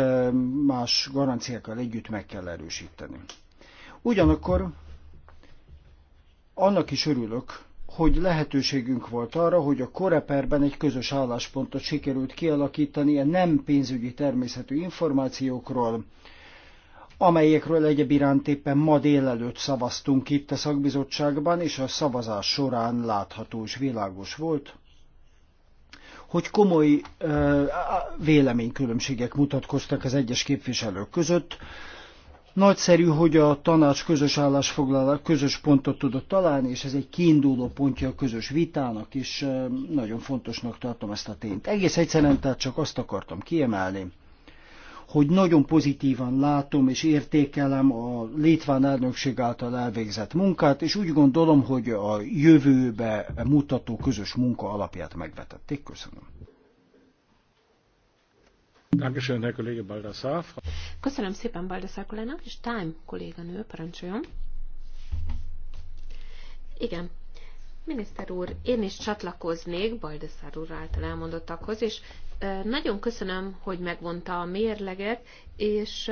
más garanciákkal együtt meg kell erősíteni. Ugyanakkor annak is örülök, hogy lehetőségünk volt arra, hogy a koreperben egy közös álláspontot sikerült kialakítani a nem pénzügyi természetű információkról, amelyekről egyebiránt éppen ma délelőtt szavaztunk itt a szakbizottságban, és a szavazás során látható és világos volt, hogy komoly ö, véleménykülönbségek mutatkoztak az egyes képviselők között, Nagyszerű, hogy a tanács közös állásfoglalás közös pontot tudott találni, és ez egy kiinduló pontja a közös vitának, és nagyon fontosnak tartom ezt a tényt. Egész egyszerűen tehát csak azt akartam kiemelni, hogy nagyon pozitívan látom és értékelem a Litván elnökség által elvégzett munkát, és úgy gondolom, hogy a jövőbe mutató közös munka alapját megvetették. Köszönöm. Köszönöm szépen Baldassar kollégának, és Time kolléganő, parancsoljon. Igen, Miniszter úr, én is csatlakoznék Baldassar úr által elmondottakhoz, és nagyon köszönöm, hogy megvonta a mérleget, és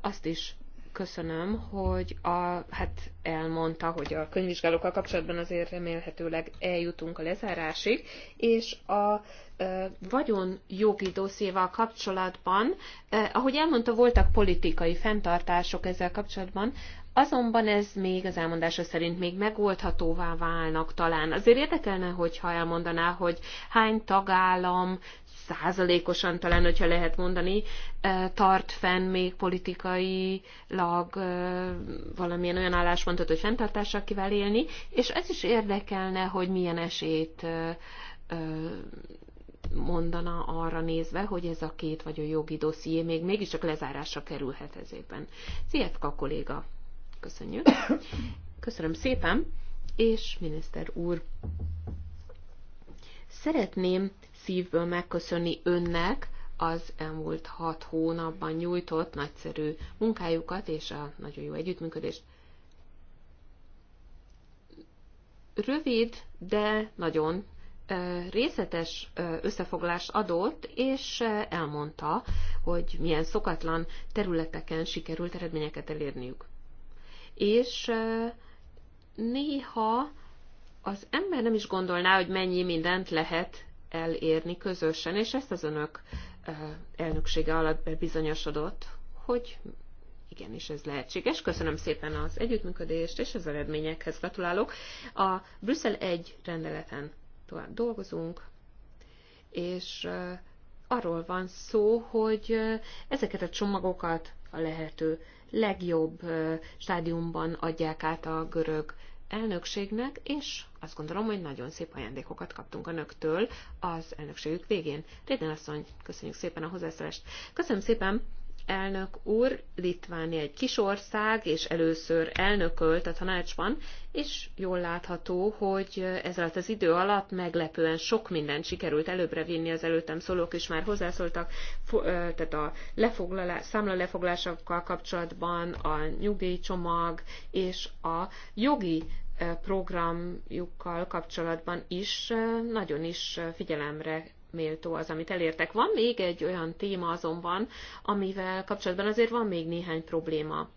azt is köszönöm, hogy a, hát elmondta, hogy a könyvvizsgálókkal kapcsolatban azért remélhetőleg eljutunk a lezárásig, és a e, vagyon jogi dossziéval kapcsolatban, e, ahogy elmondta, voltak politikai fenntartások ezzel kapcsolatban, Azonban ez még az elmondása szerint még megoldhatóvá válnak talán. Azért érdekelne, hogyha elmondaná, hogy hány tagállam százalékosan talán, hogyha lehet mondani, tart fenn még politikailag valamilyen olyan álláspontot, hogy fenntartással kivel élni, és ez is érdekelne, hogy milyen esélyt mondana arra nézve, hogy ez a két vagy a jogi dosszié még mégiscsak lezárásra kerülhet ezében. Szijevka kolléga Köszönjük. Köszönöm szépen, és miniszter úr, szeretném szívből megköszönni önnek az elmúlt hat hónapban nyújtott nagyszerű munkájukat és a nagyon jó együttműködést. Rövid, de nagyon részletes összefoglás adott, és elmondta, hogy milyen szokatlan területeken sikerült eredményeket elérniük és néha az ember nem is gondolná, hogy mennyi mindent lehet elérni közösen, és ezt az önök elnöksége alatt bebizonyosodott, hogy igenis ez lehetséges. Köszönöm szépen az együttműködést és az eredményekhez gratulálok. A Brüsszel egy rendeleten tovább dolgozunk, és arról van szó, hogy ezeket a csomagokat a lehető legjobb stádiumban adják át a görög elnökségnek, és azt gondolom, hogy nagyon szép ajándékokat kaptunk önöktől az elnökségük végén. Réden asszony, köszönjük szépen a hozzászólást. Köszönöm szépen! elnök úr, Litvánia egy kis ország, és először elnökölt a tanácsban, és jól látható, hogy ez alatt az idő alatt meglepően sok mindent sikerült előbbre vinni, az előttem szólók is már hozzászóltak, tehát a lefoglalás, számla lefoglalásokkal kapcsolatban a nyugdíjcsomag és a jogi programjukkal kapcsolatban is nagyon is figyelemre méltó az, amit elértek. Van még egy olyan téma azonban, amivel kapcsolatban azért van még néhány probléma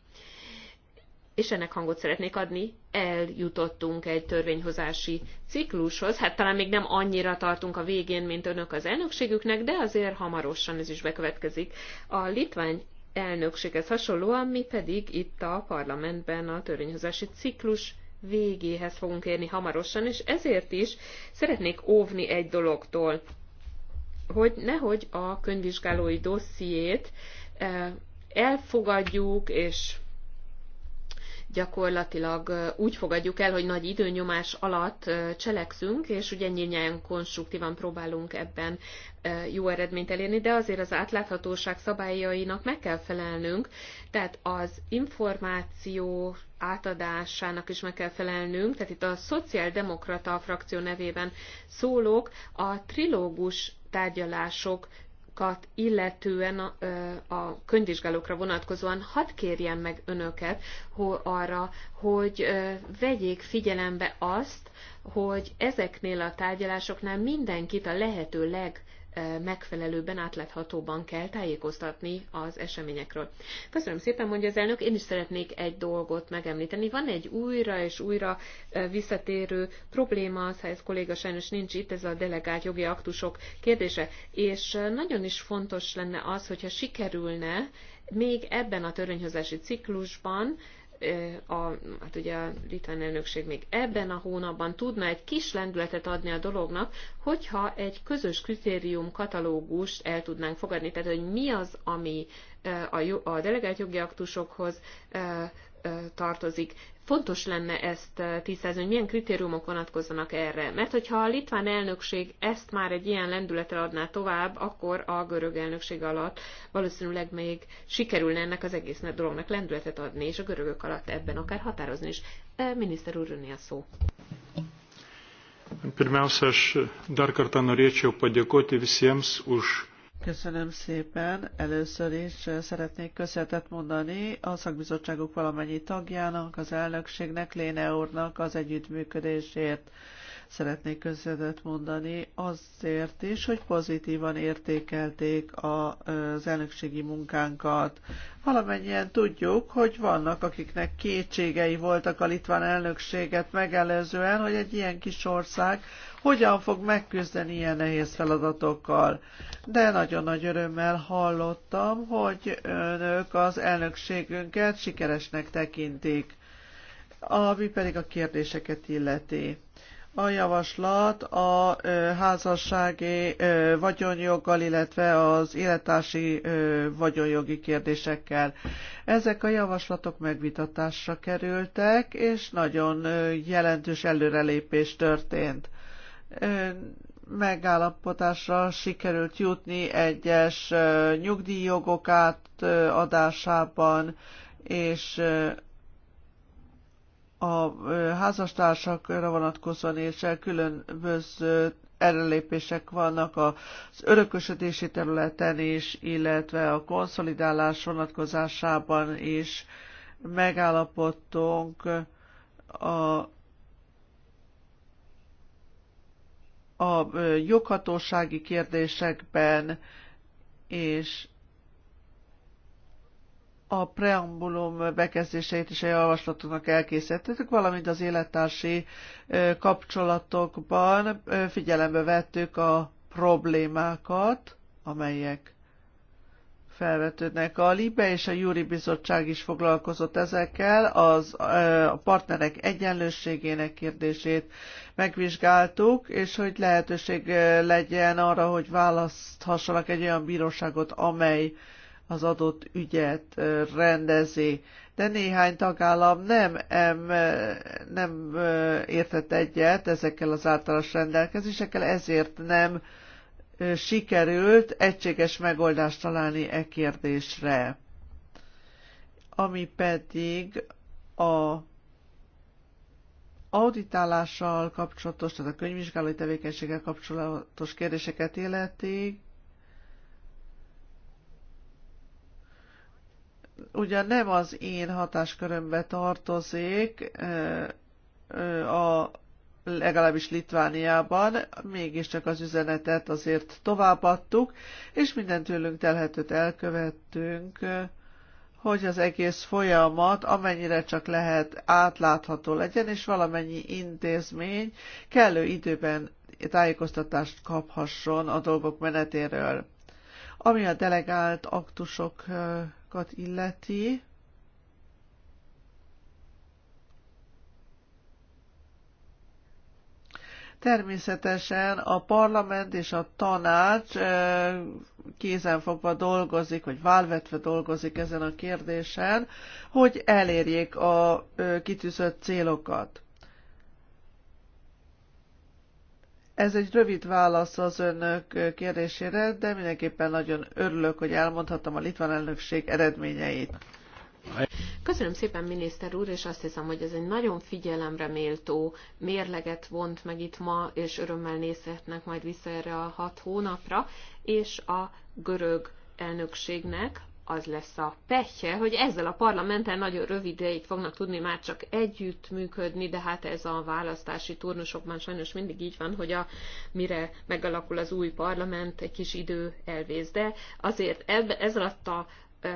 és ennek hangot szeretnék adni, eljutottunk egy törvényhozási ciklushoz. Hát talán még nem annyira tartunk a végén, mint önök az elnökségüknek, de azért hamarosan ez is bekövetkezik. A litvány elnökséghez hasonlóan mi pedig itt a parlamentben a törvényhozási ciklus végéhez fogunk érni hamarosan, és ezért is szeretnék óvni egy dologtól, hogy nehogy a könyvvizsgálói dossziét eh, elfogadjuk, és gyakorlatilag eh, úgy fogadjuk el, hogy nagy időnyomás alatt eh, cselekszünk, és ugye nyilván konstruktívan próbálunk ebben jó eredményt elérni, de azért az átláthatóság szabályainak meg kell felelnünk, tehát az információ átadásának is meg kell felelnünk, tehát itt a szociáldemokrata frakció nevében szólók a trilógus tárgyalásokat illetően a, a könyvvizsgálókra vonatkozóan hadd kérjem meg önöket ho, arra, hogy vegyék figyelembe azt, hogy ezeknél a tárgyalásoknál mindenkit a lehető leg megfelelőben átláthatóban kell tájékoztatni az eseményekről. Köszönöm szépen, mondja az elnök. Én is szeretnék egy dolgot megemlíteni. Van egy újra és újra visszatérő probléma, az, ha ez kolléga sajnos nincs itt, ez a delegált jogi aktusok kérdése. És nagyon is fontos lenne az, hogyha sikerülne még ebben a törvényhozási ciklusban a, hát ugye a litván elnökség még ebben a hónapban tudna egy kis lendületet adni a dolognak, hogyha egy közös kritérium katalógust el tudnánk fogadni, tehát hogy mi az, ami a delegált jogi aktusokhoz tartozik, fontos lenne ezt eh, tisztázni, hogy milyen kritériumok vonatkozzanak erre. Mert hogyha a litván elnökség ezt már egy ilyen lendületre adná tovább, akkor a görög elnökség alatt valószínűleg még sikerülne ennek az egész dolognak lendületet adni, és a görögök alatt ebben akár határozni is. Eh, miniszter úr, a szó. Pirmiausia, aš dar kartą norėčiau padėkoti visiems už Köszönöm szépen. Először is szeretnék köszönetet mondani a szakbizottságok valamennyi tagjának, az elnökségnek, Léne úrnak az együttműködésért. Szeretnék köszönetet mondani azért is, hogy pozitívan értékelték az elnökségi munkánkat. Valamennyien tudjuk, hogy vannak, akiknek kétségei voltak a litván elnökséget megelőzően, hogy egy ilyen kis ország hogyan fog megküzdeni ilyen nehéz feladatokkal. De nagyon nagy örömmel hallottam, hogy önök az elnökségünket sikeresnek tekintik, ami pedig a kérdéseket illeti. A javaslat a házassági vagyonjoggal, illetve az élettársi vagyonjogi kérdésekkel. Ezek a javaslatok megvitatásra kerültek, és nagyon jelentős előrelépés történt megállapodásra sikerült jutni egyes nyugdíjjogok átadásában, és a házastársakra vonatkozóan és különböző erőlépések vannak az örökösödési területen is, illetve a konszolidálás vonatkozásában is megállapodtunk a a joghatósági kérdésekben és a preambulum bekezdéseit is a javaslatoknak elkészítettük, valamint az élettársi kapcsolatokban figyelembe vettük a problémákat, amelyek felvetődnek. A LIBE és a Júri Bizottság is foglalkozott ezekkel, az, a partnerek egyenlőségének kérdését megvizsgáltuk, és hogy lehetőség legyen arra, hogy választhassanak egy olyan bíróságot, amely az adott ügyet rendezi. De néhány tagállam nem, em, nem értett egyet ezekkel az általános rendelkezésekkel, ezért nem sikerült egységes megoldást találni e kérdésre. Ami pedig a auditálással kapcsolatos, tehát a könyvvizsgálói tevékenységgel kapcsolatos kérdéseket illeti, ugyan nem az én hatáskörömbe tartozik a legalábbis Litvániában, mégiscsak az üzenetet azért továbbadtuk, és minden tőlünk telhetőt elkövettünk, hogy az egész folyamat amennyire csak lehet átlátható legyen, és valamennyi intézmény kellő időben tájékoztatást kaphasson a dolgok menetéről. Ami a delegált aktusokat illeti, Természetesen a parlament és a tanács kézenfogva dolgozik, vagy válvetve dolgozik ezen a kérdésen, hogy elérjék a kitűzött célokat. Ez egy rövid válasz az önök kérdésére, de mindenképpen nagyon örülök, hogy elmondhattam a litván elnökség eredményeit. Köszönöm szépen, miniszter úr, és azt hiszem, hogy ez egy nagyon figyelemre méltó mérleget vont meg itt ma, és örömmel nézhetnek majd vissza erre a hat hónapra, és a görög elnökségnek az lesz a pehje, hogy ezzel a parlamenten nagyon rövid ideig fognak tudni már csak együtt működni, de hát ez a választási turnusokban sajnos mindig így van, hogy a, mire megalakul az új parlament, egy kis idő elvész. De azért ez alatt a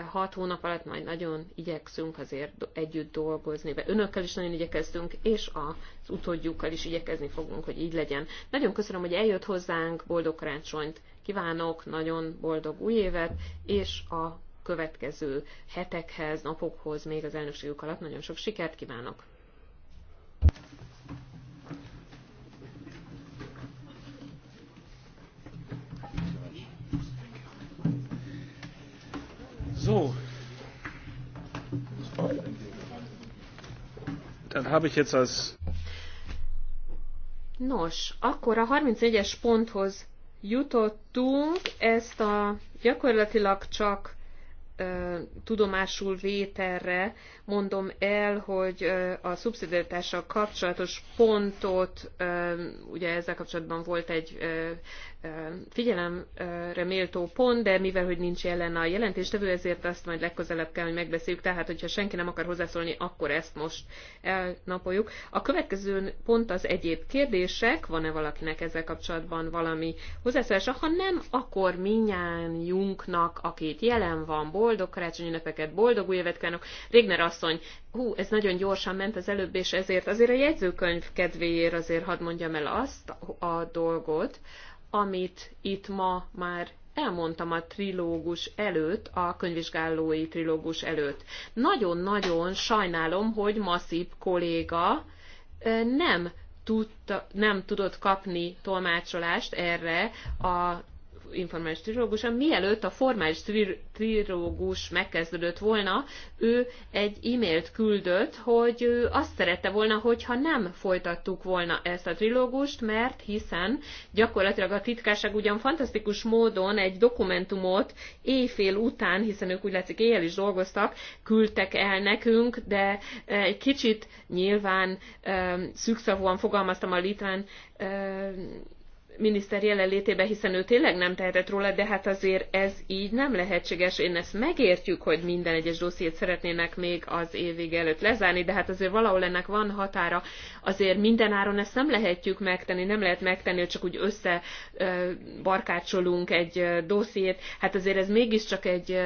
hat hónap alatt majd nagyon igyekszünk azért együtt dolgozni, mert önökkel is nagyon igyekeztünk, és az utódjukkal is igyekezni fogunk, hogy így legyen. Nagyon köszönöm, hogy eljött hozzánk, boldog karácsonyt kívánok, nagyon boldog új évet, és a következő hetekhez, napokhoz, még az elnökségük alatt nagyon sok sikert kívánok! habe ich jetzt als... Nos, akkor a 31-es ponthoz jutottunk, ezt a gyakorlatilag csak tudomásul vételre mondom el, hogy a szubszidiaritással kapcsolatos pontot, ugye ezzel kapcsolatban volt egy figyelemre méltó pont, de mivel, hogy nincs jelen a jelentéstevő, ezért azt majd legközelebb kell, hogy megbeszéljük. Tehát, hogyha senki nem akar hozzászólni, akkor ezt most elnapoljuk. A következő pont az egyéb kérdések. Van-e valakinek ezzel kapcsolatban valami hozzászólása? Ha nem, akkor minnyájunknak, akit jelen van, boldog karácsonyi ünnepeket, boldog új évet kívánok. Régner asszony, hú, ez nagyon gyorsan ment az előbb, és ezért azért a jegyzőkönyv kedvéért azért hadd mondjam el azt a dolgot, amit itt ma már elmondtam a trilógus előtt, a könyvvizsgálói trilógus előtt. Nagyon-nagyon sajnálom, hogy masszív kolléga nem tudta, nem tudott kapni tolmácsolást erre a informális trilóguson, mielőtt a formális trilógus megkezdődött volna, ő egy e-mailt küldött, hogy ő azt szerette volna, hogyha nem folytattuk volna ezt a trilógust, mert hiszen gyakorlatilag a titkárság ugyan fantasztikus módon egy dokumentumot éjfél után, hiszen ők úgy látszik éjjel is dolgoztak, küldtek el nekünk, de eh, egy kicsit nyilván eh, szükszavúan fogalmaztam a litván eh, miniszter jelenlétében, hiszen ő tényleg nem tehetett róla, de hát azért ez így nem lehetséges. Én ezt megértjük, hogy minden egyes dossziét szeretnének még az évig előtt lezárni, de hát azért valahol ennek van határa. Azért mindenáron ezt nem lehetjük megtenni, nem lehet megtenni, hogy csak úgy összebarkácsolunk egy dossziét. Hát azért ez mégiscsak egy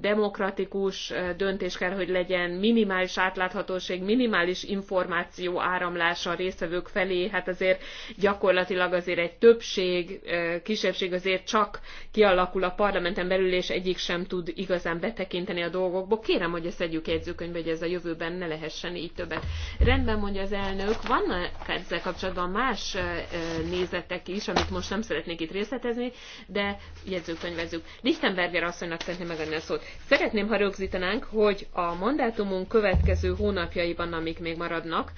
demokratikus döntés kell, hogy legyen minimális átláthatóság, minimális információ áramlása a résztvevők felé. Hát azért gyakorlatilag azért egy többség, kisebbség azért csak kialakul a parlamenten belül, és egyik sem tud igazán betekinteni a dolgokba. Kérem, hogy ezt együk jegyzőkönyvbe, hogy ez a jövőben ne lehessen így többet. Rendben mondja az elnök, vannak ezzel kapcsolatban más nézetek is, amit most nem szeretnék itt részletezni, de jegyzőkönyvezzük. Lichtenberger asszonynak szeretném megadni a szót. Szeretném, ha rögzítenánk, hogy a mandátumunk következő hónapjaiban, amik még maradnak,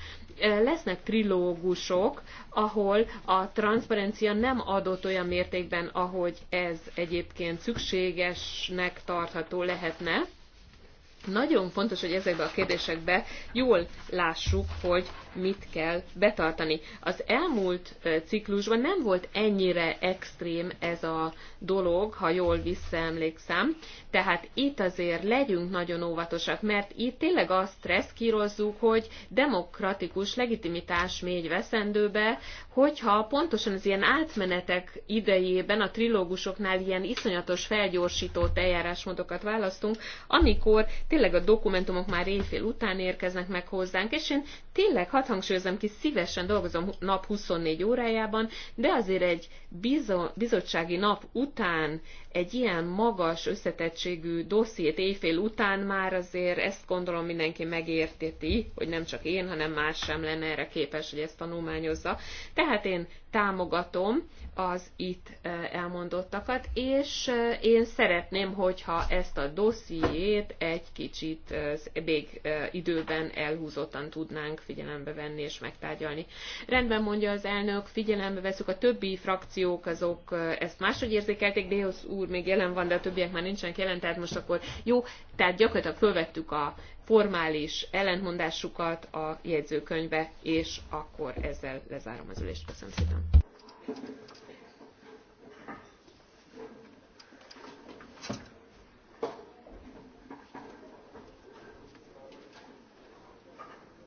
Eh, lesznek trilógusok, ahol a transzparencia nem adott olyan mértékben, ahogy ez egyébként szükségesnek tartható lehetne nagyon fontos, hogy ezekbe a kérdésekbe jól lássuk, hogy mit kell betartani. Az elmúlt ciklusban nem volt ennyire extrém ez a dolog, ha jól visszaemlékszem, tehát itt azért legyünk nagyon óvatosak, mert itt tényleg azt stresszkírozzuk, hogy demokratikus legitimitás még veszendőbe, hogyha pontosan az ilyen átmenetek idejében a trilógusoknál ilyen iszonyatos felgyorsított eljárásmódokat választunk, amikor tényleg tényleg a dokumentumok már éjfél után érkeznek meg hozzánk, és én tényleg, hadd hangsúlyozom ki, szívesen dolgozom nap 24 órájában, de azért egy bizo- bizottsági nap után egy ilyen magas összetettségű dossziét éjfél után már azért ezt gondolom mindenki megérteti, hogy nem csak én, hanem más sem lenne erre képes, hogy ezt tanulmányozza. Tehát én támogatom az itt elmondottakat, és én szeretném, hogyha ezt a dossziét egy kicsit még időben elhúzottan tudnánk figyelembe venni és megtárgyalni. Rendben mondja az elnök, figyelembe veszük a többi frakciók, azok ezt máshogy érzékelték, az úr még jelen van, de a többiek már nincsenek jelen, tehát most akkor jó, tehát gyakorlatilag fölvettük a formális ellentmondásukat a jegyzőkönyvbe, és akkor ezzel lezárom az ülést. Köszönöm szépen!